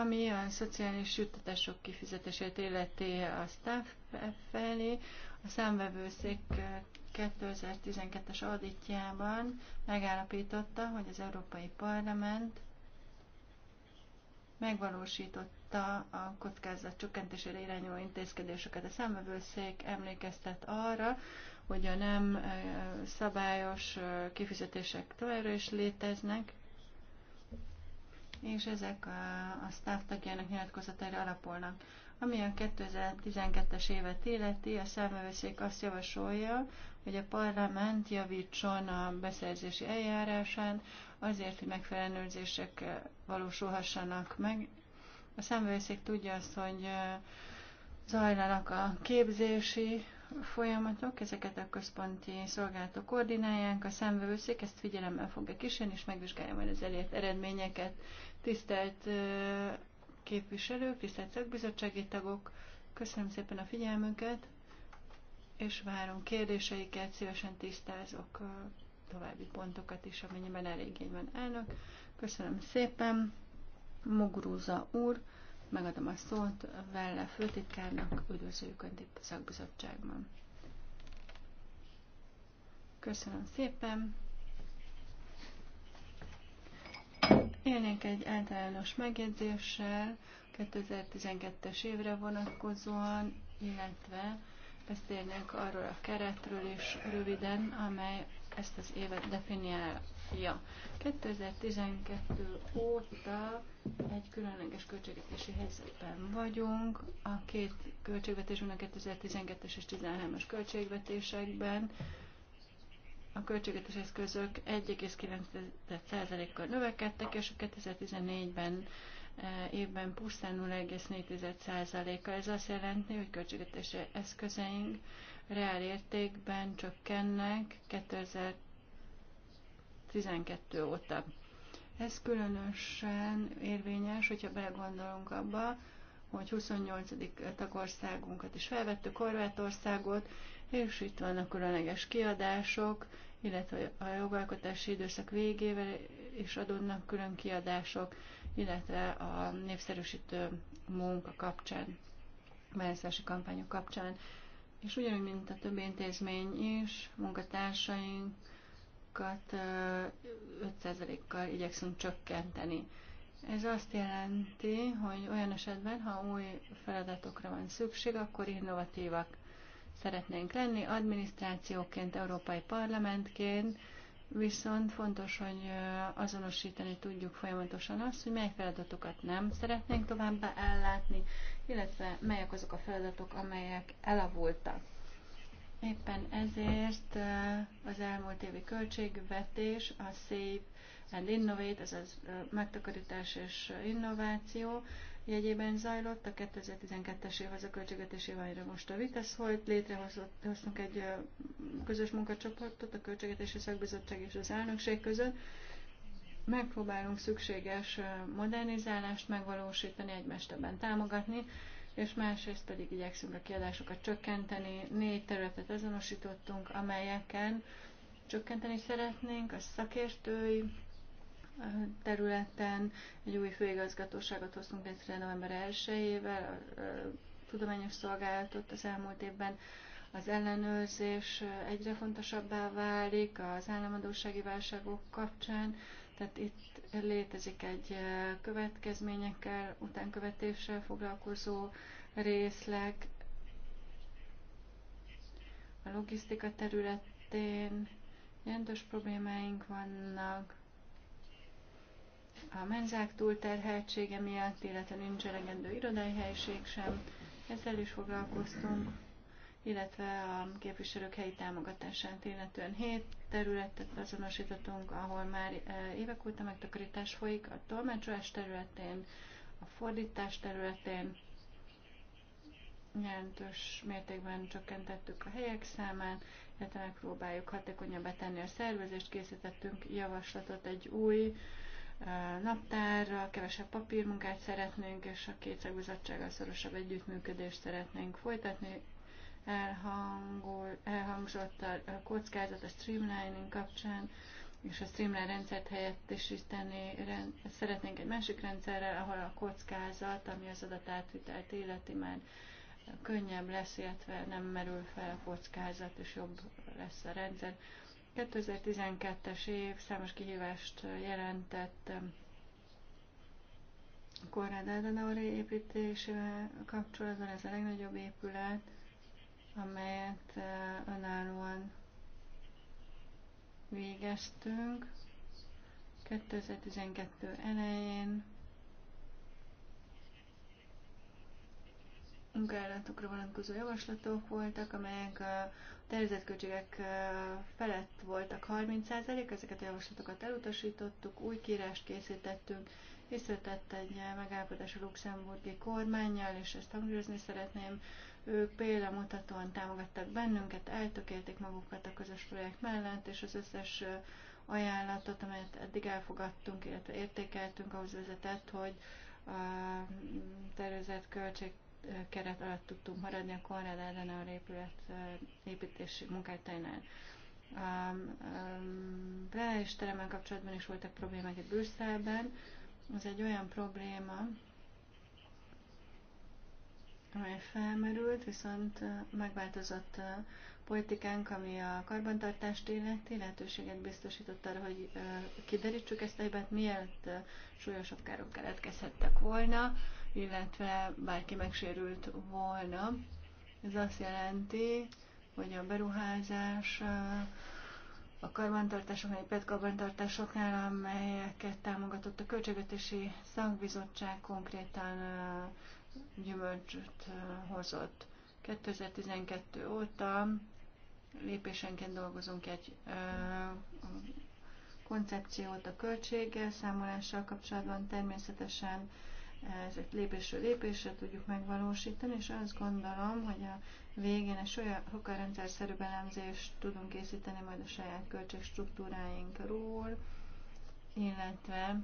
Ami a szociális juttatások kifizetését illeti a staff felé, a számvevőszék 2012-es auditjában megállapította, hogy az Európai Parlament megvalósította a kockázat csökkentésére irányuló intézkedéseket. A számvevőszék emlékeztet arra, hogy a nem szabályos kifizetések továbbra is léteznek, és ezek a, a staff tagjának nyilatkozataira alapolnak. Ami a 2012-es évet illeti, a számövőszék azt javasolja, hogy a parlament javítson a beszerzési eljárásán, azért, hogy megfelelőzések valósulhassanak meg. A számövőszék tudja azt, hogy zajlanak a képzési folyamatok, ezeket a központi szolgálatok koordinálják, a számvevőszék ezt figyelemmel fogja kísérni, és megvizsgálja majd az elért eredményeket. Tisztelt képviselők, tisztelt szakbizottsági tagok, köszönöm szépen a figyelmünket, és várom kérdéseiket, szívesen tisztázok további pontokat is, amennyiben elég van elnök. Köszönöm szépen, Mugrúza úr, megadom a szót Velle főtitkárnak, üdvözöljük a szakbizottságban. Köszönöm szépen! Élnék egy általános megjegyzéssel 2012-es évre vonatkozóan, illetve beszélnék arról a keretről is röviden, amely ezt az évet definiálja. 2012 óta egy különleges költségvetési helyzetben vagyunk. A két költségvetésben, a 2012-es és 2013-as költségvetésekben a költségvetés eszközök 1,9%-kal növekedtek, és a 2014-ben eh, évben pusztán 0,4%-kal. Ez azt jelenti, hogy költségvetési eszközeink reál értékben csökkennek 2012 óta. Ez különösen érvényes, hogyha belegondolunk abba, hogy 28. tagországunkat is felvettük, Horvátországot, és itt vannak különleges kiadások, illetve a jogalkotási időszak végével is adódnak külön kiadások, illetve a népszerűsítő munka kapcsán, választási kampányok kapcsán. És ugyanúgy, mint a többi intézmény is, munkatársainkat 5%-kal igyekszünk csökkenteni. Ez azt jelenti, hogy olyan esetben, ha új feladatokra van szükség, akkor innovatívak szeretnénk lenni, adminisztrációként, Európai Parlamentként, viszont fontos, hogy azonosítani tudjuk folyamatosan azt, hogy mely feladatokat nem szeretnénk továbbá ellátni, illetve melyek azok a feladatok, amelyek elavultak. Éppen ezért az elmúlt évi költségvetés, a Save and Innovate, azaz megtakarítás és innováció jegyében zajlott, a 2012-es évhez a költségvetési évre most a vitesz volt, létrehoztunk egy közös munkacsoportot a Költségvetési Szakbizottság és az elnökség között. Megpróbálunk szükséges modernizálást megvalósítani, egymást ebben támogatni, és másrészt pedig igyekszünk a kiadásokat csökkenteni. Négy területet azonosítottunk, amelyeken csökkenteni szeretnénk, a szakértői területen. Egy új főigazgatóságot hoztunk létre november 1-ével, a tudományos szolgálatot az elmúlt évben. Az ellenőrzés egyre fontosabbá válik az államadósági válságok kapcsán, tehát itt létezik egy következményekkel, utánkövetéssel foglalkozó részleg. A logisztika területén jelentős problémáink vannak, a menzák túlterheltsége miatt, illetve nincs elegendő irodai helység sem. Ezzel is foglalkoztunk, illetve a képviselők helyi támogatását illetően hét területet azonosítottunk, ahol már e, évek óta megtakarítás folyik a tolmácsolás területén, a fordítás területén, jelentős mértékben csökkentettük a helyek számát, illetve megpróbáljuk hatékonyabbá tenni a szervezést, készítettünk javaslatot egy új naptárra, kevesebb papírmunkát szeretnénk, és a két szakbizottsággal szorosabb együttműködést szeretnénk folytatni. Elhangol, elhangzott a kockázat a streamlining kapcsán, és a streamline rendszert helyettesíteni rend, szeretnénk egy másik rendszerrel, ahol a kockázat, ami az adatátvitelt életi már könnyebb lesz, illetve nem merül fel a kockázat, és jobb lesz a rendszer. 2012-es év számos kihívást jelentett a um, Konrad Adenauer építésével kapcsolatban. Ez a legnagyobb épület, amelyet uh, önállóan végeztünk. 2012 elején munkállatokra vonatkozó javaslatok voltak, amelyek a uh, költségek felett voltak 30%, ezeket a javaslatokat elutasítottuk, új kírást készítettünk, és egy megállapodás a luxemburgi kormányjal, és ezt hangsúlyozni szeretném. Ők példamutatóan támogattak bennünket, eltökélték magukat a közös projekt mellett, és az összes ajánlatot, amelyet eddig elfogadtunk, illetve értékeltünk, ahhoz vezetett, hogy a mm, tervezett költség keret alatt tudtunk maradni a Konrad Adenauer épület építési munkájánál. A um, plenáris um, teremmel kapcsolatban is voltak problémák itt Brüsszelben. Ez egy olyan probléma, amely felmerült, viszont megváltozott a politikánk, ami a karbantartást illeti, lehetőséget biztosított arra, hogy kiderítsük ezt a hibát, mielőtt súlyosabb károk keletkezhettek volna illetve bárki megsérült volna. Ez azt jelenti, hogy a beruházás a karbantartásoknál, a PET karbantartásoknál, amelyeket támogatott a Költségvetési Szakbizottság konkrétan gyümölcsöt hozott. 2012 óta lépésenként dolgozunk egy koncepciót a költség számolással kapcsolatban természetesen ezeket lépésről lépésre tudjuk megvalósítani, és azt gondolom, hogy a végén egy sokkal rendszerszerűbb elemzést tudunk készíteni majd a saját költségstruktúráinkról, illetve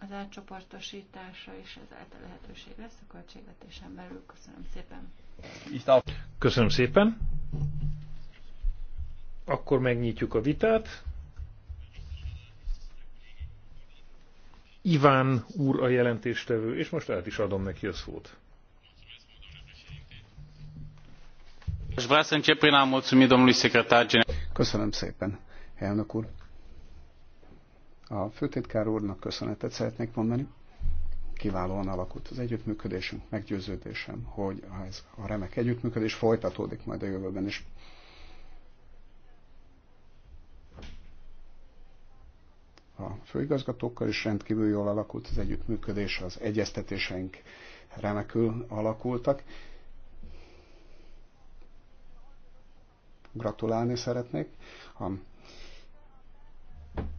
az átcsoportosítása is ezáltal lehetőség lesz a költségvetésen belül. Köszönöm szépen! Köszönöm szépen! Akkor megnyitjuk a vitát. Iván úr a jelentéstevő, és most át is adom neki a szót. Köszönöm szépen, elnök úr. A főtitkár úrnak köszönetet szeretnék mondani. Kiválóan alakult az együttműködésünk, meggyőződésem, hogy ez a remek együttműködés folytatódik majd a jövőben is. a főigazgatókkal, is rendkívül jól alakult az együttműködés, az egyeztetéseink remekül alakultak. Gratulálni szeretnék a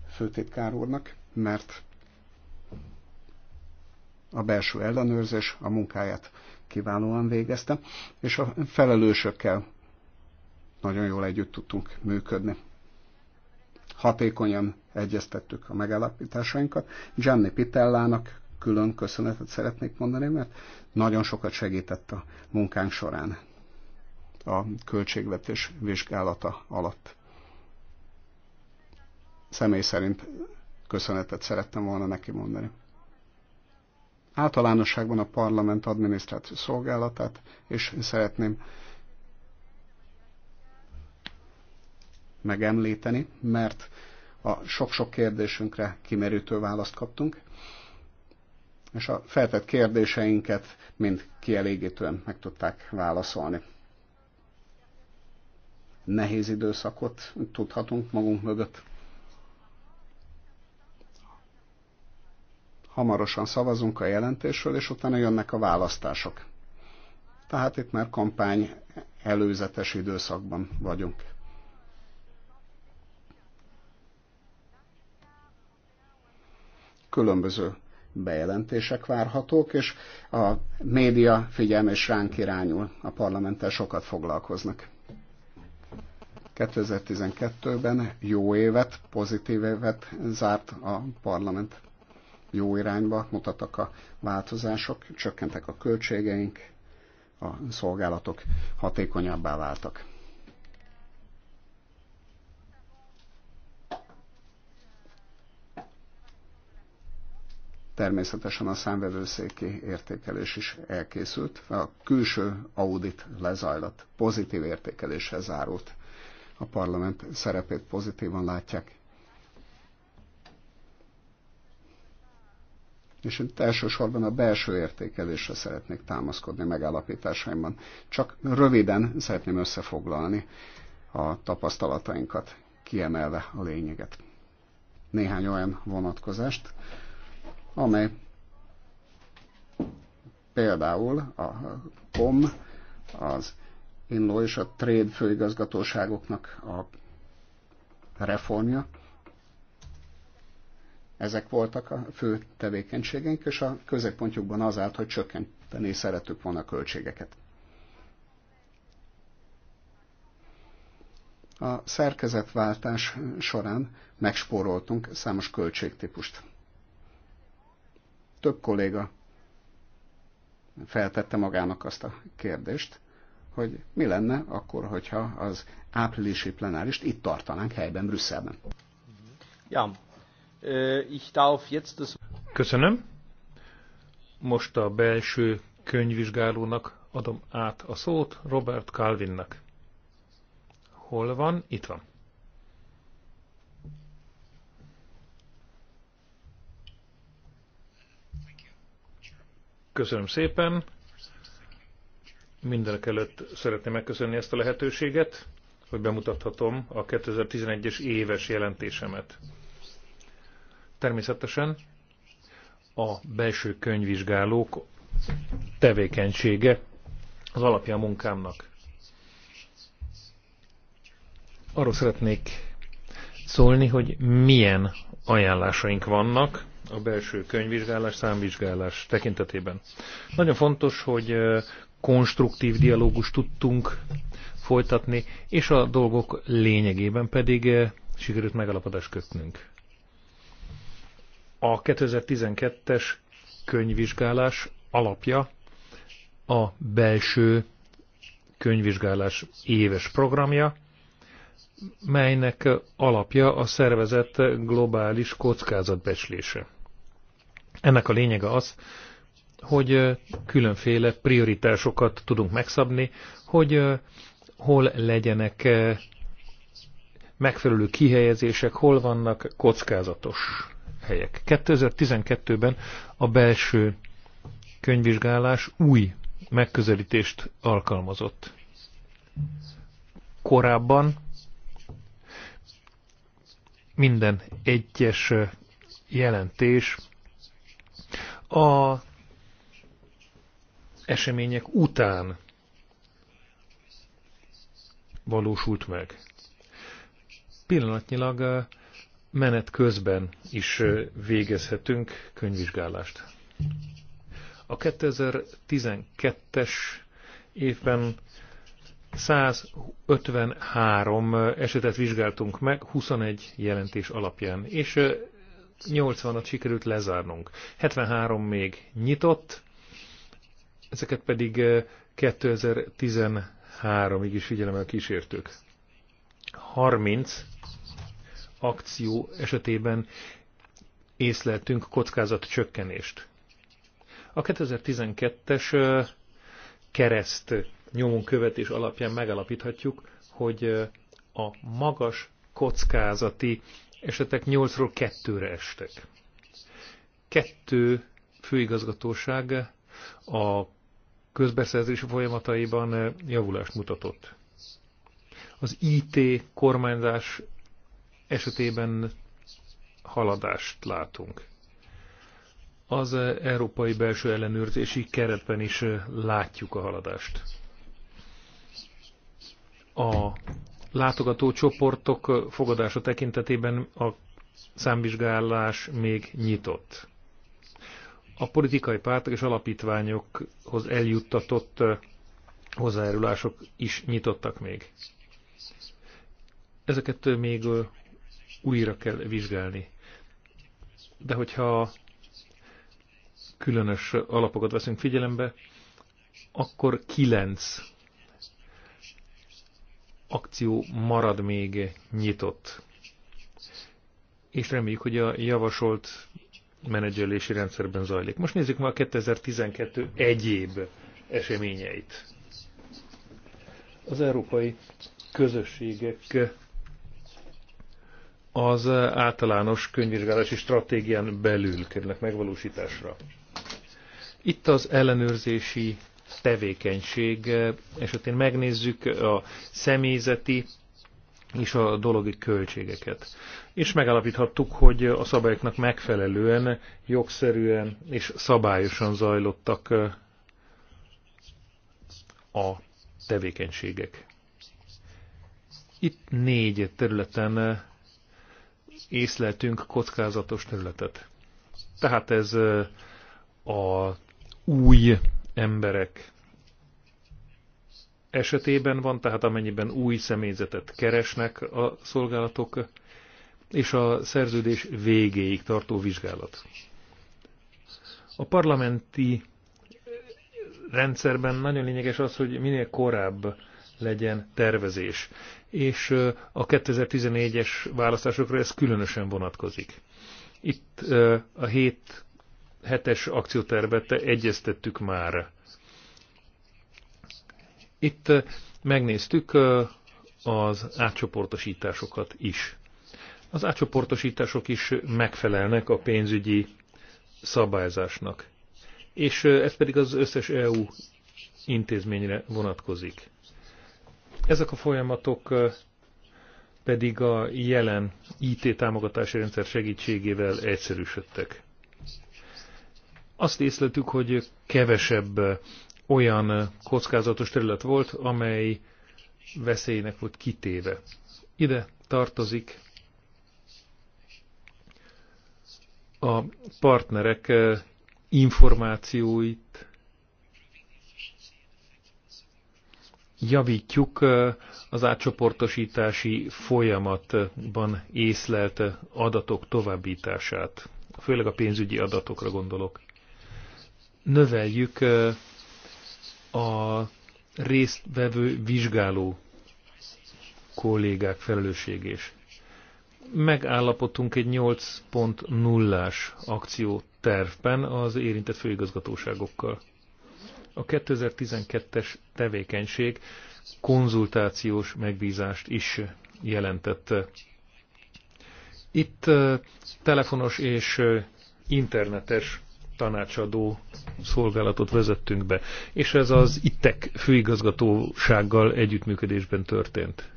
főtitkár úrnak, mert a belső ellenőrzés a munkáját kiválóan végezte, és a felelősökkel nagyon jól együtt tudtunk működni hatékonyan egyeztettük a megállapításainkat. Gianni Pitellának külön köszönetet szeretnék mondani, mert nagyon sokat segített a munkánk során a költségvetés vizsgálata alatt. Személy szerint köszönetet szerettem volna neki mondani. Általánosságban a parlament adminisztráció szolgálatát, és szeretném megemlíteni, mert a sok-sok kérdésünkre kimerítő választ kaptunk, és a feltett kérdéseinket mind kielégítően meg tudták válaszolni. Nehéz időszakot tudhatunk magunk mögött. Hamarosan szavazunk a jelentésről, és utána jönnek a választások. Tehát itt már kampány előzetes időszakban vagyunk. különböző bejelentések várhatók, és a média figyelme is ránk irányul, a parlamenttel sokat foglalkoznak. 2012-ben jó évet, pozitív évet zárt a parlament. Jó irányba mutattak a változások, csökkentek a költségeink, a szolgálatok hatékonyabbá váltak. természetesen a számvevőszéki értékelés is elkészült. A külső audit lezajlott, pozitív értékeléshez zárult. A parlament szerepét pozitívan látják. És itt elsősorban a belső értékelésre szeretnék támaszkodni megállapításaimban. Csak röviden szeretném összefoglalni a tapasztalatainkat, kiemelve a lényeget. Néhány olyan vonatkozást, amely például a POM, az INLO és a Trade főigazgatóságoknak a reformja. Ezek voltak a fő tevékenységeink, és a középpontjukban az állt, hogy csökkenteni szeretük volna a költségeket. A szerkezetváltás során megspóroltunk számos költségtípust több kolléga feltette magának azt a kérdést, hogy mi lenne akkor, hogyha az áprilisi plenárist itt tartanánk helyben, Brüsszelben. Ja, ich darf jetzt das... Köszönöm. Most a belső könyvvizsgálónak adom át a szót Robert Calvinnak. Hol van? Itt van. Köszönöm szépen. Mindenek előtt szeretném megköszönni ezt a lehetőséget, hogy bemutathatom a 2011-es éves jelentésemet. Természetesen a belső könyvvizsgálók tevékenysége az alapja a munkámnak. Arról szeretnék szólni, hogy milyen ajánlásaink vannak a belső könyvvizsgálás, számvizsgálás tekintetében. Nagyon fontos, hogy konstruktív dialógus tudtunk folytatni, és a dolgok lényegében pedig sikerült megalapodást kötnünk. A 2012-es könyvvizsgálás alapja a belső könyvvizsgálás éves programja, melynek alapja a szervezet globális kockázatbecslése. Ennek a lényege az, hogy különféle prioritásokat tudunk megszabni, hogy hol legyenek megfelelő kihelyezések, hol vannak kockázatos helyek. 2012-ben a belső könyvvizsgálás új megközelítést alkalmazott. Korábban minden egyes jelentés a események után valósult meg. Pillanatnyilag menet közben is végezhetünk könyvvizsgálást. A 2012-es évben 153 esetet vizsgáltunk meg 21 jelentés alapján, és 80-at sikerült lezárnunk. 73 még nyitott, ezeket pedig 2013-ig is figyelemmel kísértük. 30 akció esetében észleltünk kockázat csökkenést. A 2012-es kereszt nyomon követés alapján megalapíthatjuk, hogy a magas kockázati esetek 8-ról 2-re estek. Kettő főigazgatóság a közbeszerzési folyamataiban javulást mutatott. Az IT kormányzás esetében haladást látunk. Az európai belső ellenőrzési keretben is látjuk a haladást. A látogató csoportok fogadása tekintetében a számvizsgálás még nyitott. A politikai pártok és alapítványokhoz eljuttatott hozzájárulások is nyitottak még. Ezeket még újra kell vizsgálni. De hogyha különös alapokat veszünk figyelembe, akkor kilenc akció marad még nyitott. És reméljük, hogy a javasolt menedzselési rendszerben zajlik. Most nézzük meg a 2012 egyéb eseményeit. Az európai közösségek az általános könyvvizsgálási stratégián belül kerülnek megvalósításra. Itt az ellenőrzési tevékenység esetén megnézzük a személyzeti és a dologi költségeket. És megállapíthattuk, hogy a szabályoknak megfelelően, jogszerűen és szabályosan zajlottak a tevékenységek. Itt négy területen észleltünk kockázatos területet. Tehát ez a új emberek esetében van, tehát amennyiben új személyzetet keresnek a szolgálatok, és a szerződés végéig tartó vizsgálat. A parlamenti rendszerben nagyon lényeges az, hogy minél korább legyen tervezés, és a 2014-es választásokra ez különösen vonatkozik. Itt a hét hetes akciótervet egyeztettük már. Itt eh, megnéztük eh, az átcsoportosításokat is. Az átcsoportosítások is megfelelnek a pénzügyi szabályzásnak, és eh, ez pedig az összes EU intézményre vonatkozik. Ezek a folyamatok pedig a jelen IT támogatási rendszer segítségével egyszerűsödtek azt észleltük, hogy kevesebb olyan kockázatos terület volt, amely veszélynek volt kitéve. Ide tartozik a partnerek információit, javítjuk az átcsoportosítási folyamatban észlelt adatok továbbítását, főleg a pénzügyi adatokra gondolok növeljük a résztvevő vizsgáló kollégák felelősségés. Megállapodtunk egy 8.0-ás akciótervben az érintett főigazgatóságokkal. A 2012-es tevékenység konzultációs megbízást is jelentette. Itt telefonos és internetes tanácsadó szolgálatot vezettünk be, és ez az ITEK főigazgatósággal együttműködésben történt.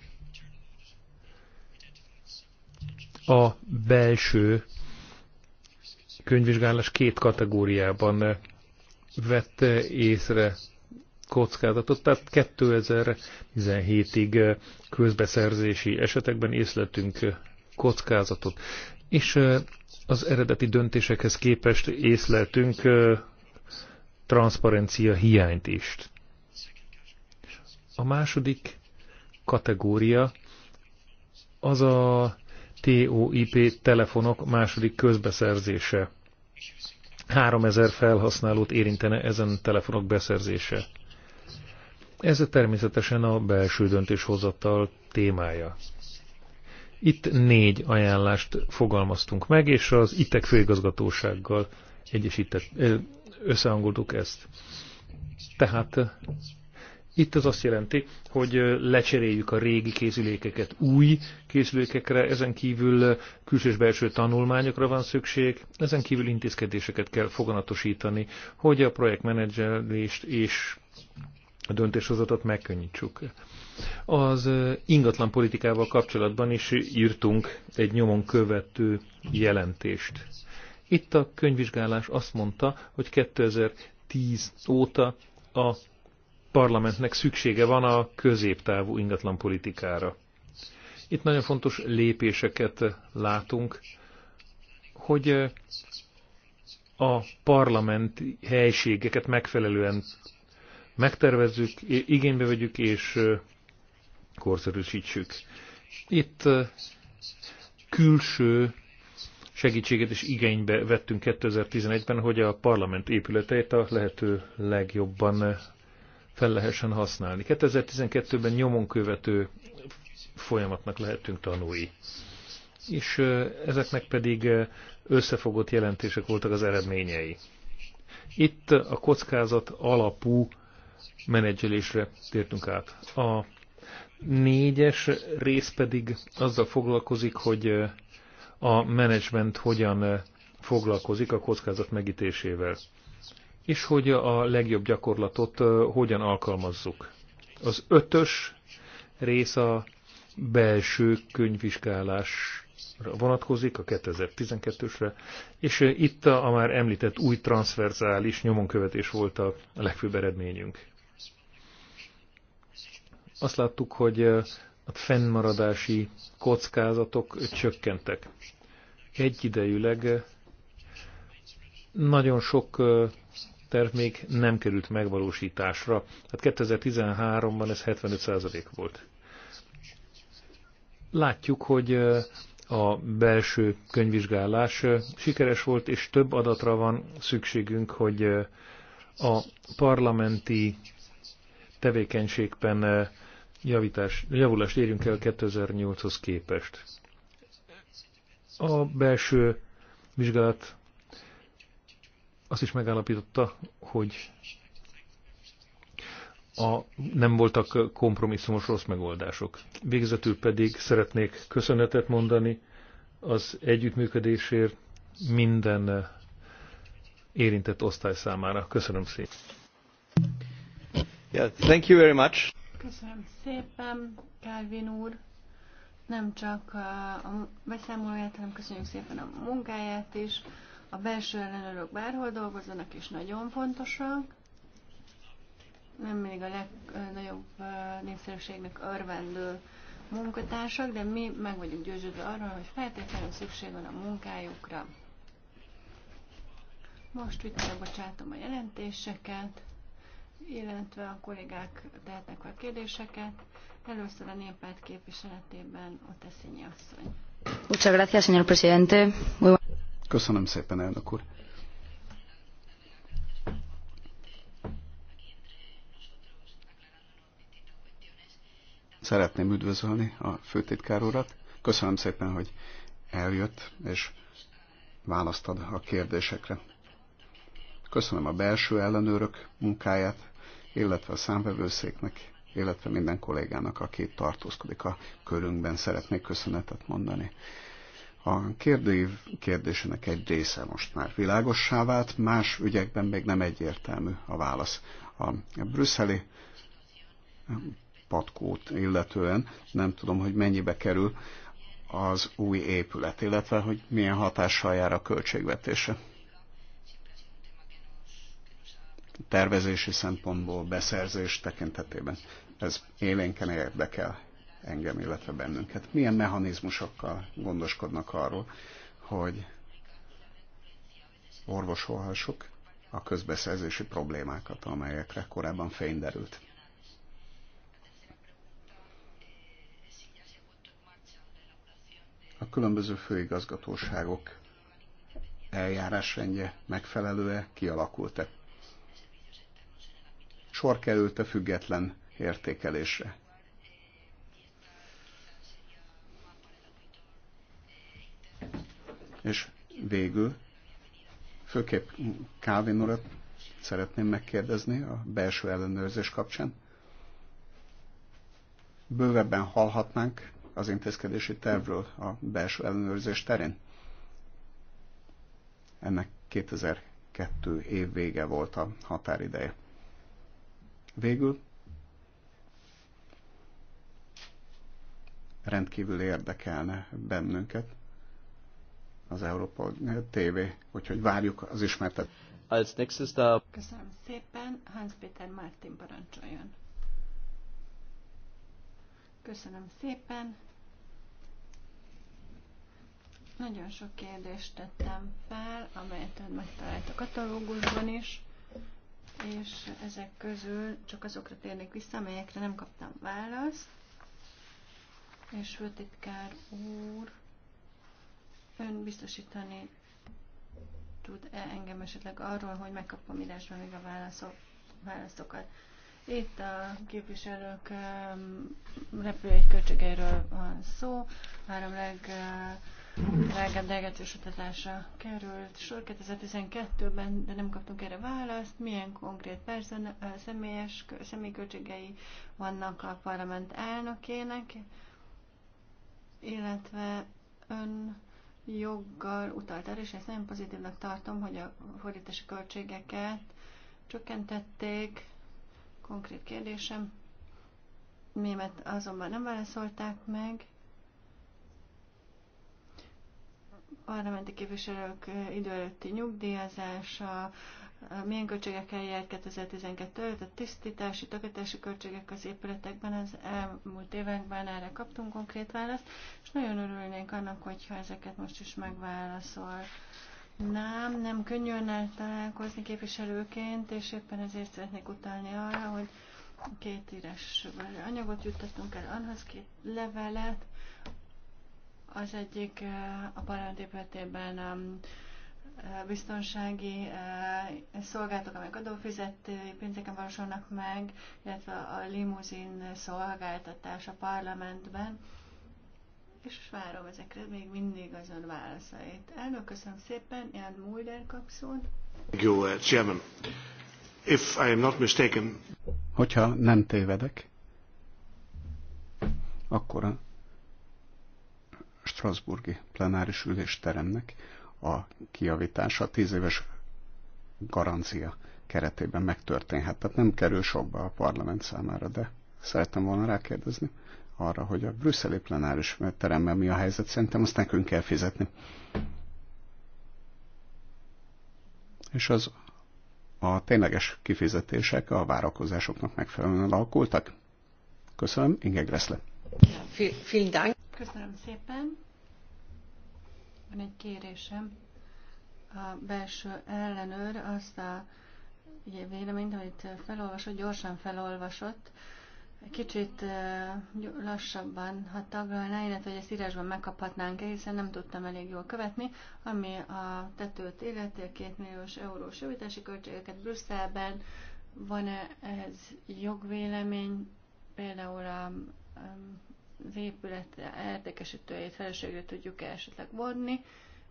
A belső könyvvizsgálás két kategóriában vette észre kockázatot, tehát 2017-ig közbeszerzési esetekben észletünk kockázatot. És az eredeti döntésekhez képest észleltünk transzparencia hiányt is. A második kategória az a TOIP telefonok második közbeszerzése. 3000 felhasználót érintene ezen telefonok beszerzése. Ez természetesen a belső döntéshozattal témája. Itt négy ajánlást fogalmaztunk meg, és az ITEK főigazgatósággal egyesített, összehangoltuk ezt. Tehát itt az azt jelenti, hogy lecseréljük a régi készülékeket új készülékekre, ezen kívül külső és belső tanulmányokra van szükség, ezen kívül intézkedéseket kell foganatosítani, hogy a projektmenedzselést és a döntéshozatot megkönnyítsük. Az ingatlan politikával kapcsolatban is írtunk egy nyomon követő jelentést. Itt a könyvvizsgálás azt mondta, hogy 2010 óta a parlamentnek szüksége van a középtávú ingatlan politikára. Itt nagyon fontos lépéseket látunk, hogy a parlament helységeket megfelelően megtervezzük, igénybe vegyük és korszerűsítsük. Itt külső segítséget is igénybe vettünk 2011-ben, hogy a parlament épületeit a lehető legjobban fel lehessen használni. 2012-ben nyomon követő folyamatnak lehetünk tanulni. És ezeknek pedig összefogott jelentések voltak az eredményei. Itt a kockázat alapú menedzselésre tértünk át. A négyes rész pedig azzal foglalkozik, hogy eh, a menedzsment hogyan eh, foglalkozik a kockázat megítésével, és hogy a legjobb gyakorlatot eh, hogyan alkalmazzuk. Az ötös rész a belső könyvvizsgálás vonatkozik, a 2012-ösre, és itt a, a már említett új transzverzális nyomonkövetés volt a legfőbb eredményünk azt láttuk, hogy a fennmaradási kockázatok csökkentek. Egyidejűleg nagyon sok terv még nem került megvalósításra. Hát 2013-ban ez 75% volt. Látjuk, hogy a belső könyvvizsgálás sikeres volt, és több adatra van szükségünk, hogy a parlamenti tevékenységben javítás, javulást érjünk el 2008-hoz képest. A belső vizsgálat azt is megállapította, hogy a, nem voltak kompromisszumos rossz megoldások. Végzetül pedig szeretnék köszönetet mondani az együttműködésért minden érintett osztály számára. Köszönöm szépen. Yeah, thank you very much. Köszönöm szépen, Kálvin úr. Nem csak uh, a beszámolóját, hanem köszönjük szépen a munkáját is. A belső ellenőrök bárhol dolgozzanak, és nagyon fontosak. Nem mindig a legnagyobb uh, népszerűségnek örvendő munkatársak, de mi meg vagyunk győződve arról, hogy feltétlenül szükség van a munkájukra. Most bocsátom a jelentéseket illetve a kollégák tehetnek fel kérdéseket. Először a néppárt képviseletében Oteszényi asszony. Muchas gracias, señor presidente. Muy... Köszönöm szépen, elnök úr. Szeretném üdvözölni a főtitkár urat. Köszönöm szépen, hogy eljött és választad a kérdésekre. Köszönöm a belső ellenőrök munkáját, illetve a számvevőszéknek, illetve minden kollégának, aki tartózkodik a körünkben, szeretnék köszönetet mondani. A kérdőív kérdésének egy része most már világossá vált, más ügyekben még nem egyértelmű a válasz. A brüsszeli patkót illetően nem tudom, hogy mennyibe kerül az új épület, illetve hogy milyen hatással jár a költségvetése tervezési szempontból, beszerzés tekintetében. Ez élénken érdekel engem, illetve bennünket. Milyen mechanizmusokkal gondoskodnak arról, hogy orvosolhassuk a közbeszerzési problémákat, amelyekre korábban fény derült. A különböző főigazgatóságok eljárásrendje megfelelőe kialakult-e? sor került a független értékelésre. És végül, főképp Calvin urat szeretném megkérdezni a belső ellenőrzés kapcsán. Bővebben hallhatnánk az intézkedési tervről a belső ellenőrzés terén. Ennek 2002 év vége volt a határideje. Végül rendkívül érdekelne bennünket az Európa TV, úgyhogy várjuk az ismertet. Als nächstes da... Köszönöm szépen, Hans-Peter Martin parancsoljon. Köszönöm szépen. Nagyon sok kérdést tettem fel, amelyet megtalált a katalógusban is és ezek közül csak azokra térnék vissza, amelyekre nem kaptam választ. És főtitkár úr, ön biztosítani tud-e engem esetleg arról, hogy megkapom írásban még a válaszok, válaszokat. Itt a képviselők um, egy költségeiről van szó, három leg uh, Rágeddelgetés utazása került sor 2012-ben, de nem kaptunk erre választ. Milyen konkrét person, személyes, személyköltségei vannak a parlament elnökének, illetve ön joggal utalt erre, és ezt nagyon pozitívnak tartom, hogy a fordítási költségeket csökkentették. Konkrét kérdésem. Német azonban nem válaszolták meg parlamenti képviselők előtti nyugdíjazása, milyen költségekkel járt 2012 előtt, a tisztítási, takatási költségek az épületekben az elmúlt években erre kaptunk konkrét választ, és nagyon örülnénk annak, hogyha ezeket most is megválaszol. Nem, nem könnyű önnel találkozni képviselőként, és éppen ezért szeretnék utalni arra, hogy két írás anyagot juttatunk el, anhoz két levelet, az egyik eh, a parlament épületében eh, biztonsági eh, szolgáltatók, amelyek adófizetői pénzeken valósulnak meg, illetve a limuzin szolgáltatás a parlamentben. És várom ezekre még mindig az ön válaszait. Elnök, köszönöm szépen, Jan Mulder kapszót. Jó, uh, Chairman. If I am not mistaken. Hogyha nem tévedek, akkor a Strasburgi plenáris ülésteremnek a kiavítása tíz éves garancia keretében megtörténhet. Tehát nem kerül sokba a parlament számára, de szerettem volna rákérdezni arra, hogy a brüsszeli plenáris teremmel mi a helyzet, szerintem azt nekünk kell fizetni. És az a tényleges kifizetések a várakozásoknak megfelelően alakultak? Köszönöm, Inge Gressle. Vielen Dank. Köszönöm szépen. Van egy kérésem. A belső ellenőr azt a ugye, véleményt, amit felolvasott, gyorsan felolvasott, kicsit lassabban, ha taglalná, illetve hogy ezt írásban megkaphatnánk -e, hiszen nem tudtam elég jól követni, ami a tetőt illeti, a két milliós eurós javítási költségeket Brüsszelben, van-e ez jogvélemény, például a az épület értékesítőjét feleségre tudjuk -e esetleg vonni.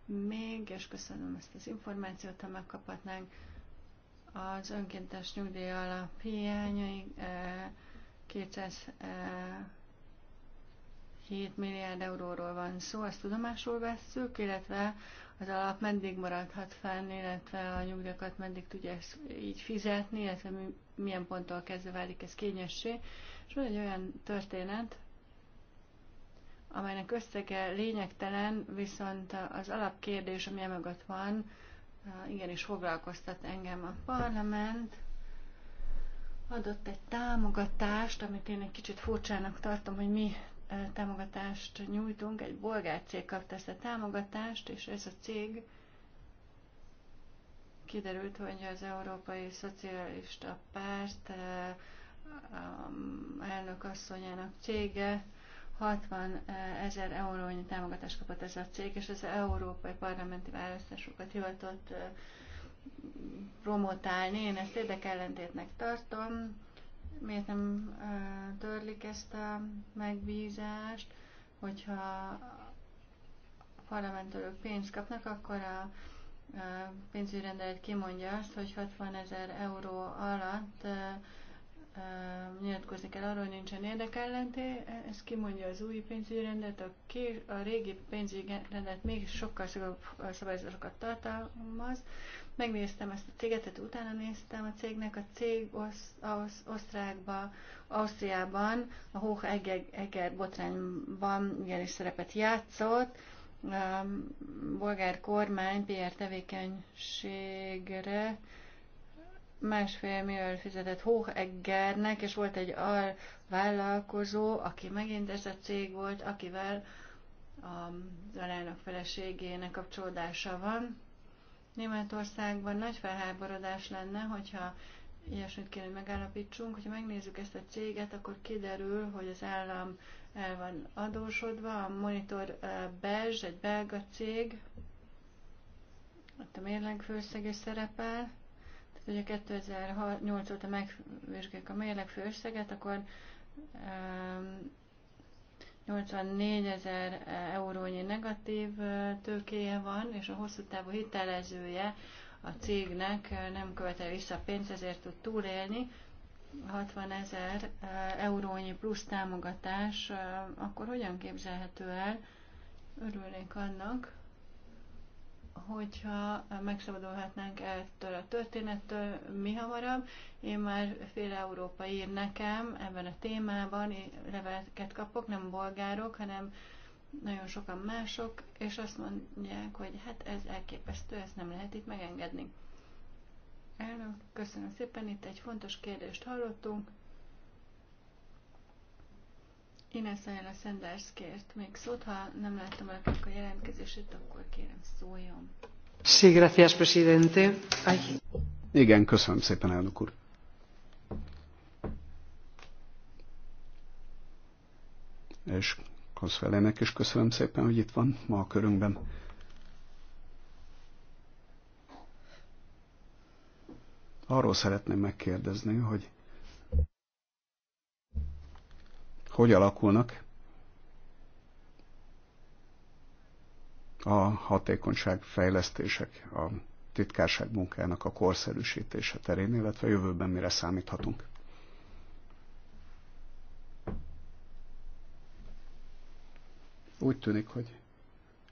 Még, és köszönöm ezt az információt, ha megkaphatnánk, az önkéntes nyugdíj alap hiányai 207 eh, eh, milliárd euróról van szó, ezt tudomásul vesszük, illetve az alap meddig maradhat fenn, illetve a nyugdíjakat meddig tudja így fizetni, illetve milyen ponttól kezdve válik ez kényessé. És van egy olyan történet, amelynek összege lényegtelen, viszont az alapkérdés, ami emögött van, igenis foglalkoztat engem a parlament, adott egy támogatást, amit én egy kicsit furcsának tartom, hogy mi támogatást nyújtunk, egy bolgár cég kapta ezt a támogatást, és ez a cég kiderült, hogy az Európai Szocialista Párt elnök asszonyának cége 60 eh, ezer eurónyi támogatást kapott ez a cég, és az európai parlamenti választásokat hivatott eh, promotálni. Én ezt ellentétnek tartom. Miért nem eh, törlik ezt a megbízást, hogyha a parlamenttől pénzt kapnak, akkor a pénzügyrendelet kimondja azt, hogy 60 ezer euró alatt nyilatkozni kell arról, hogy nincsen érdekellenté, ez kimondja az új pénzügyi rendet, a, ké, a régi pénzügyi rendet még sokkal szigorúbb szabályozásokat tartalmaz. Megnéztem ezt a céget, tehát utána néztem a cégnek, a cég osz, osz, Osztrákban, Ausztriában, a Hoch Eger botrányban igenis szerepet játszott, a bolgár kormány PR tevékenységre másfél millióért fizetett Hóeggernek, és volt egy al vállalkozó, aki megint ez a cég volt, akivel a alelnök feleségének kapcsolódása van. Németországban nagy felháborodás lenne, hogyha ilyesmit kéne, megállapítsunk. Hogyha megnézzük ezt a céget, akkor kiderül, hogy az állam el van adósodva. A Monitor eh, Belge, egy belga cég, ott a mérleg főszeg is szerepel hogyha 2008 óta megvizsgáljuk a mérleg főösszeget, akkor 84 ehm, ezer eurónyi negatív tőkéje van, és a hosszú távú hitelezője a cégnek nem követel vissza a pénzt, ezért tud túlélni. 60 ezer eurónyi plusz támogatás, akkor hogyan képzelhető el? Örülnék annak, hogyha megszabadulhatnánk ettől a történettől mi hamarabb. Én már fél Európa ír nekem ebben a témában, leveleket kapok, nem bolgárok, hanem nagyon sokan mások, és azt mondják, hogy hát ez elképesztő, ezt nem lehet itt megengedni. Elnök, köszönöm szépen, itt egy fontos kérdést hallottunk. Ines Ayala Sanders kért még szót, ha nem láttam el a jelentkezését, akkor kérem szóljon. Sí, gracias, presidente. Ay. Igen, köszönöm szépen, elnök úr. És Koszfelének is köszönöm szépen, hogy itt van ma a körünkben. Arról szeretném megkérdezni, hogy hogy alakulnak a hatékonyság fejlesztések, a titkárság munkának a korszerűsítése terén, illetve jövőben mire számíthatunk. Úgy tűnik, hogy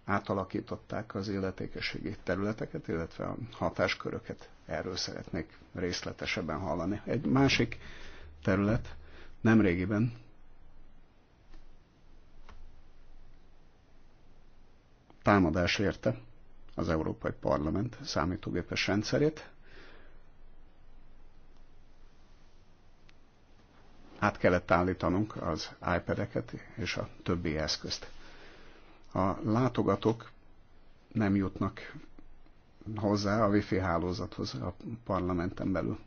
átalakították az illetékességi területeket, illetve a hatásköröket. Erről szeretnék részletesebben hallani. Egy másik terület nemrégiben támadás érte az Európai Parlament számítógépes rendszerét. Át kellett állítanunk az iPad-eket és a többi eszközt. A látogatók nem jutnak hozzá a wifi hálózathoz a parlamenten belül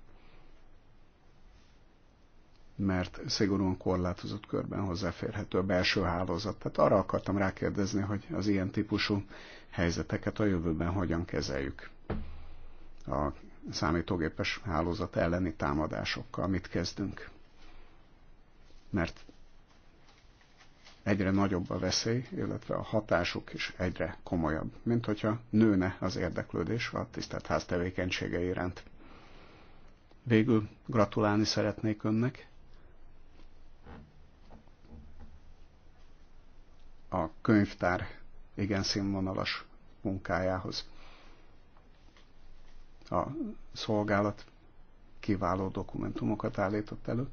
mert szigorúan korlátozott körben hozzáférhető a belső hálózat. Tehát arra akartam rákérdezni, hogy az ilyen típusú helyzeteket a jövőben hogyan kezeljük. A számítógépes hálózat elleni támadásokkal mit kezdünk. Mert egyre nagyobb a veszély, illetve a hatásuk is egyre komolyabb, mint hogyha nőne az érdeklődés a tisztelt ház tevékenysége iránt. Végül gratulálni szeretnék önnek a könyvtár igen színvonalas munkájához. A szolgálat kiváló dokumentumokat állított elő,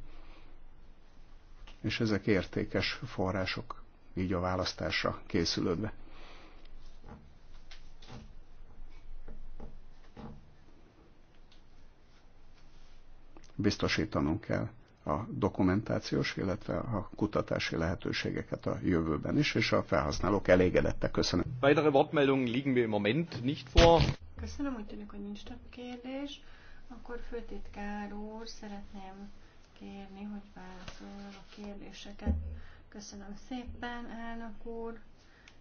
és ezek értékes források így a választásra készülődve. Biztosítanunk kell a dokumentációs, illetve a kutatási lehetőségeket a jövőben is, és a felhasználók elégedettek. Köszönöm. Weitere Wortmeldungen liegen mir im Moment nicht vor. Köszönöm, úgy tűnik, hogy nincs több kérdés. Akkor főtitkár úr, szeretném kérni, hogy válaszoljon a kérdéseket. Köszönöm szépen, elnök úr.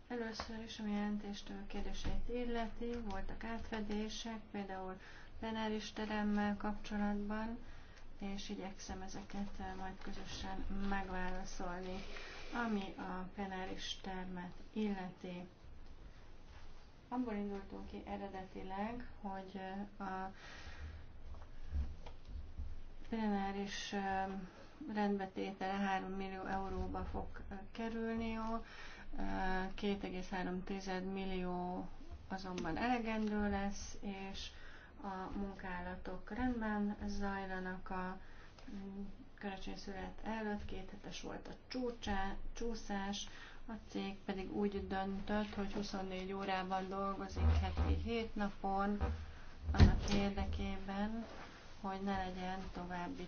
Először is a jelentéstől kérdéseit illeti, voltak átfedések, például plenáris teremmel kapcsolatban, és igyekszem ezeket eh, majd közösen megválaszolni. Ami a plenáris termet illeti, abból indultunk ki eredetileg, hogy eh, a plenáris eh, rendbetétele 3 millió euróba fog kerülni, 2,3 millió azonban elegendő lesz, és a munkálatok rendben zajlanak a mm, karácsony szület előtt, két hetes volt a csúcsá, csúszás, a cég pedig úgy döntött, hogy 24 órában dolgozik heti 7 napon, annak érdekében, hogy ne legyen további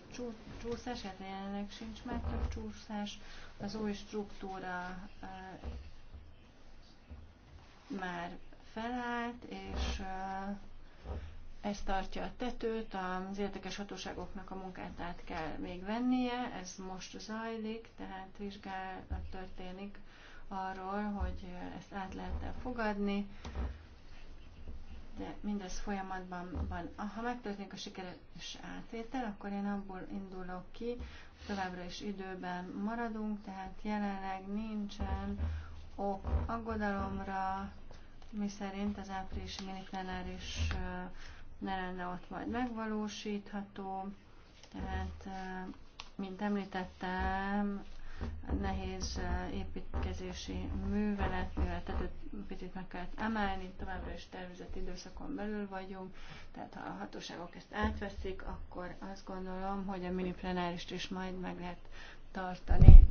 csúszás, hát jelenleg sincs már több csúszás, az új struktúra már felállt, és ez tartja a tetőt, az érdekes hatóságoknak a munkát át kell még vennie, ez most zajlik, tehát vizsgálat történik arról, hogy ezt át lehet -e fogadni, de mindez folyamatban van. Ha megtörténik a sikeres átétel, akkor én abból indulok ki, továbbra is időben maradunk, tehát jelenleg nincsen ok aggodalomra, mi szerint az április miniplenáris ne lenne ott majd megvalósítható. Tehát, mint említettem, nehéz építkezési művelet, mivel tetőt picit meg kellett emelni, továbbra is tervezett időszakon belül vagyunk, tehát ha a hatóságok ezt átveszik, akkor azt gondolom, hogy a mini plenárist is majd meg lehet tartani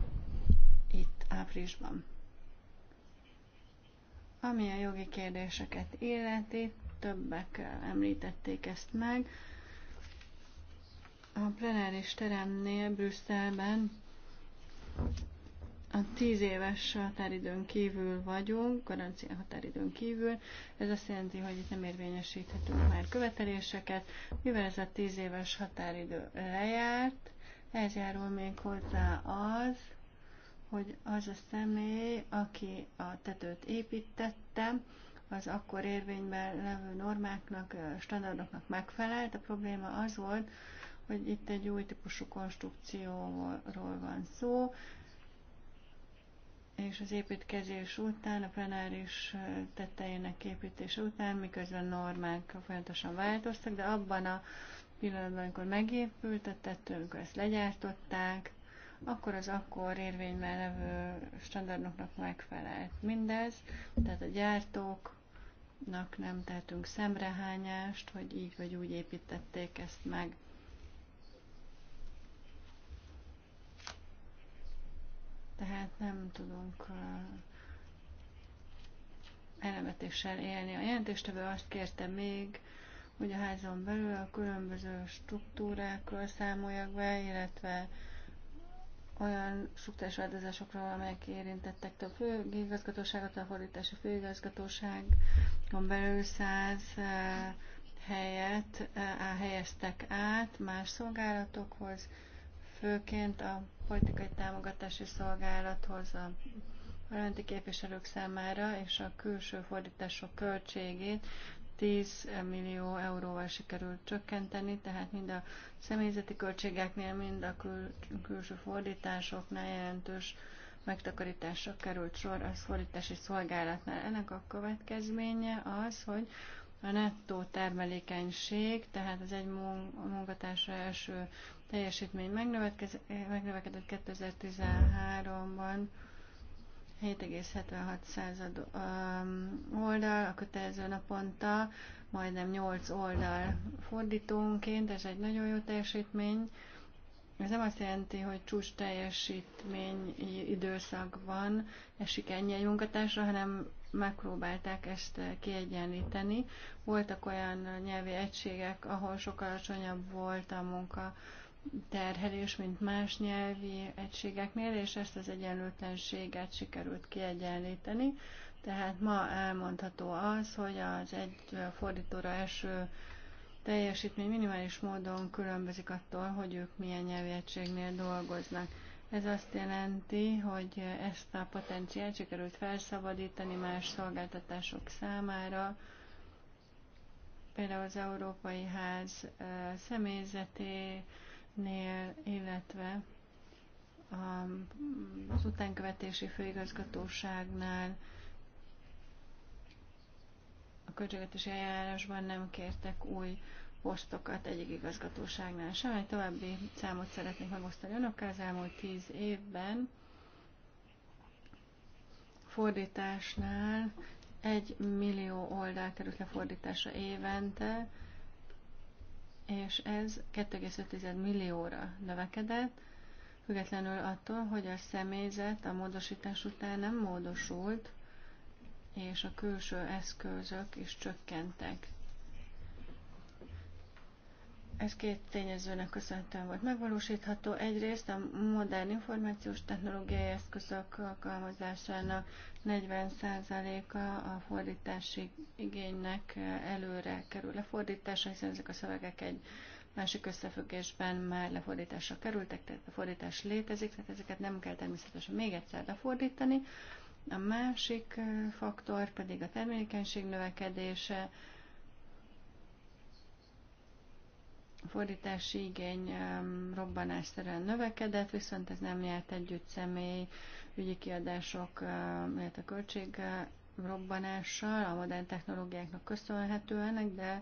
itt áprilisban. Ami a jogi kérdéseket illeti, többek említették ezt meg. A plenáris teremnél Brüsszelben a tíz éves határidőn kívül vagyunk, garancia határidőn kívül. Ez azt jelenti, hogy itt nem érvényesíthetünk már követeléseket, mivel ez a tíz éves határidő lejárt, ez járul még hozzá az, hogy az a személy, aki a tetőt építette, az akkor érvényben levő normáknak, standardoknak megfelelt. A probléma az volt, hogy itt egy új típusú konstrukcióról van szó, és az építkezés után, a plenáris tetejének építése után, miközben normák folyamatosan változtak, de abban a pillanatban, amikor megépült a tető, amikor ezt legyártották, akkor az akkor érvényben levő standardoknak megfelelt mindez, tehát a gyártók nak nem tehetünk szemrehányást, hogy így vagy úgy építették ezt meg. Tehát nem tudunk elemetéssel élni. A jelentéstevő azt kérte még, hogy a házon belül a különböző struktúrákról számoljak be, illetve olyan struktúrás változásokról, amelyek érintettek több főigazgatóságot, a fordítási főigazgatóságon belül száz eh, helyet eh, helyeztek át más szolgálatokhoz, főként a politikai támogatási szolgálathoz a parlamenti képviselők számára, és a külső fordítások költségét 10 millió euróval sikerült csökkenteni, tehát mind a személyzeti költségeknél, mind a kül- külső fordításoknál jelentős megtakarításra került sor a fordítási szolgálatnál. Ennek a következménye az, hogy a nettó termelékenység, tehát az egy munkatársra első teljesítmény megnövekedett 2013-ban 7,76 század oldal a kötelező naponta, majdnem 8 oldal fordítónként, ez egy nagyon jó teljesítmény. Ez nem azt jelenti, hogy csúcs teljesítmény időszakban esik ennyi egy munkatársra, hanem megpróbálták ezt kiegyenlíteni. Voltak olyan nyelvi egységek, ahol sokkal alacsonyabb volt a munka terhelés, mint más nyelvi egységeknél, és ezt az egyenlőtlenséget sikerült kiegyenlíteni. Tehát ma elmondható az, hogy az egy fordítóra eső teljesítmény minimális módon különbözik attól, hogy ők milyen nyelvi egységnél dolgoznak. Ez azt jelenti, hogy ezt a potenciált sikerült felszabadítani más szolgáltatások számára, például az Európai Ház személyzeté, nél, illetve az utánkövetési főigazgatóságnál a költségvetési eljárásban nem kértek új posztokat egyik igazgatóságnál sem. Egy további számot szeretnék megosztani önökkel az elmúlt tíz évben. Fordításnál egy millió oldal került lefordításra évente, és ez 2,5 millióra növekedett, függetlenül attól, hogy a személyzet a módosítás után nem módosult, és a külső eszközök is csökkentek. Ez két tényezőnek köszönhetően volt megvalósítható. Egyrészt a modern információs technológiai eszközök alkalmazásának 40%-a a fordítási igénynek előre kerül lefordításra, hiszen ezek a szövegek egy másik összefüggésben már lefordításra kerültek, tehát a fordítás létezik, tehát ezeket nem kell természetesen még egyszer lefordítani. A másik faktor pedig a termékenység növekedése, fordítási igény um, robbanásszerűen növekedett, viszont ez nem járt együtt személy ügyi kiadások, um, illetve költség uh, robbanással, a modern technológiáknak köszönhetően, de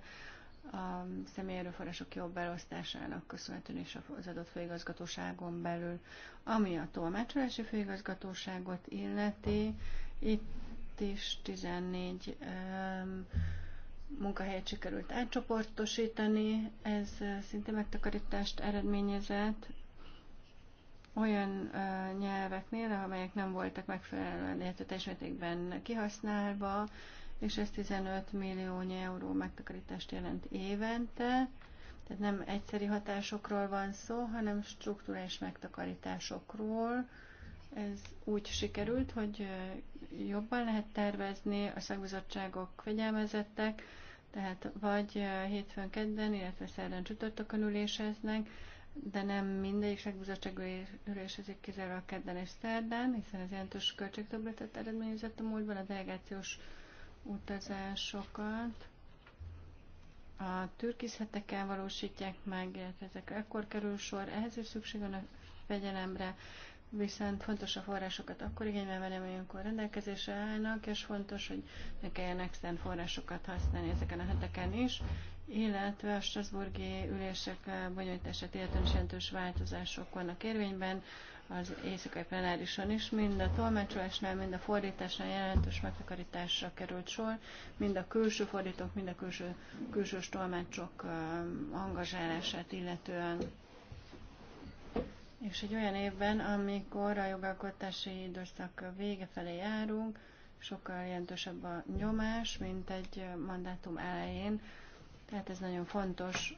a személy erőforrások jobb elosztásának köszönhetően is az adott főigazgatóságon belül. Ami a tolmácsolási főigazgatóságot illeti, itt is 14 um, munkahelyet sikerült átcsoportosítani, ez szinte megtakarítást eredményezett olyan uh, nyelveknél, amelyek nem voltak megfelelően, illetve teljes mértékben kihasználva, és ez 15 millió euró megtakarítást jelent évente. Tehát nem egyszeri hatásokról van szó, hanem struktúrális megtakarításokról. Ez úgy sikerült, hogy jobban lehet tervezni, a szakbizottságok fegyelmezettek, tehát vagy hétfőn kedden, illetve szerdán csütörtökön üléseznek, de nem mindegyik szakbizottság ülésezik kizárólag kedden és szerdán, hiszen ez jelentős költségtöbletet eredményezett a múltban a delegációs utazásokat. A türkizheteken valósítják meg, illetve ezekre akkor kerül sor, ehhez is szükség van a fegyelemre, viszont fontos a forrásokat akkor igénybe venni, amikor rendelkezésre állnak, és fontos, hogy ne kelljen extern forrásokat használni ezeken a heteken is, illetve a Strasburgi ülések bonyolítását illetően is jelentős változások vannak érvényben, az éjszakai plenárison is, mind a tolmácsolásnál, mind a fordításnál jelentős megtakarításra került sor, mind a külső fordítók, mind a külső, külsős tolmácsok angazsálását illetően. És egy olyan évben, amikor a jogalkotási időszak vége felé járunk, sokkal jelentősebb a nyomás, mint egy mandátum elején. Tehát ez nagyon fontos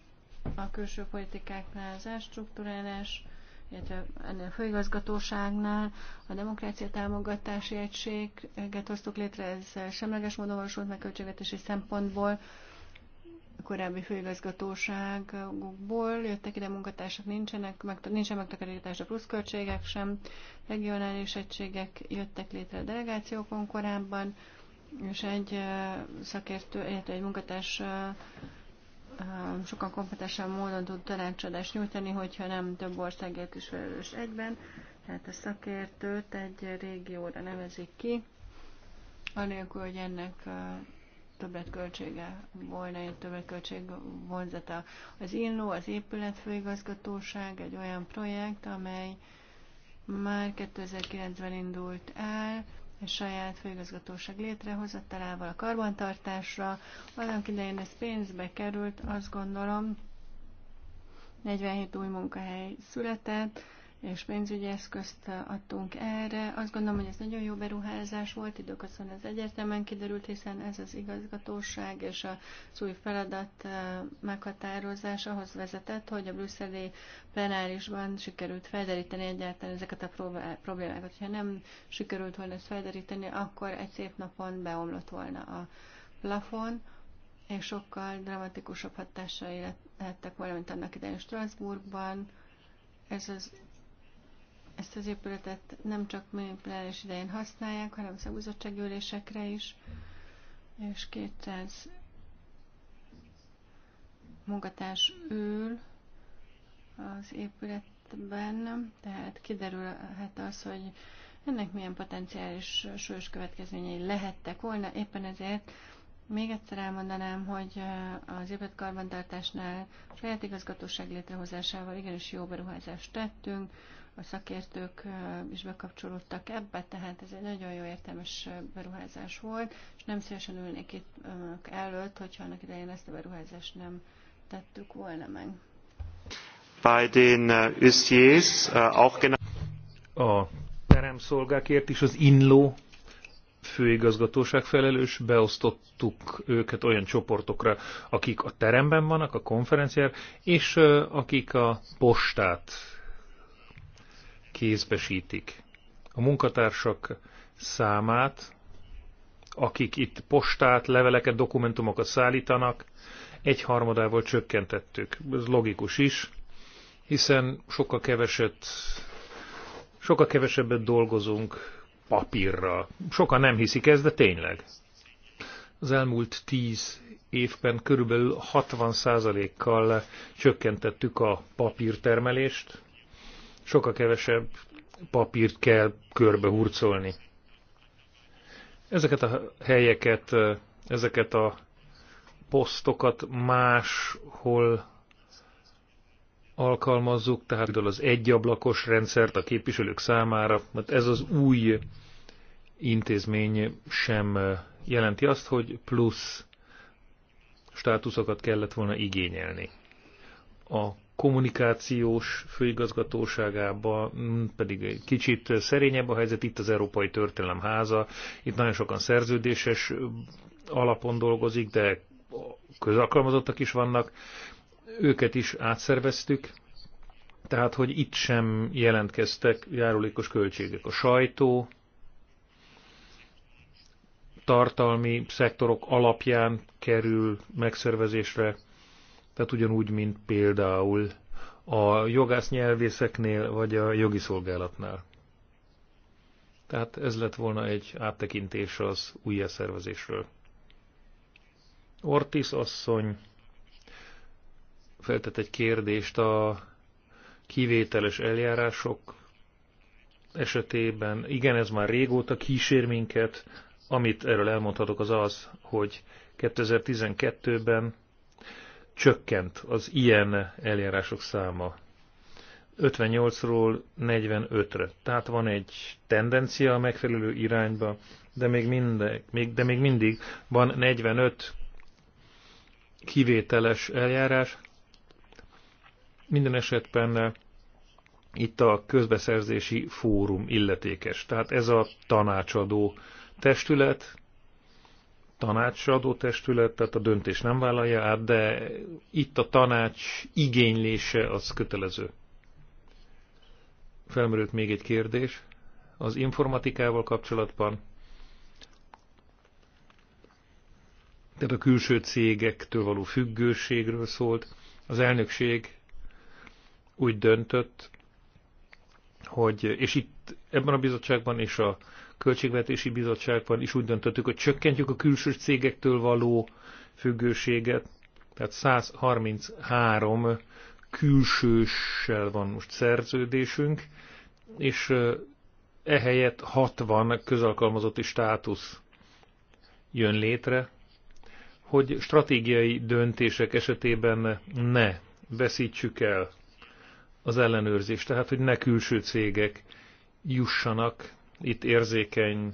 a külső politikáknál, az elstruktúrálás, illetve ennél a főigazgatóságnál a demokrácia támogatási egységet hoztuk létre, ez semleges módon valósult meg költségvetési szempontból korábbi főigazgatóságokból jöttek ide munkatársak, nincsenek, meg, nincsen megtakarítás a pluszköltségek sem, regionális egységek jöttek létre a delegációkon korábban, és egy szakértő, illetve egy munkatárs sokan kompetensebb módon tud tanácsadást nyújtani, hogyha nem több országért is felelős egyben. Tehát a szakértőt egy régióra nevezik ki, anélkül, hogy ennek többet költsége volna, egy többet költség vonzata. Az INLO, az épületfőigazgatóság egy olyan projekt, amely már 2009-ben indult el, egy saját főigazgatóság létrehozatalával a karbantartásra. Annak idején ez pénzbe került, azt gondolom, 47 új munkahely született, és pénzügyi eszközt adtunk erre. Azt gondolom, hogy ez nagyon jó beruházás volt, időközben ez egyértelműen kiderült, hiszen ez az igazgatóság és a új feladat eh, meghatározása ahhoz vezetett, hogy a brüsszeli plenárisban sikerült felderíteni egyáltalán ezeket a problémákat. Ha nem sikerült volna ezt felderíteni, akkor egy szép napon beomlott volna a plafon, és sokkal dramatikusabb hatásai lehettek volna, mint annak idején Strasbourgban. Ez az ezt az épületet nem csak plenáris idején használják, hanem szakbizottsági is, és 200 munkatárs ül az épületben, tehát kiderülhet az, hogy ennek milyen potenciális súlyos következményei lehettek volna. Éppen ezért még egyszer elmondanám, hogy az épület karbantartásnál saját igazgatóság létrehozásával igenis jó beruházást tettünk, a szakértők is bekapcsolódtak ebbe, tehát ez egy nagyon jó értelmes beruházás volt, és nem szívesen ülnék itt önök előtt, hogyha annak idején ezt a beruházást nem tettük volna meg. Bei den Össiers, auch genau a teremszolgákért is az INLO főigazgatóság felelős, beosztottuk őket olyan csoportokra, akik a teremben vannak, a konferenciár és akik a postát kézbesítik. A munkatársak számát, akik itt postát, leveleket, dokumentumokat szállítanak, egy harmadával csökkentettük. Ez logikus is, hiszen sokkal, keveset, sokkal kevesebbet dolgozunk papírra. Sokan nem hiszik ezt, de tényleg. Az elmúlt tíz évben körülbelül 60%-kal csökkentettük a papírtermelést, sokkal kevesebb papírt kell körbehurcolni. Ezeket a helyeket, ezeket a posztokat máshol alkalmazzuk, tehát például az egyablakos rendszert a képviselők számára, mert ez az új intézmény sem jelenti azt, hogy plusz státuszokat kellett volna igényelni. A kommunikációs főigazgatóságában mm, pedig egy kicsit szerényebb a helyzet, itt az Európai Történelem Háza, itt nagyon sokan szerződéses alapon dolgozik, de közalkalmazottak is vannak, őket is átszerveztük, tehát hogy itt sem jelentkeztek járulékos költségek. A sajtó, tartalmi szektorok alapján kerül megszervezésre, tehát ugyanúgy, mint például a jogász nyelvészeknél, vagy a jogi szolgálatnál. Tehát ez lett volna egy áttekintés az új szervezésről. Ortiz asszony feltett egy kérdést a kivételes eljárások esetében. Igen, ez már régóta kísér minket. Amit erről elmondhatok az az, hogy 2012-ben csökkent az ilyen eljárások száma 58-ról 45-re. Tehát van egy tendencia a megfelelő irányba, de még, mindig, még, de még mindig van 45 kivételes eljárás. Minden esetben itt a közbeszerzési fórum illetékes. Tehát ez a tanácsadó testület, tanácsadó testület, tehát a döntés nem vállalja át, de itt a tanács igénylése az kötelező. Felmerült még egy kérdés az informatikával kapcsolatban. Tehát a külső cégektől való függőségről szólt. Az elnökség úgy döntött, hogy, és itt ebben a bizottságban és a Költségvetési Bizottságban is úgy döntöttük, hogy csökkentjük a külső cégektől való függőséget, tehát 133 külsőssel van most szerződésünk, és ehelyett 60 közalkalmazotti státusz jön létre, hogy stratégiai döntések esetében ne veszítsük el az ellenőrzést, tehát hogy ne külső cégek jussanak itt érzékeny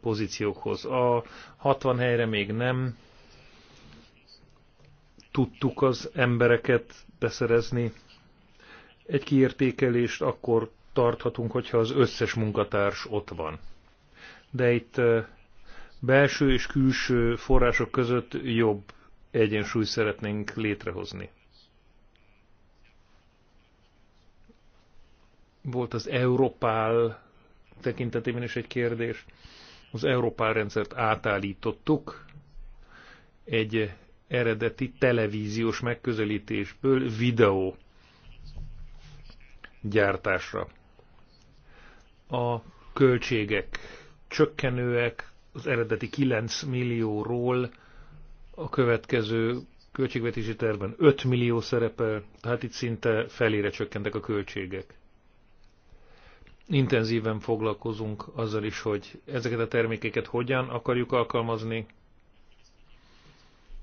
pozíciókhoz. A 60 helyre még nem tudtuk az embereket beszerezni. Egy kiértékelést akkor tarthatunk, hogyha az összes munkatárs ott van. De itt belső és külső források között jobb egyensúly szeretnénk létrehozni. Volt az Európál tekintetében is egy kérdés. Az Európán rendszert átállítottuk egy eredeti televíziós megközelítésből videó gyártásra. A költségek csökkenőek, az eredeti 9 millióról a következő költségvetési tervben 5 millió szerepel, tehát itt szinte felére csökkentek a költségek intenzíven foglalkozunk azzal is, hogy ezeket a termékeket hogyan akarjuk alkalmazni.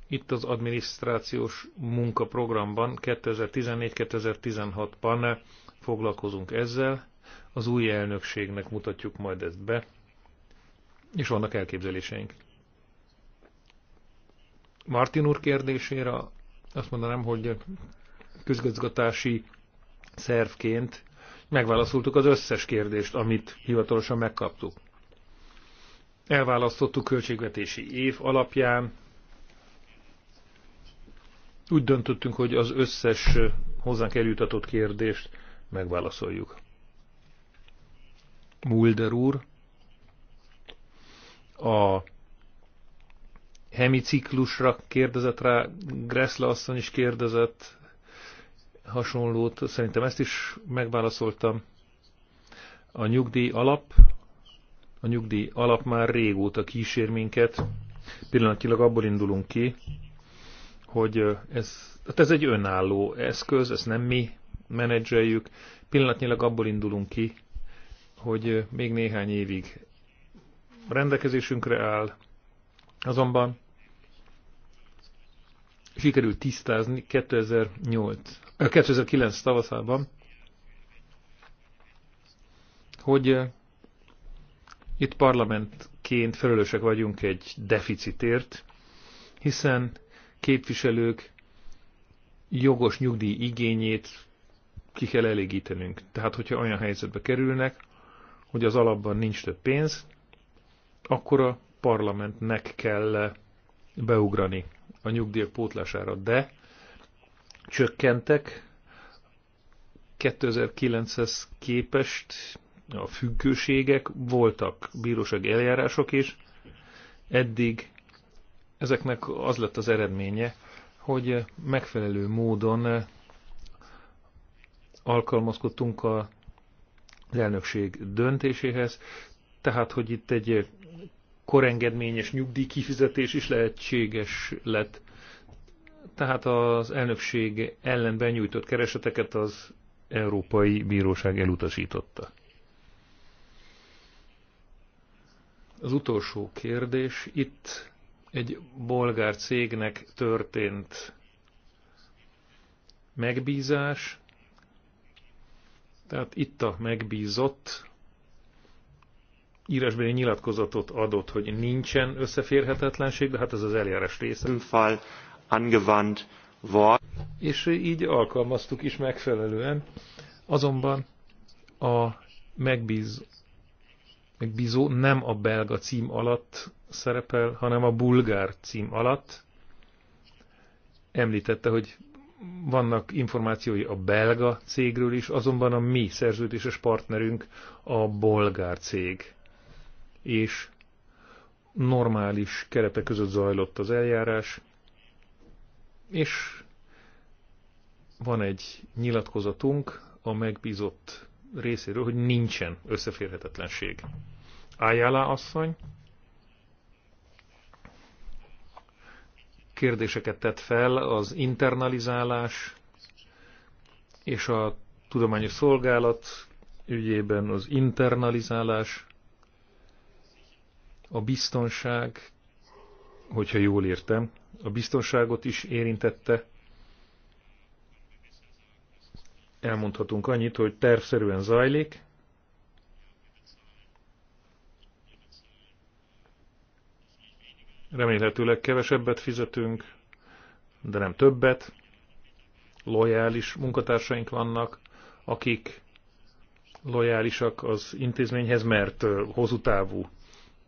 Itt az adminisztrációs munkaprogramban 2014-2016-ban foglalkozunk ezzel, az új elnökségnek mutatjuk majd ezt be, és vannak elképzeléseink. Martin úr kérdésére azt mondanám, hogy közgazgatási szervként megválaszoltuk az összes kérdést, amit hivatalosan megkaptuk. Elválasztottuk költségvetési év alapján, úgy döntöttünk, hogy az összes hozzánk eljutatott kérdést megválaszoljuk. Mulder úr, a hemiciklusra kérdezett rá, Gressle asszony is kérdezett, hasonlót, szerintem ezt is megválaszoltam. A nyugdíj alap, a nyugdíj alap már régóta kísér minket. Pillanatilag abból indulunk ki, hogy ez, hát ez egy önálló eszköz, ezt nem mi menedzseljük. Pillanatnyilag abból indulunk ki, hogy még néhány évig rendelkezésünkre áll, azonban sikerült tisztázni 2008, 2009 tavaszában, hogy itt parlamentként felelősek vagyunk egy deficitért, hiszen képviselők jogos nyugdíj igényét ki kell elégítenünk. Tehát, hogyha olyan helyzetbe kerülnek, hogy az alapban nincs több pénz, akkor a parlamentnek kell beugrani a nyugdíjak pótlására, de csökkentek 2009-hez képest a függőségek, voltak bírósági eljárások is, eddig ezeknek az lett az eredménye, hogy megfelelő módon alkalmazkodtunk a elnökség döntéséhez, tehát, hogy itt egy korengedményes nyugdíj kifizetés is lehetséges lett. Tehát az elnökség ellen benyújtott kereseteket az Európai Bíróság elutasította. Az utolsó kérdés. Itt egy bolgár cégnek történt megbízás, tehát itt a megbízott írásbeli nyilatkozatot adott, hogy nincsen összeférhetetlenség, de hát ez az eljárás része. Fall angewandt war. És így alkalmaztuk is megfelelően. Azonban a megbíz, megbízó nem a belga cím alatt szerepel, hanem a bulgár cím alatt. Említette, hogy vannak információi a belga cégről is, azonban a mi szerződéses partnerünk a bolgár cég és normális keretek között zajlott az eljárás, és van egy nyilatkozatunk a megbízott részéről, hogy nincsen összeférhetetlenség. Ájálá asszony kérdéseket tett fel az internalizálás és a tudományos szolgálat ügyében az internalizálás a biztonság, hogyha jól értem, a biztonságot is érintette. Elmondhatunk annyit, hogy tervszerűen zajlik. Remélhetőleg kevesebbet fizetünk, de nem többet. Lojális munkatársaink vannak, akik lojálisak az intézményhez, mert hosszú távú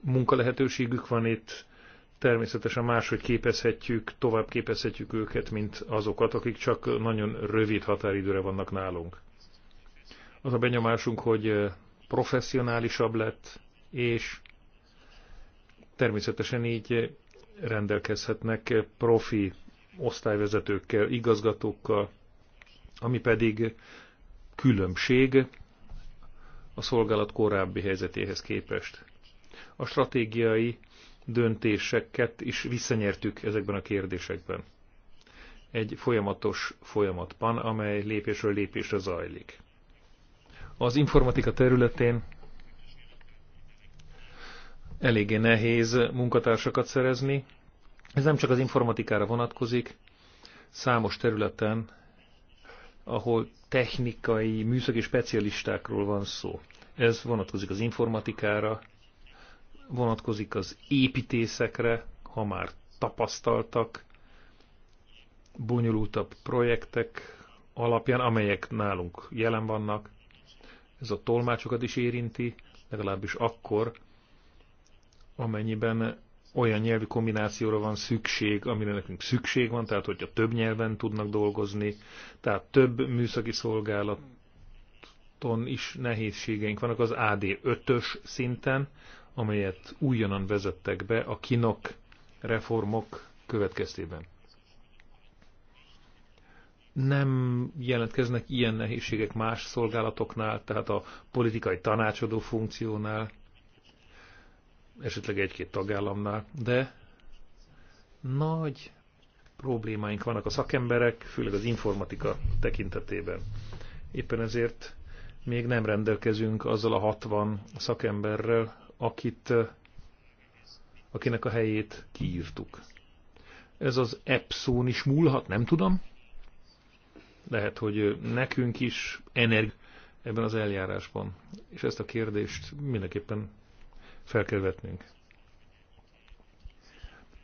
munkalehetőségük van itt, természetesen máshogy képezhetjük, tovább képezhetjük őket, mint azokat, akik csak nagyon rövid határidőre vannak nálunk. Az a benyomásunk, hogy eh, professzionálisabb lett, és természetesen így eh, rendelkezhetnek eh, profi osztályvezetőkkel, igazgatókkal, ami pedig különbség a szolgálat korábbi helyzetéhez képest a stratégiai döntéseket is visszanyertük ezekben a kérdésekben. Egy folyamatos folyamatban, amely lépésről lépésre zajlik. Az informatika területén eléggé nehéz munkatársakat szerezni. Ez nem csak az informatikára vonatkozik, számos területen, ahol technikai, műszaki specialistákról van szó. Ez vonatkozik az informatikára, vonatkozik az építészekre, ha már tapasztaltak, bonyolultabb projektek alapján, amelyek nálunk jelen vannak. Ez a tolmácsokat is érinti, legalábbis akkor, amennyiben olyan nyelvi kombinációra van szükség, amire nekünk szükség van, tehát hogyha több nyelven tudnak dolgozni, tehát több műszaki szolgálaton is nehézségeink vannak az AD5-ös szinten, amelyet újonnan vezettek be a kinok reformok következtében. Nem jelentkeznek ilyen nehézségek más szolgálatoknál, tehát a politikai tanácsadó funkciónál, esetleg egy-két tagállamnál, de nagy problémáink vannak a szakemberek, főleg az informatika tekintetében. Éppen ezért még nem rendelkezünk azzal a 60 szakemberrel, akit, akinek a helyét kiírtuk. Ez az epszón is múlhat, nem tudom. Lehet, hogy nekünk is energ ebben az eljárásban. És ezt a kérdést mindenképpen fel kell vetnünk.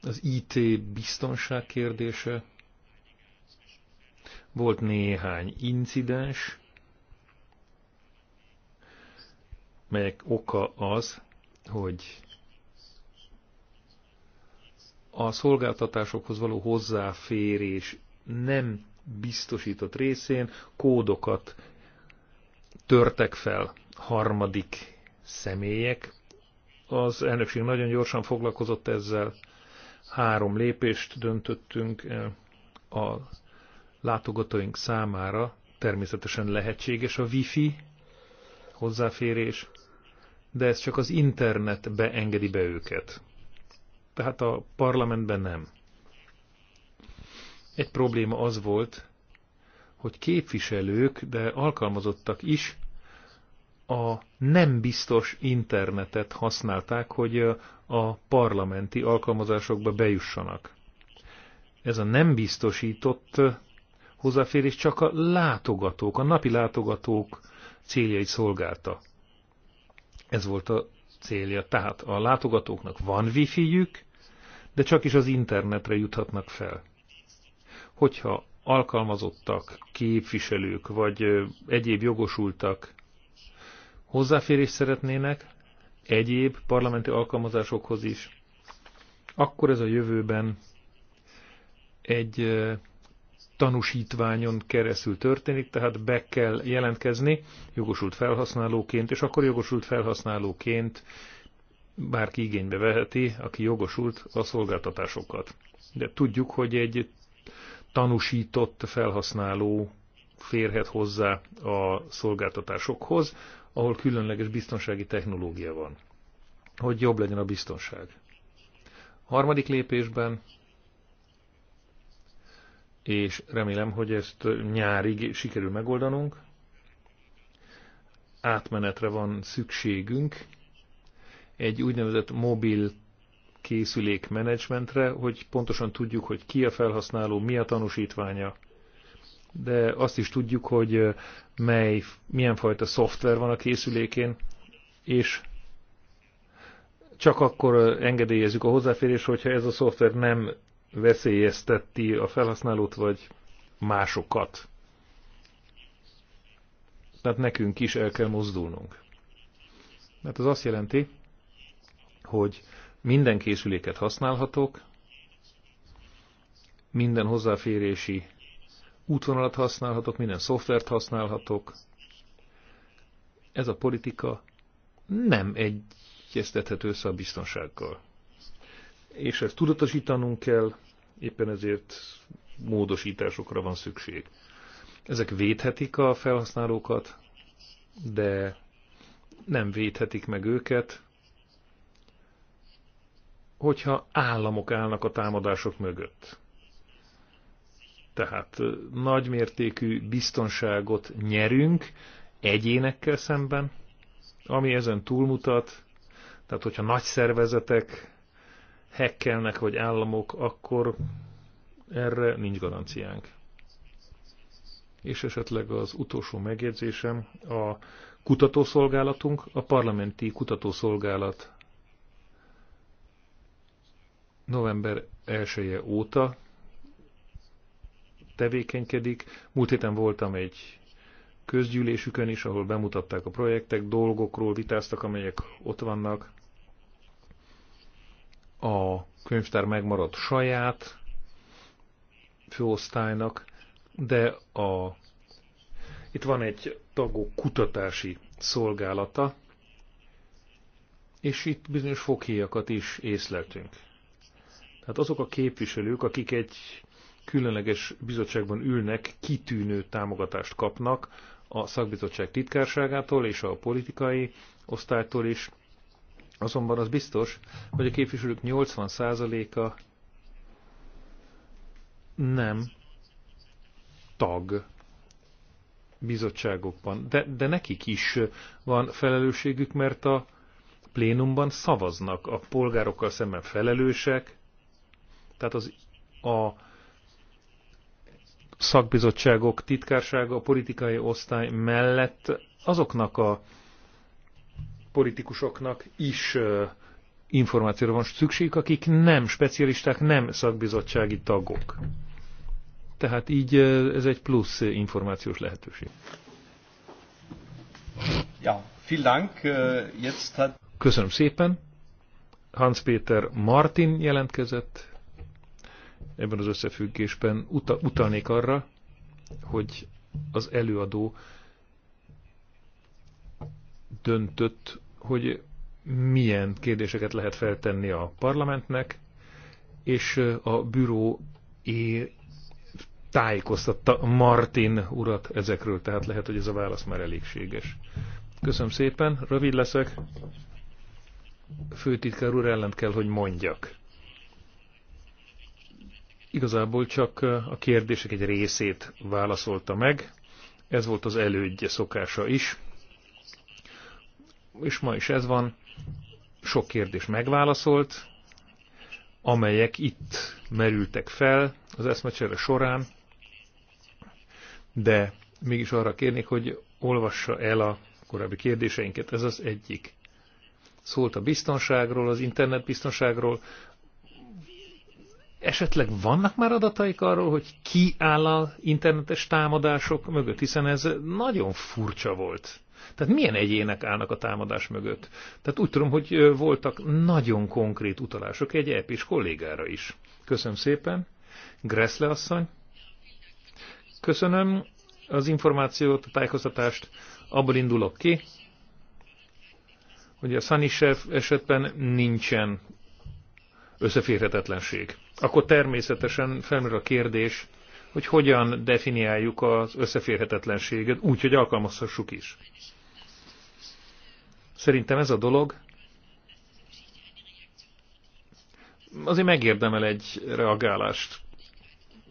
Az IT biztonság kérdése. Volt néhány incidens, melyek oka az, hogy a szolgáltatásokhoz való hozzáférés nem biztosított részén kódokat törtek fel harmadik személyek. Az elnökség nagyon gyorsan foglalkozott ezzel, három lépést döntöttünk a látogatóink számára. Természetesen lehetséges a wifi hozzáférés, de ez csak az internet beengedi be őket. Tehát a parlamentben nem. Egy probléma az volt, hogy képviselők, de alkalmazottak is a nem biztos internetet használták, hogy a parlamenti alkalmazásokba bejussanak. Ez a nem biztosított hozzáférés csak a látogatók, a napi látogatók céljait szolgálta. Ez volt a célja. Tehát a látogatóknak van wifi-jük, de csak is az internetre juthatnak fel. Hogyha alkalmazottak, képviselők vagy egyéb jogosultak hozzáférést szeretnének egyéb parlamenti alkalmazásokhoz is, akkor ez a jövőben egy tanúsítványon keresztül történik, tehát be kell jelentkezni jogosult felhasználóként, és akkor jogosult felhasználóként bárki igénybe veheti, aki jogosult a szolgáltatásokat. De tudjuk, hogy egy tanúsított felhasználó férhet hozzá a szolgáltatásokhoz, ahol különleges biztonsági technológia van, hogy jobb legyen a biztonság. A harmadik lépésben és remélem, hogy ezt nyárig sikerül megoldanunk. Átmenetre van szükségünk, egy úgynevezett mobil készülék menedzsmentre, hogy pontosan tudjuk, hogy ki a felhasználó, mi a tanúsítványa, de azt is tudjuk, hogy mely, milyen fajta szoftver van a készülékén, és csak akkor engedélyezzük a hozzáférés, hogyha ez a szoftver nem veszélyezteti a felhasználót, vagy másokat. Tehát nekünk is el kell mozdulnunk. Mert hát az azt jelenti, hogy minden készüléket használhatok, minden hozzáférési útvonalat használhatok, minden szoftvert használhatok. Ez a politika nem egyeztethető össze a biztonsággal és ezt tudatosítanunk kell, éppen ezért módosításokra van szükség. Ezek védhetik a felhasználókat, de nem védhetik meg őket, hogyha államok állnak a támadások mögött. Tehát nagymértékű biztonságot nyerünk egyénekkel szemben, ami ezen túlmutat, tehát hogyha nagy szervezetek hekkelnek, vagy államok, akkor erre nincs garanciánk. És esetleg az utolsó megjegyzésem, a kutatószolgálatunk, a parlamenti kutatószolgálat november 1-e óta tevékenykedik. Múlt héten voltam egy közgyűlésükön is, ahol bemutatták a projektek, dolgokról vitáztak, amelyek ott vannak a könyvtár megmaradt saját főosztálynak, de a, itt van egy tagok kutatási szolgálata, és itt bizonyos fokhéjakat is észleltünk. Tehát azok a képviselők, akik egy különleges bizottságban ülnek, kitűnő támogatást kapnak a szakbizottság titkárságától és a politikai osztálytól is, Azonban az biztos, hogy a képviselők 80%-a nem tag bizottságokban, de, de nekik is van felelősségük, mert a plénumban szavaznak, a polgárokkal szemben felelősek, tehát az a szakbizottságok titkársága, a politikai osztály mellett azoknak a politikusoknak is információra van szükség, akik nem specialisták, nem szakbizottsági tagok. Tehát így ez egy plusz információs lehetőség. Ja, vielen Dank. Jetzt hat... Köszönöm szépen. Hans-Péter Martin jelentkezett. Ebben az összefüggésben uta, utalnék arra, hogy az előadó döntött hogy milyen kérdéseket lehet feltenni a parlamentnek, és a büró tájékoztatta Martin urat ezekről, tehát lehet, hogy ez a válasz már elégséges. Köszönöm szépen, rövid leszek. Főtitkár úr ellent kell, hogy mondjak. Igazából csak a kérdések egy részét válaszolta meg, ez volt az elődje szokása is és ma is ez van, sok kérdés megválaszolt, amelyek itt merültek fel az eszmecsere során, de mégis arra kérnék, hogy olvassa el a korábbi kérdéseinket, ez az egyik. Szólt a biztonságról, az internet biztonságról. Esetleg vannak már adataik arról, hogy ki áll a internetes támadások mögött, hiszen ez nagyon furcsa volt. Tehát milyen egyének állnak a támadás mögött? Tehát úgy tudom, hogy voltak nagyon konkrét utalások egy ep kollégára is. Köszönöm szépen. Gressle asszony. Köszönöm az információt, a tájékoztatást. Abból indulok ki, hogy a Szanisev esetben nincsen összeférhetetlenség. Akkor természetesen felmerül a kérdés, hogy hogyan definiáljuk az összeférhetetlenséget, úgy, hogy alkalmazhassuk is. Szerintem ez a dolog azért megérdemel egy reagálást.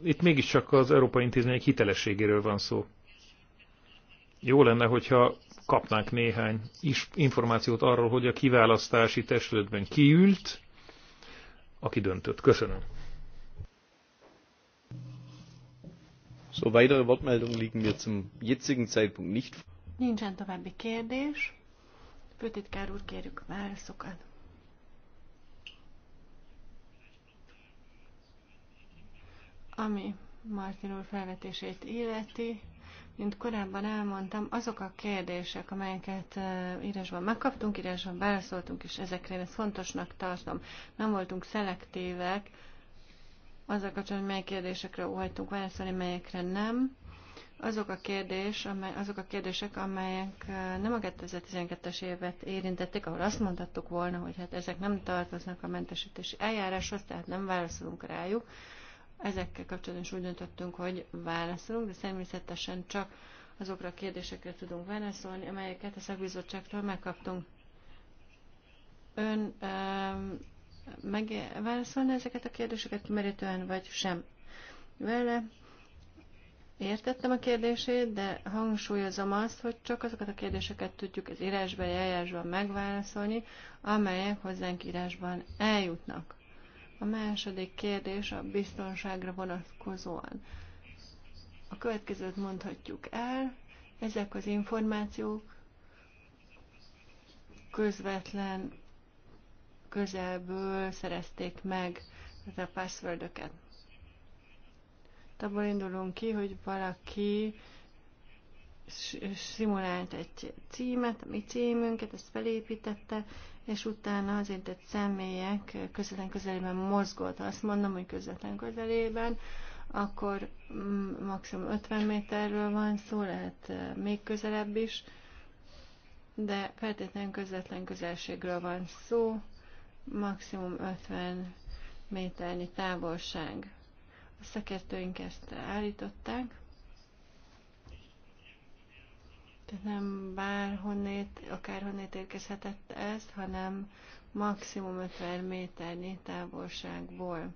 Itt mégiscsak az Európai Intézmények hitelességéről van szó. Jó lenne, hogyha kapnánk néhány is információt arról, hogy a kiválasztási testületben kiült, aki döntött. Köszönöm. So, weitere Wortmeldungen liegen mir zum jetzigen Zeitpunkt nicht vor. Nincsen további kérdés. Főtitkár úr, kérjük válaszokat. Ami Martin úr felvetését illeti, mint korábban elmondtam, azok a kérdések, amelyeket eh, írásban megkaptunk, írásban válaszoltunk, és ezekre ezt fontosnak tartom. Nem voltunk szelektívek, azzal kapcsolatban, hogy mely kérdésekre óhajtunk válaszolni, melyekre nem. Azok a, kérdés, amely, azok a kérdések, amelyek eh, nem a 2012-es évet érintették, ahol azt mondhattuk volna, hogy hát ezek nem tartoznak a mentesítési eljáráshoz, tehát nem válaszolunk rájuk. Ezekkel kapcsolatban is úgy döntöttünk, hogy válaszolunk, de természetesen csak azokra a kérdésekre tudunk válaszolni, amelyeket a szakbizottságtól megkaptunk. Ön um, megválaszolni ezeket a kérdéseket merítően, vagy sem. Vele értettem a kérdését, de hangsúlyozom azt, hogy csak azokat a kérdéseket tudjuk az írásbeli eljárásban megválaszolni, amelyek hozzánk írásban eljutnak. A második kérdés a biztonságra vonatkozóan. A következőt mondhatjuk el, ezek az információk közvetlen közelből szerezték meg az a passwordöket. Abból indulunk ki, hogy valaki szimulált egy címet, a mi címünket, ezt felépítette, és utána az egy személyek közvetlen közelében mozgott. Ha azt mondom, hogy közvetlen közelében, akkor maximum 50 méterről van szó, lehet e, még közelebb is, de feltétlenül közvetlen közelségről van szó, maximum 50 méternyi távolság. A szakértőink ezt állították, tehát nem bárhonnét, akárhonnét érkezhetett ez, hanem maximum 50 méternyi távolságból.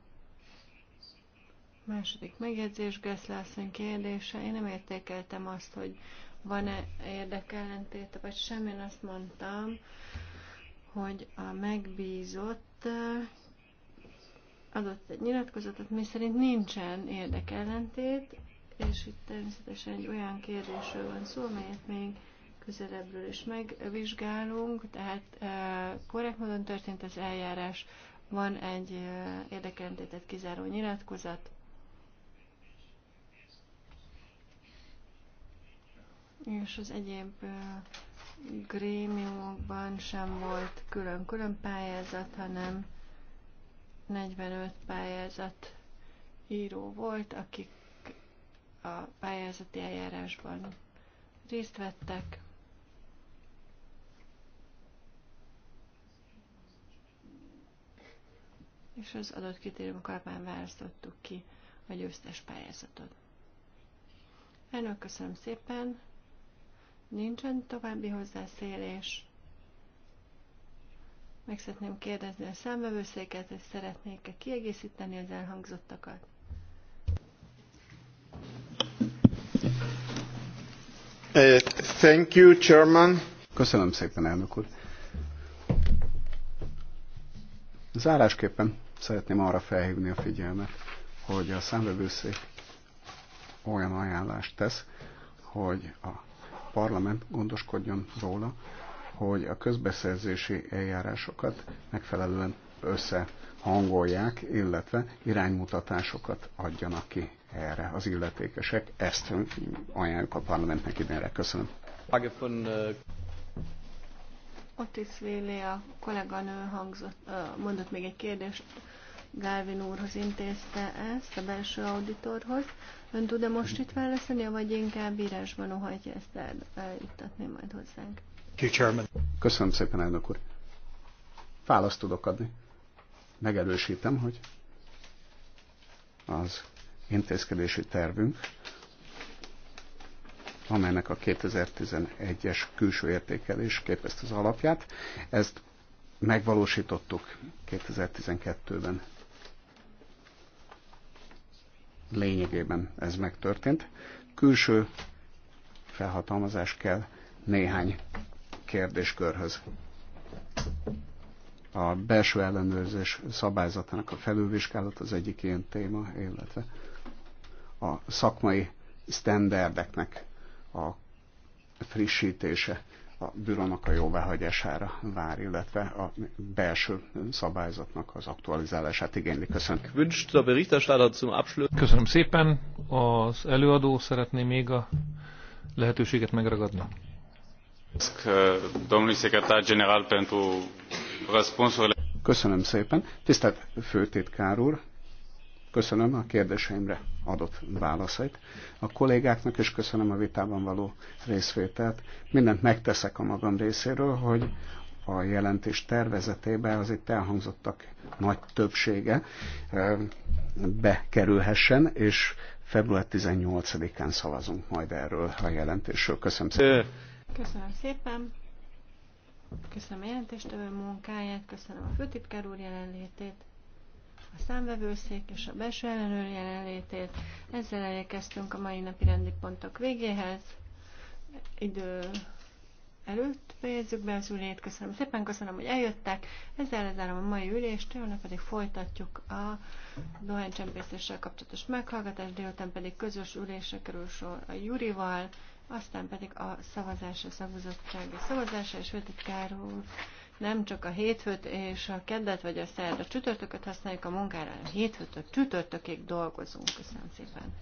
Második megjegyzés, Gessle kérdése. Én nem értékeltem azt, hogy van-e érdekellentét, vagy sem. Én azt mondtam, hogy a megbízott adott egy nyilatkozatot, mi szerint nincsen érdekellentét, és itt természetesen egy olyan kérdésről van szó, amelyet még közelebbről is megvizsgálunk, tehát korrekt módon történt az eljárás, van egy érdekelentétet kizáró nyilatkozat, és az egyéb grémiumokban sem volt külön-külön pályázat, hanem 45 pályázat író volt, akik a pályázati eljárásban részt vettek. És az adott kritériumok alapján választottuk ki a győztes pályázatot. Elnök, köszönöm szépen! Nincsen további hozzászélés. Meg szeretném kérdezni a számvevőszéket, hogy szeretnék-e kiegészíteni az elhangzottakat. Eh, thank you, Chairman. Köszönöm szépen, elnök úr. Zárásképpen szeretném arra felhívni a figyelmet, hogy a számvevőszék olyan ajánlást tesz, hogy a parlament gondoskodjon róla, hogy a közbeszerzési eljárásokat megfelelően összehangolják, illetve iránymutatásokat adjanak ki erre az illetékesek. Ezt ajánljuk a parlamentnek idénre. Köszönöm. Otis Vélé, a kolléganő hangzott, mondott még egy kérdést. Gálvin úrhoz intézte ezt, a belső auditorhoz. Ön tud-e most itt válaszolni, vagy inkább írásban ohajtja ezt eljuttatni majd hozzánk? Köszönöm szépen, elnök úr. Választ tudok adni. Megerősítem, hogy az intézkedési tervünk, amelynek a 2011-es külső értékelés képezte az alapját, ezt megvalósítottuk 2012-ben lényegében ez megtörtént. Külső felhatalmazás kell néhány kérdéskörhöz. A belső ellenőrzés szabályzatának a felülvizsgálat az egyik ilyen téma, illetve a szakmai sztenderdeknek a frissítése a bürónak a jóváhagyására vár, illetve a belső szabályzatnak az aktualizálását igényli. Köszönöm. Köszönöm szépen. Az előadó szeretné még a lehetőséget megragadni. Köszönöm szépen. Tisztelt főtitkár úr, Köszönöm a kérdéseimre adott válaszait. A kollégáknak is köszönöm a vitában való részvételt. Mindent megteszek a magam részéről, hogy a jelentés tervezetébe az itt elhangzottak nagy többsége bekerülhessen, és február 18-án szavazunk majd erről a jelentésről. Köszönöm szépen. Köszönöm szépen. Köszönöm a jelentéstevő munkáját, köszönöm a főtitkár úr jelenlétét a számvevőszék és a belső ellenőr jelenlétét. Ezzel elérkeztünk a mai napi rendi pontok végéhez. Idő előtt fejezzük be az ülét. Köszönöm szépen, köszönöm, hogy eljöttek. Ezzel lezárom a mai ülést, holnap pedig folytatjuk a dohánycsempészéssel kapcsolatos meghallgatást, délután pedig közös ülésre kerül sor a Jurival, aztán pedig a szavazásra, szavazottsági szavazásra, és Vötik Kár nem csak a hétfőt és a keddet vagy a szerda csütörtököt használjuk a munkára, a a csütörtökig dolgozunk. Köszönöm szépen!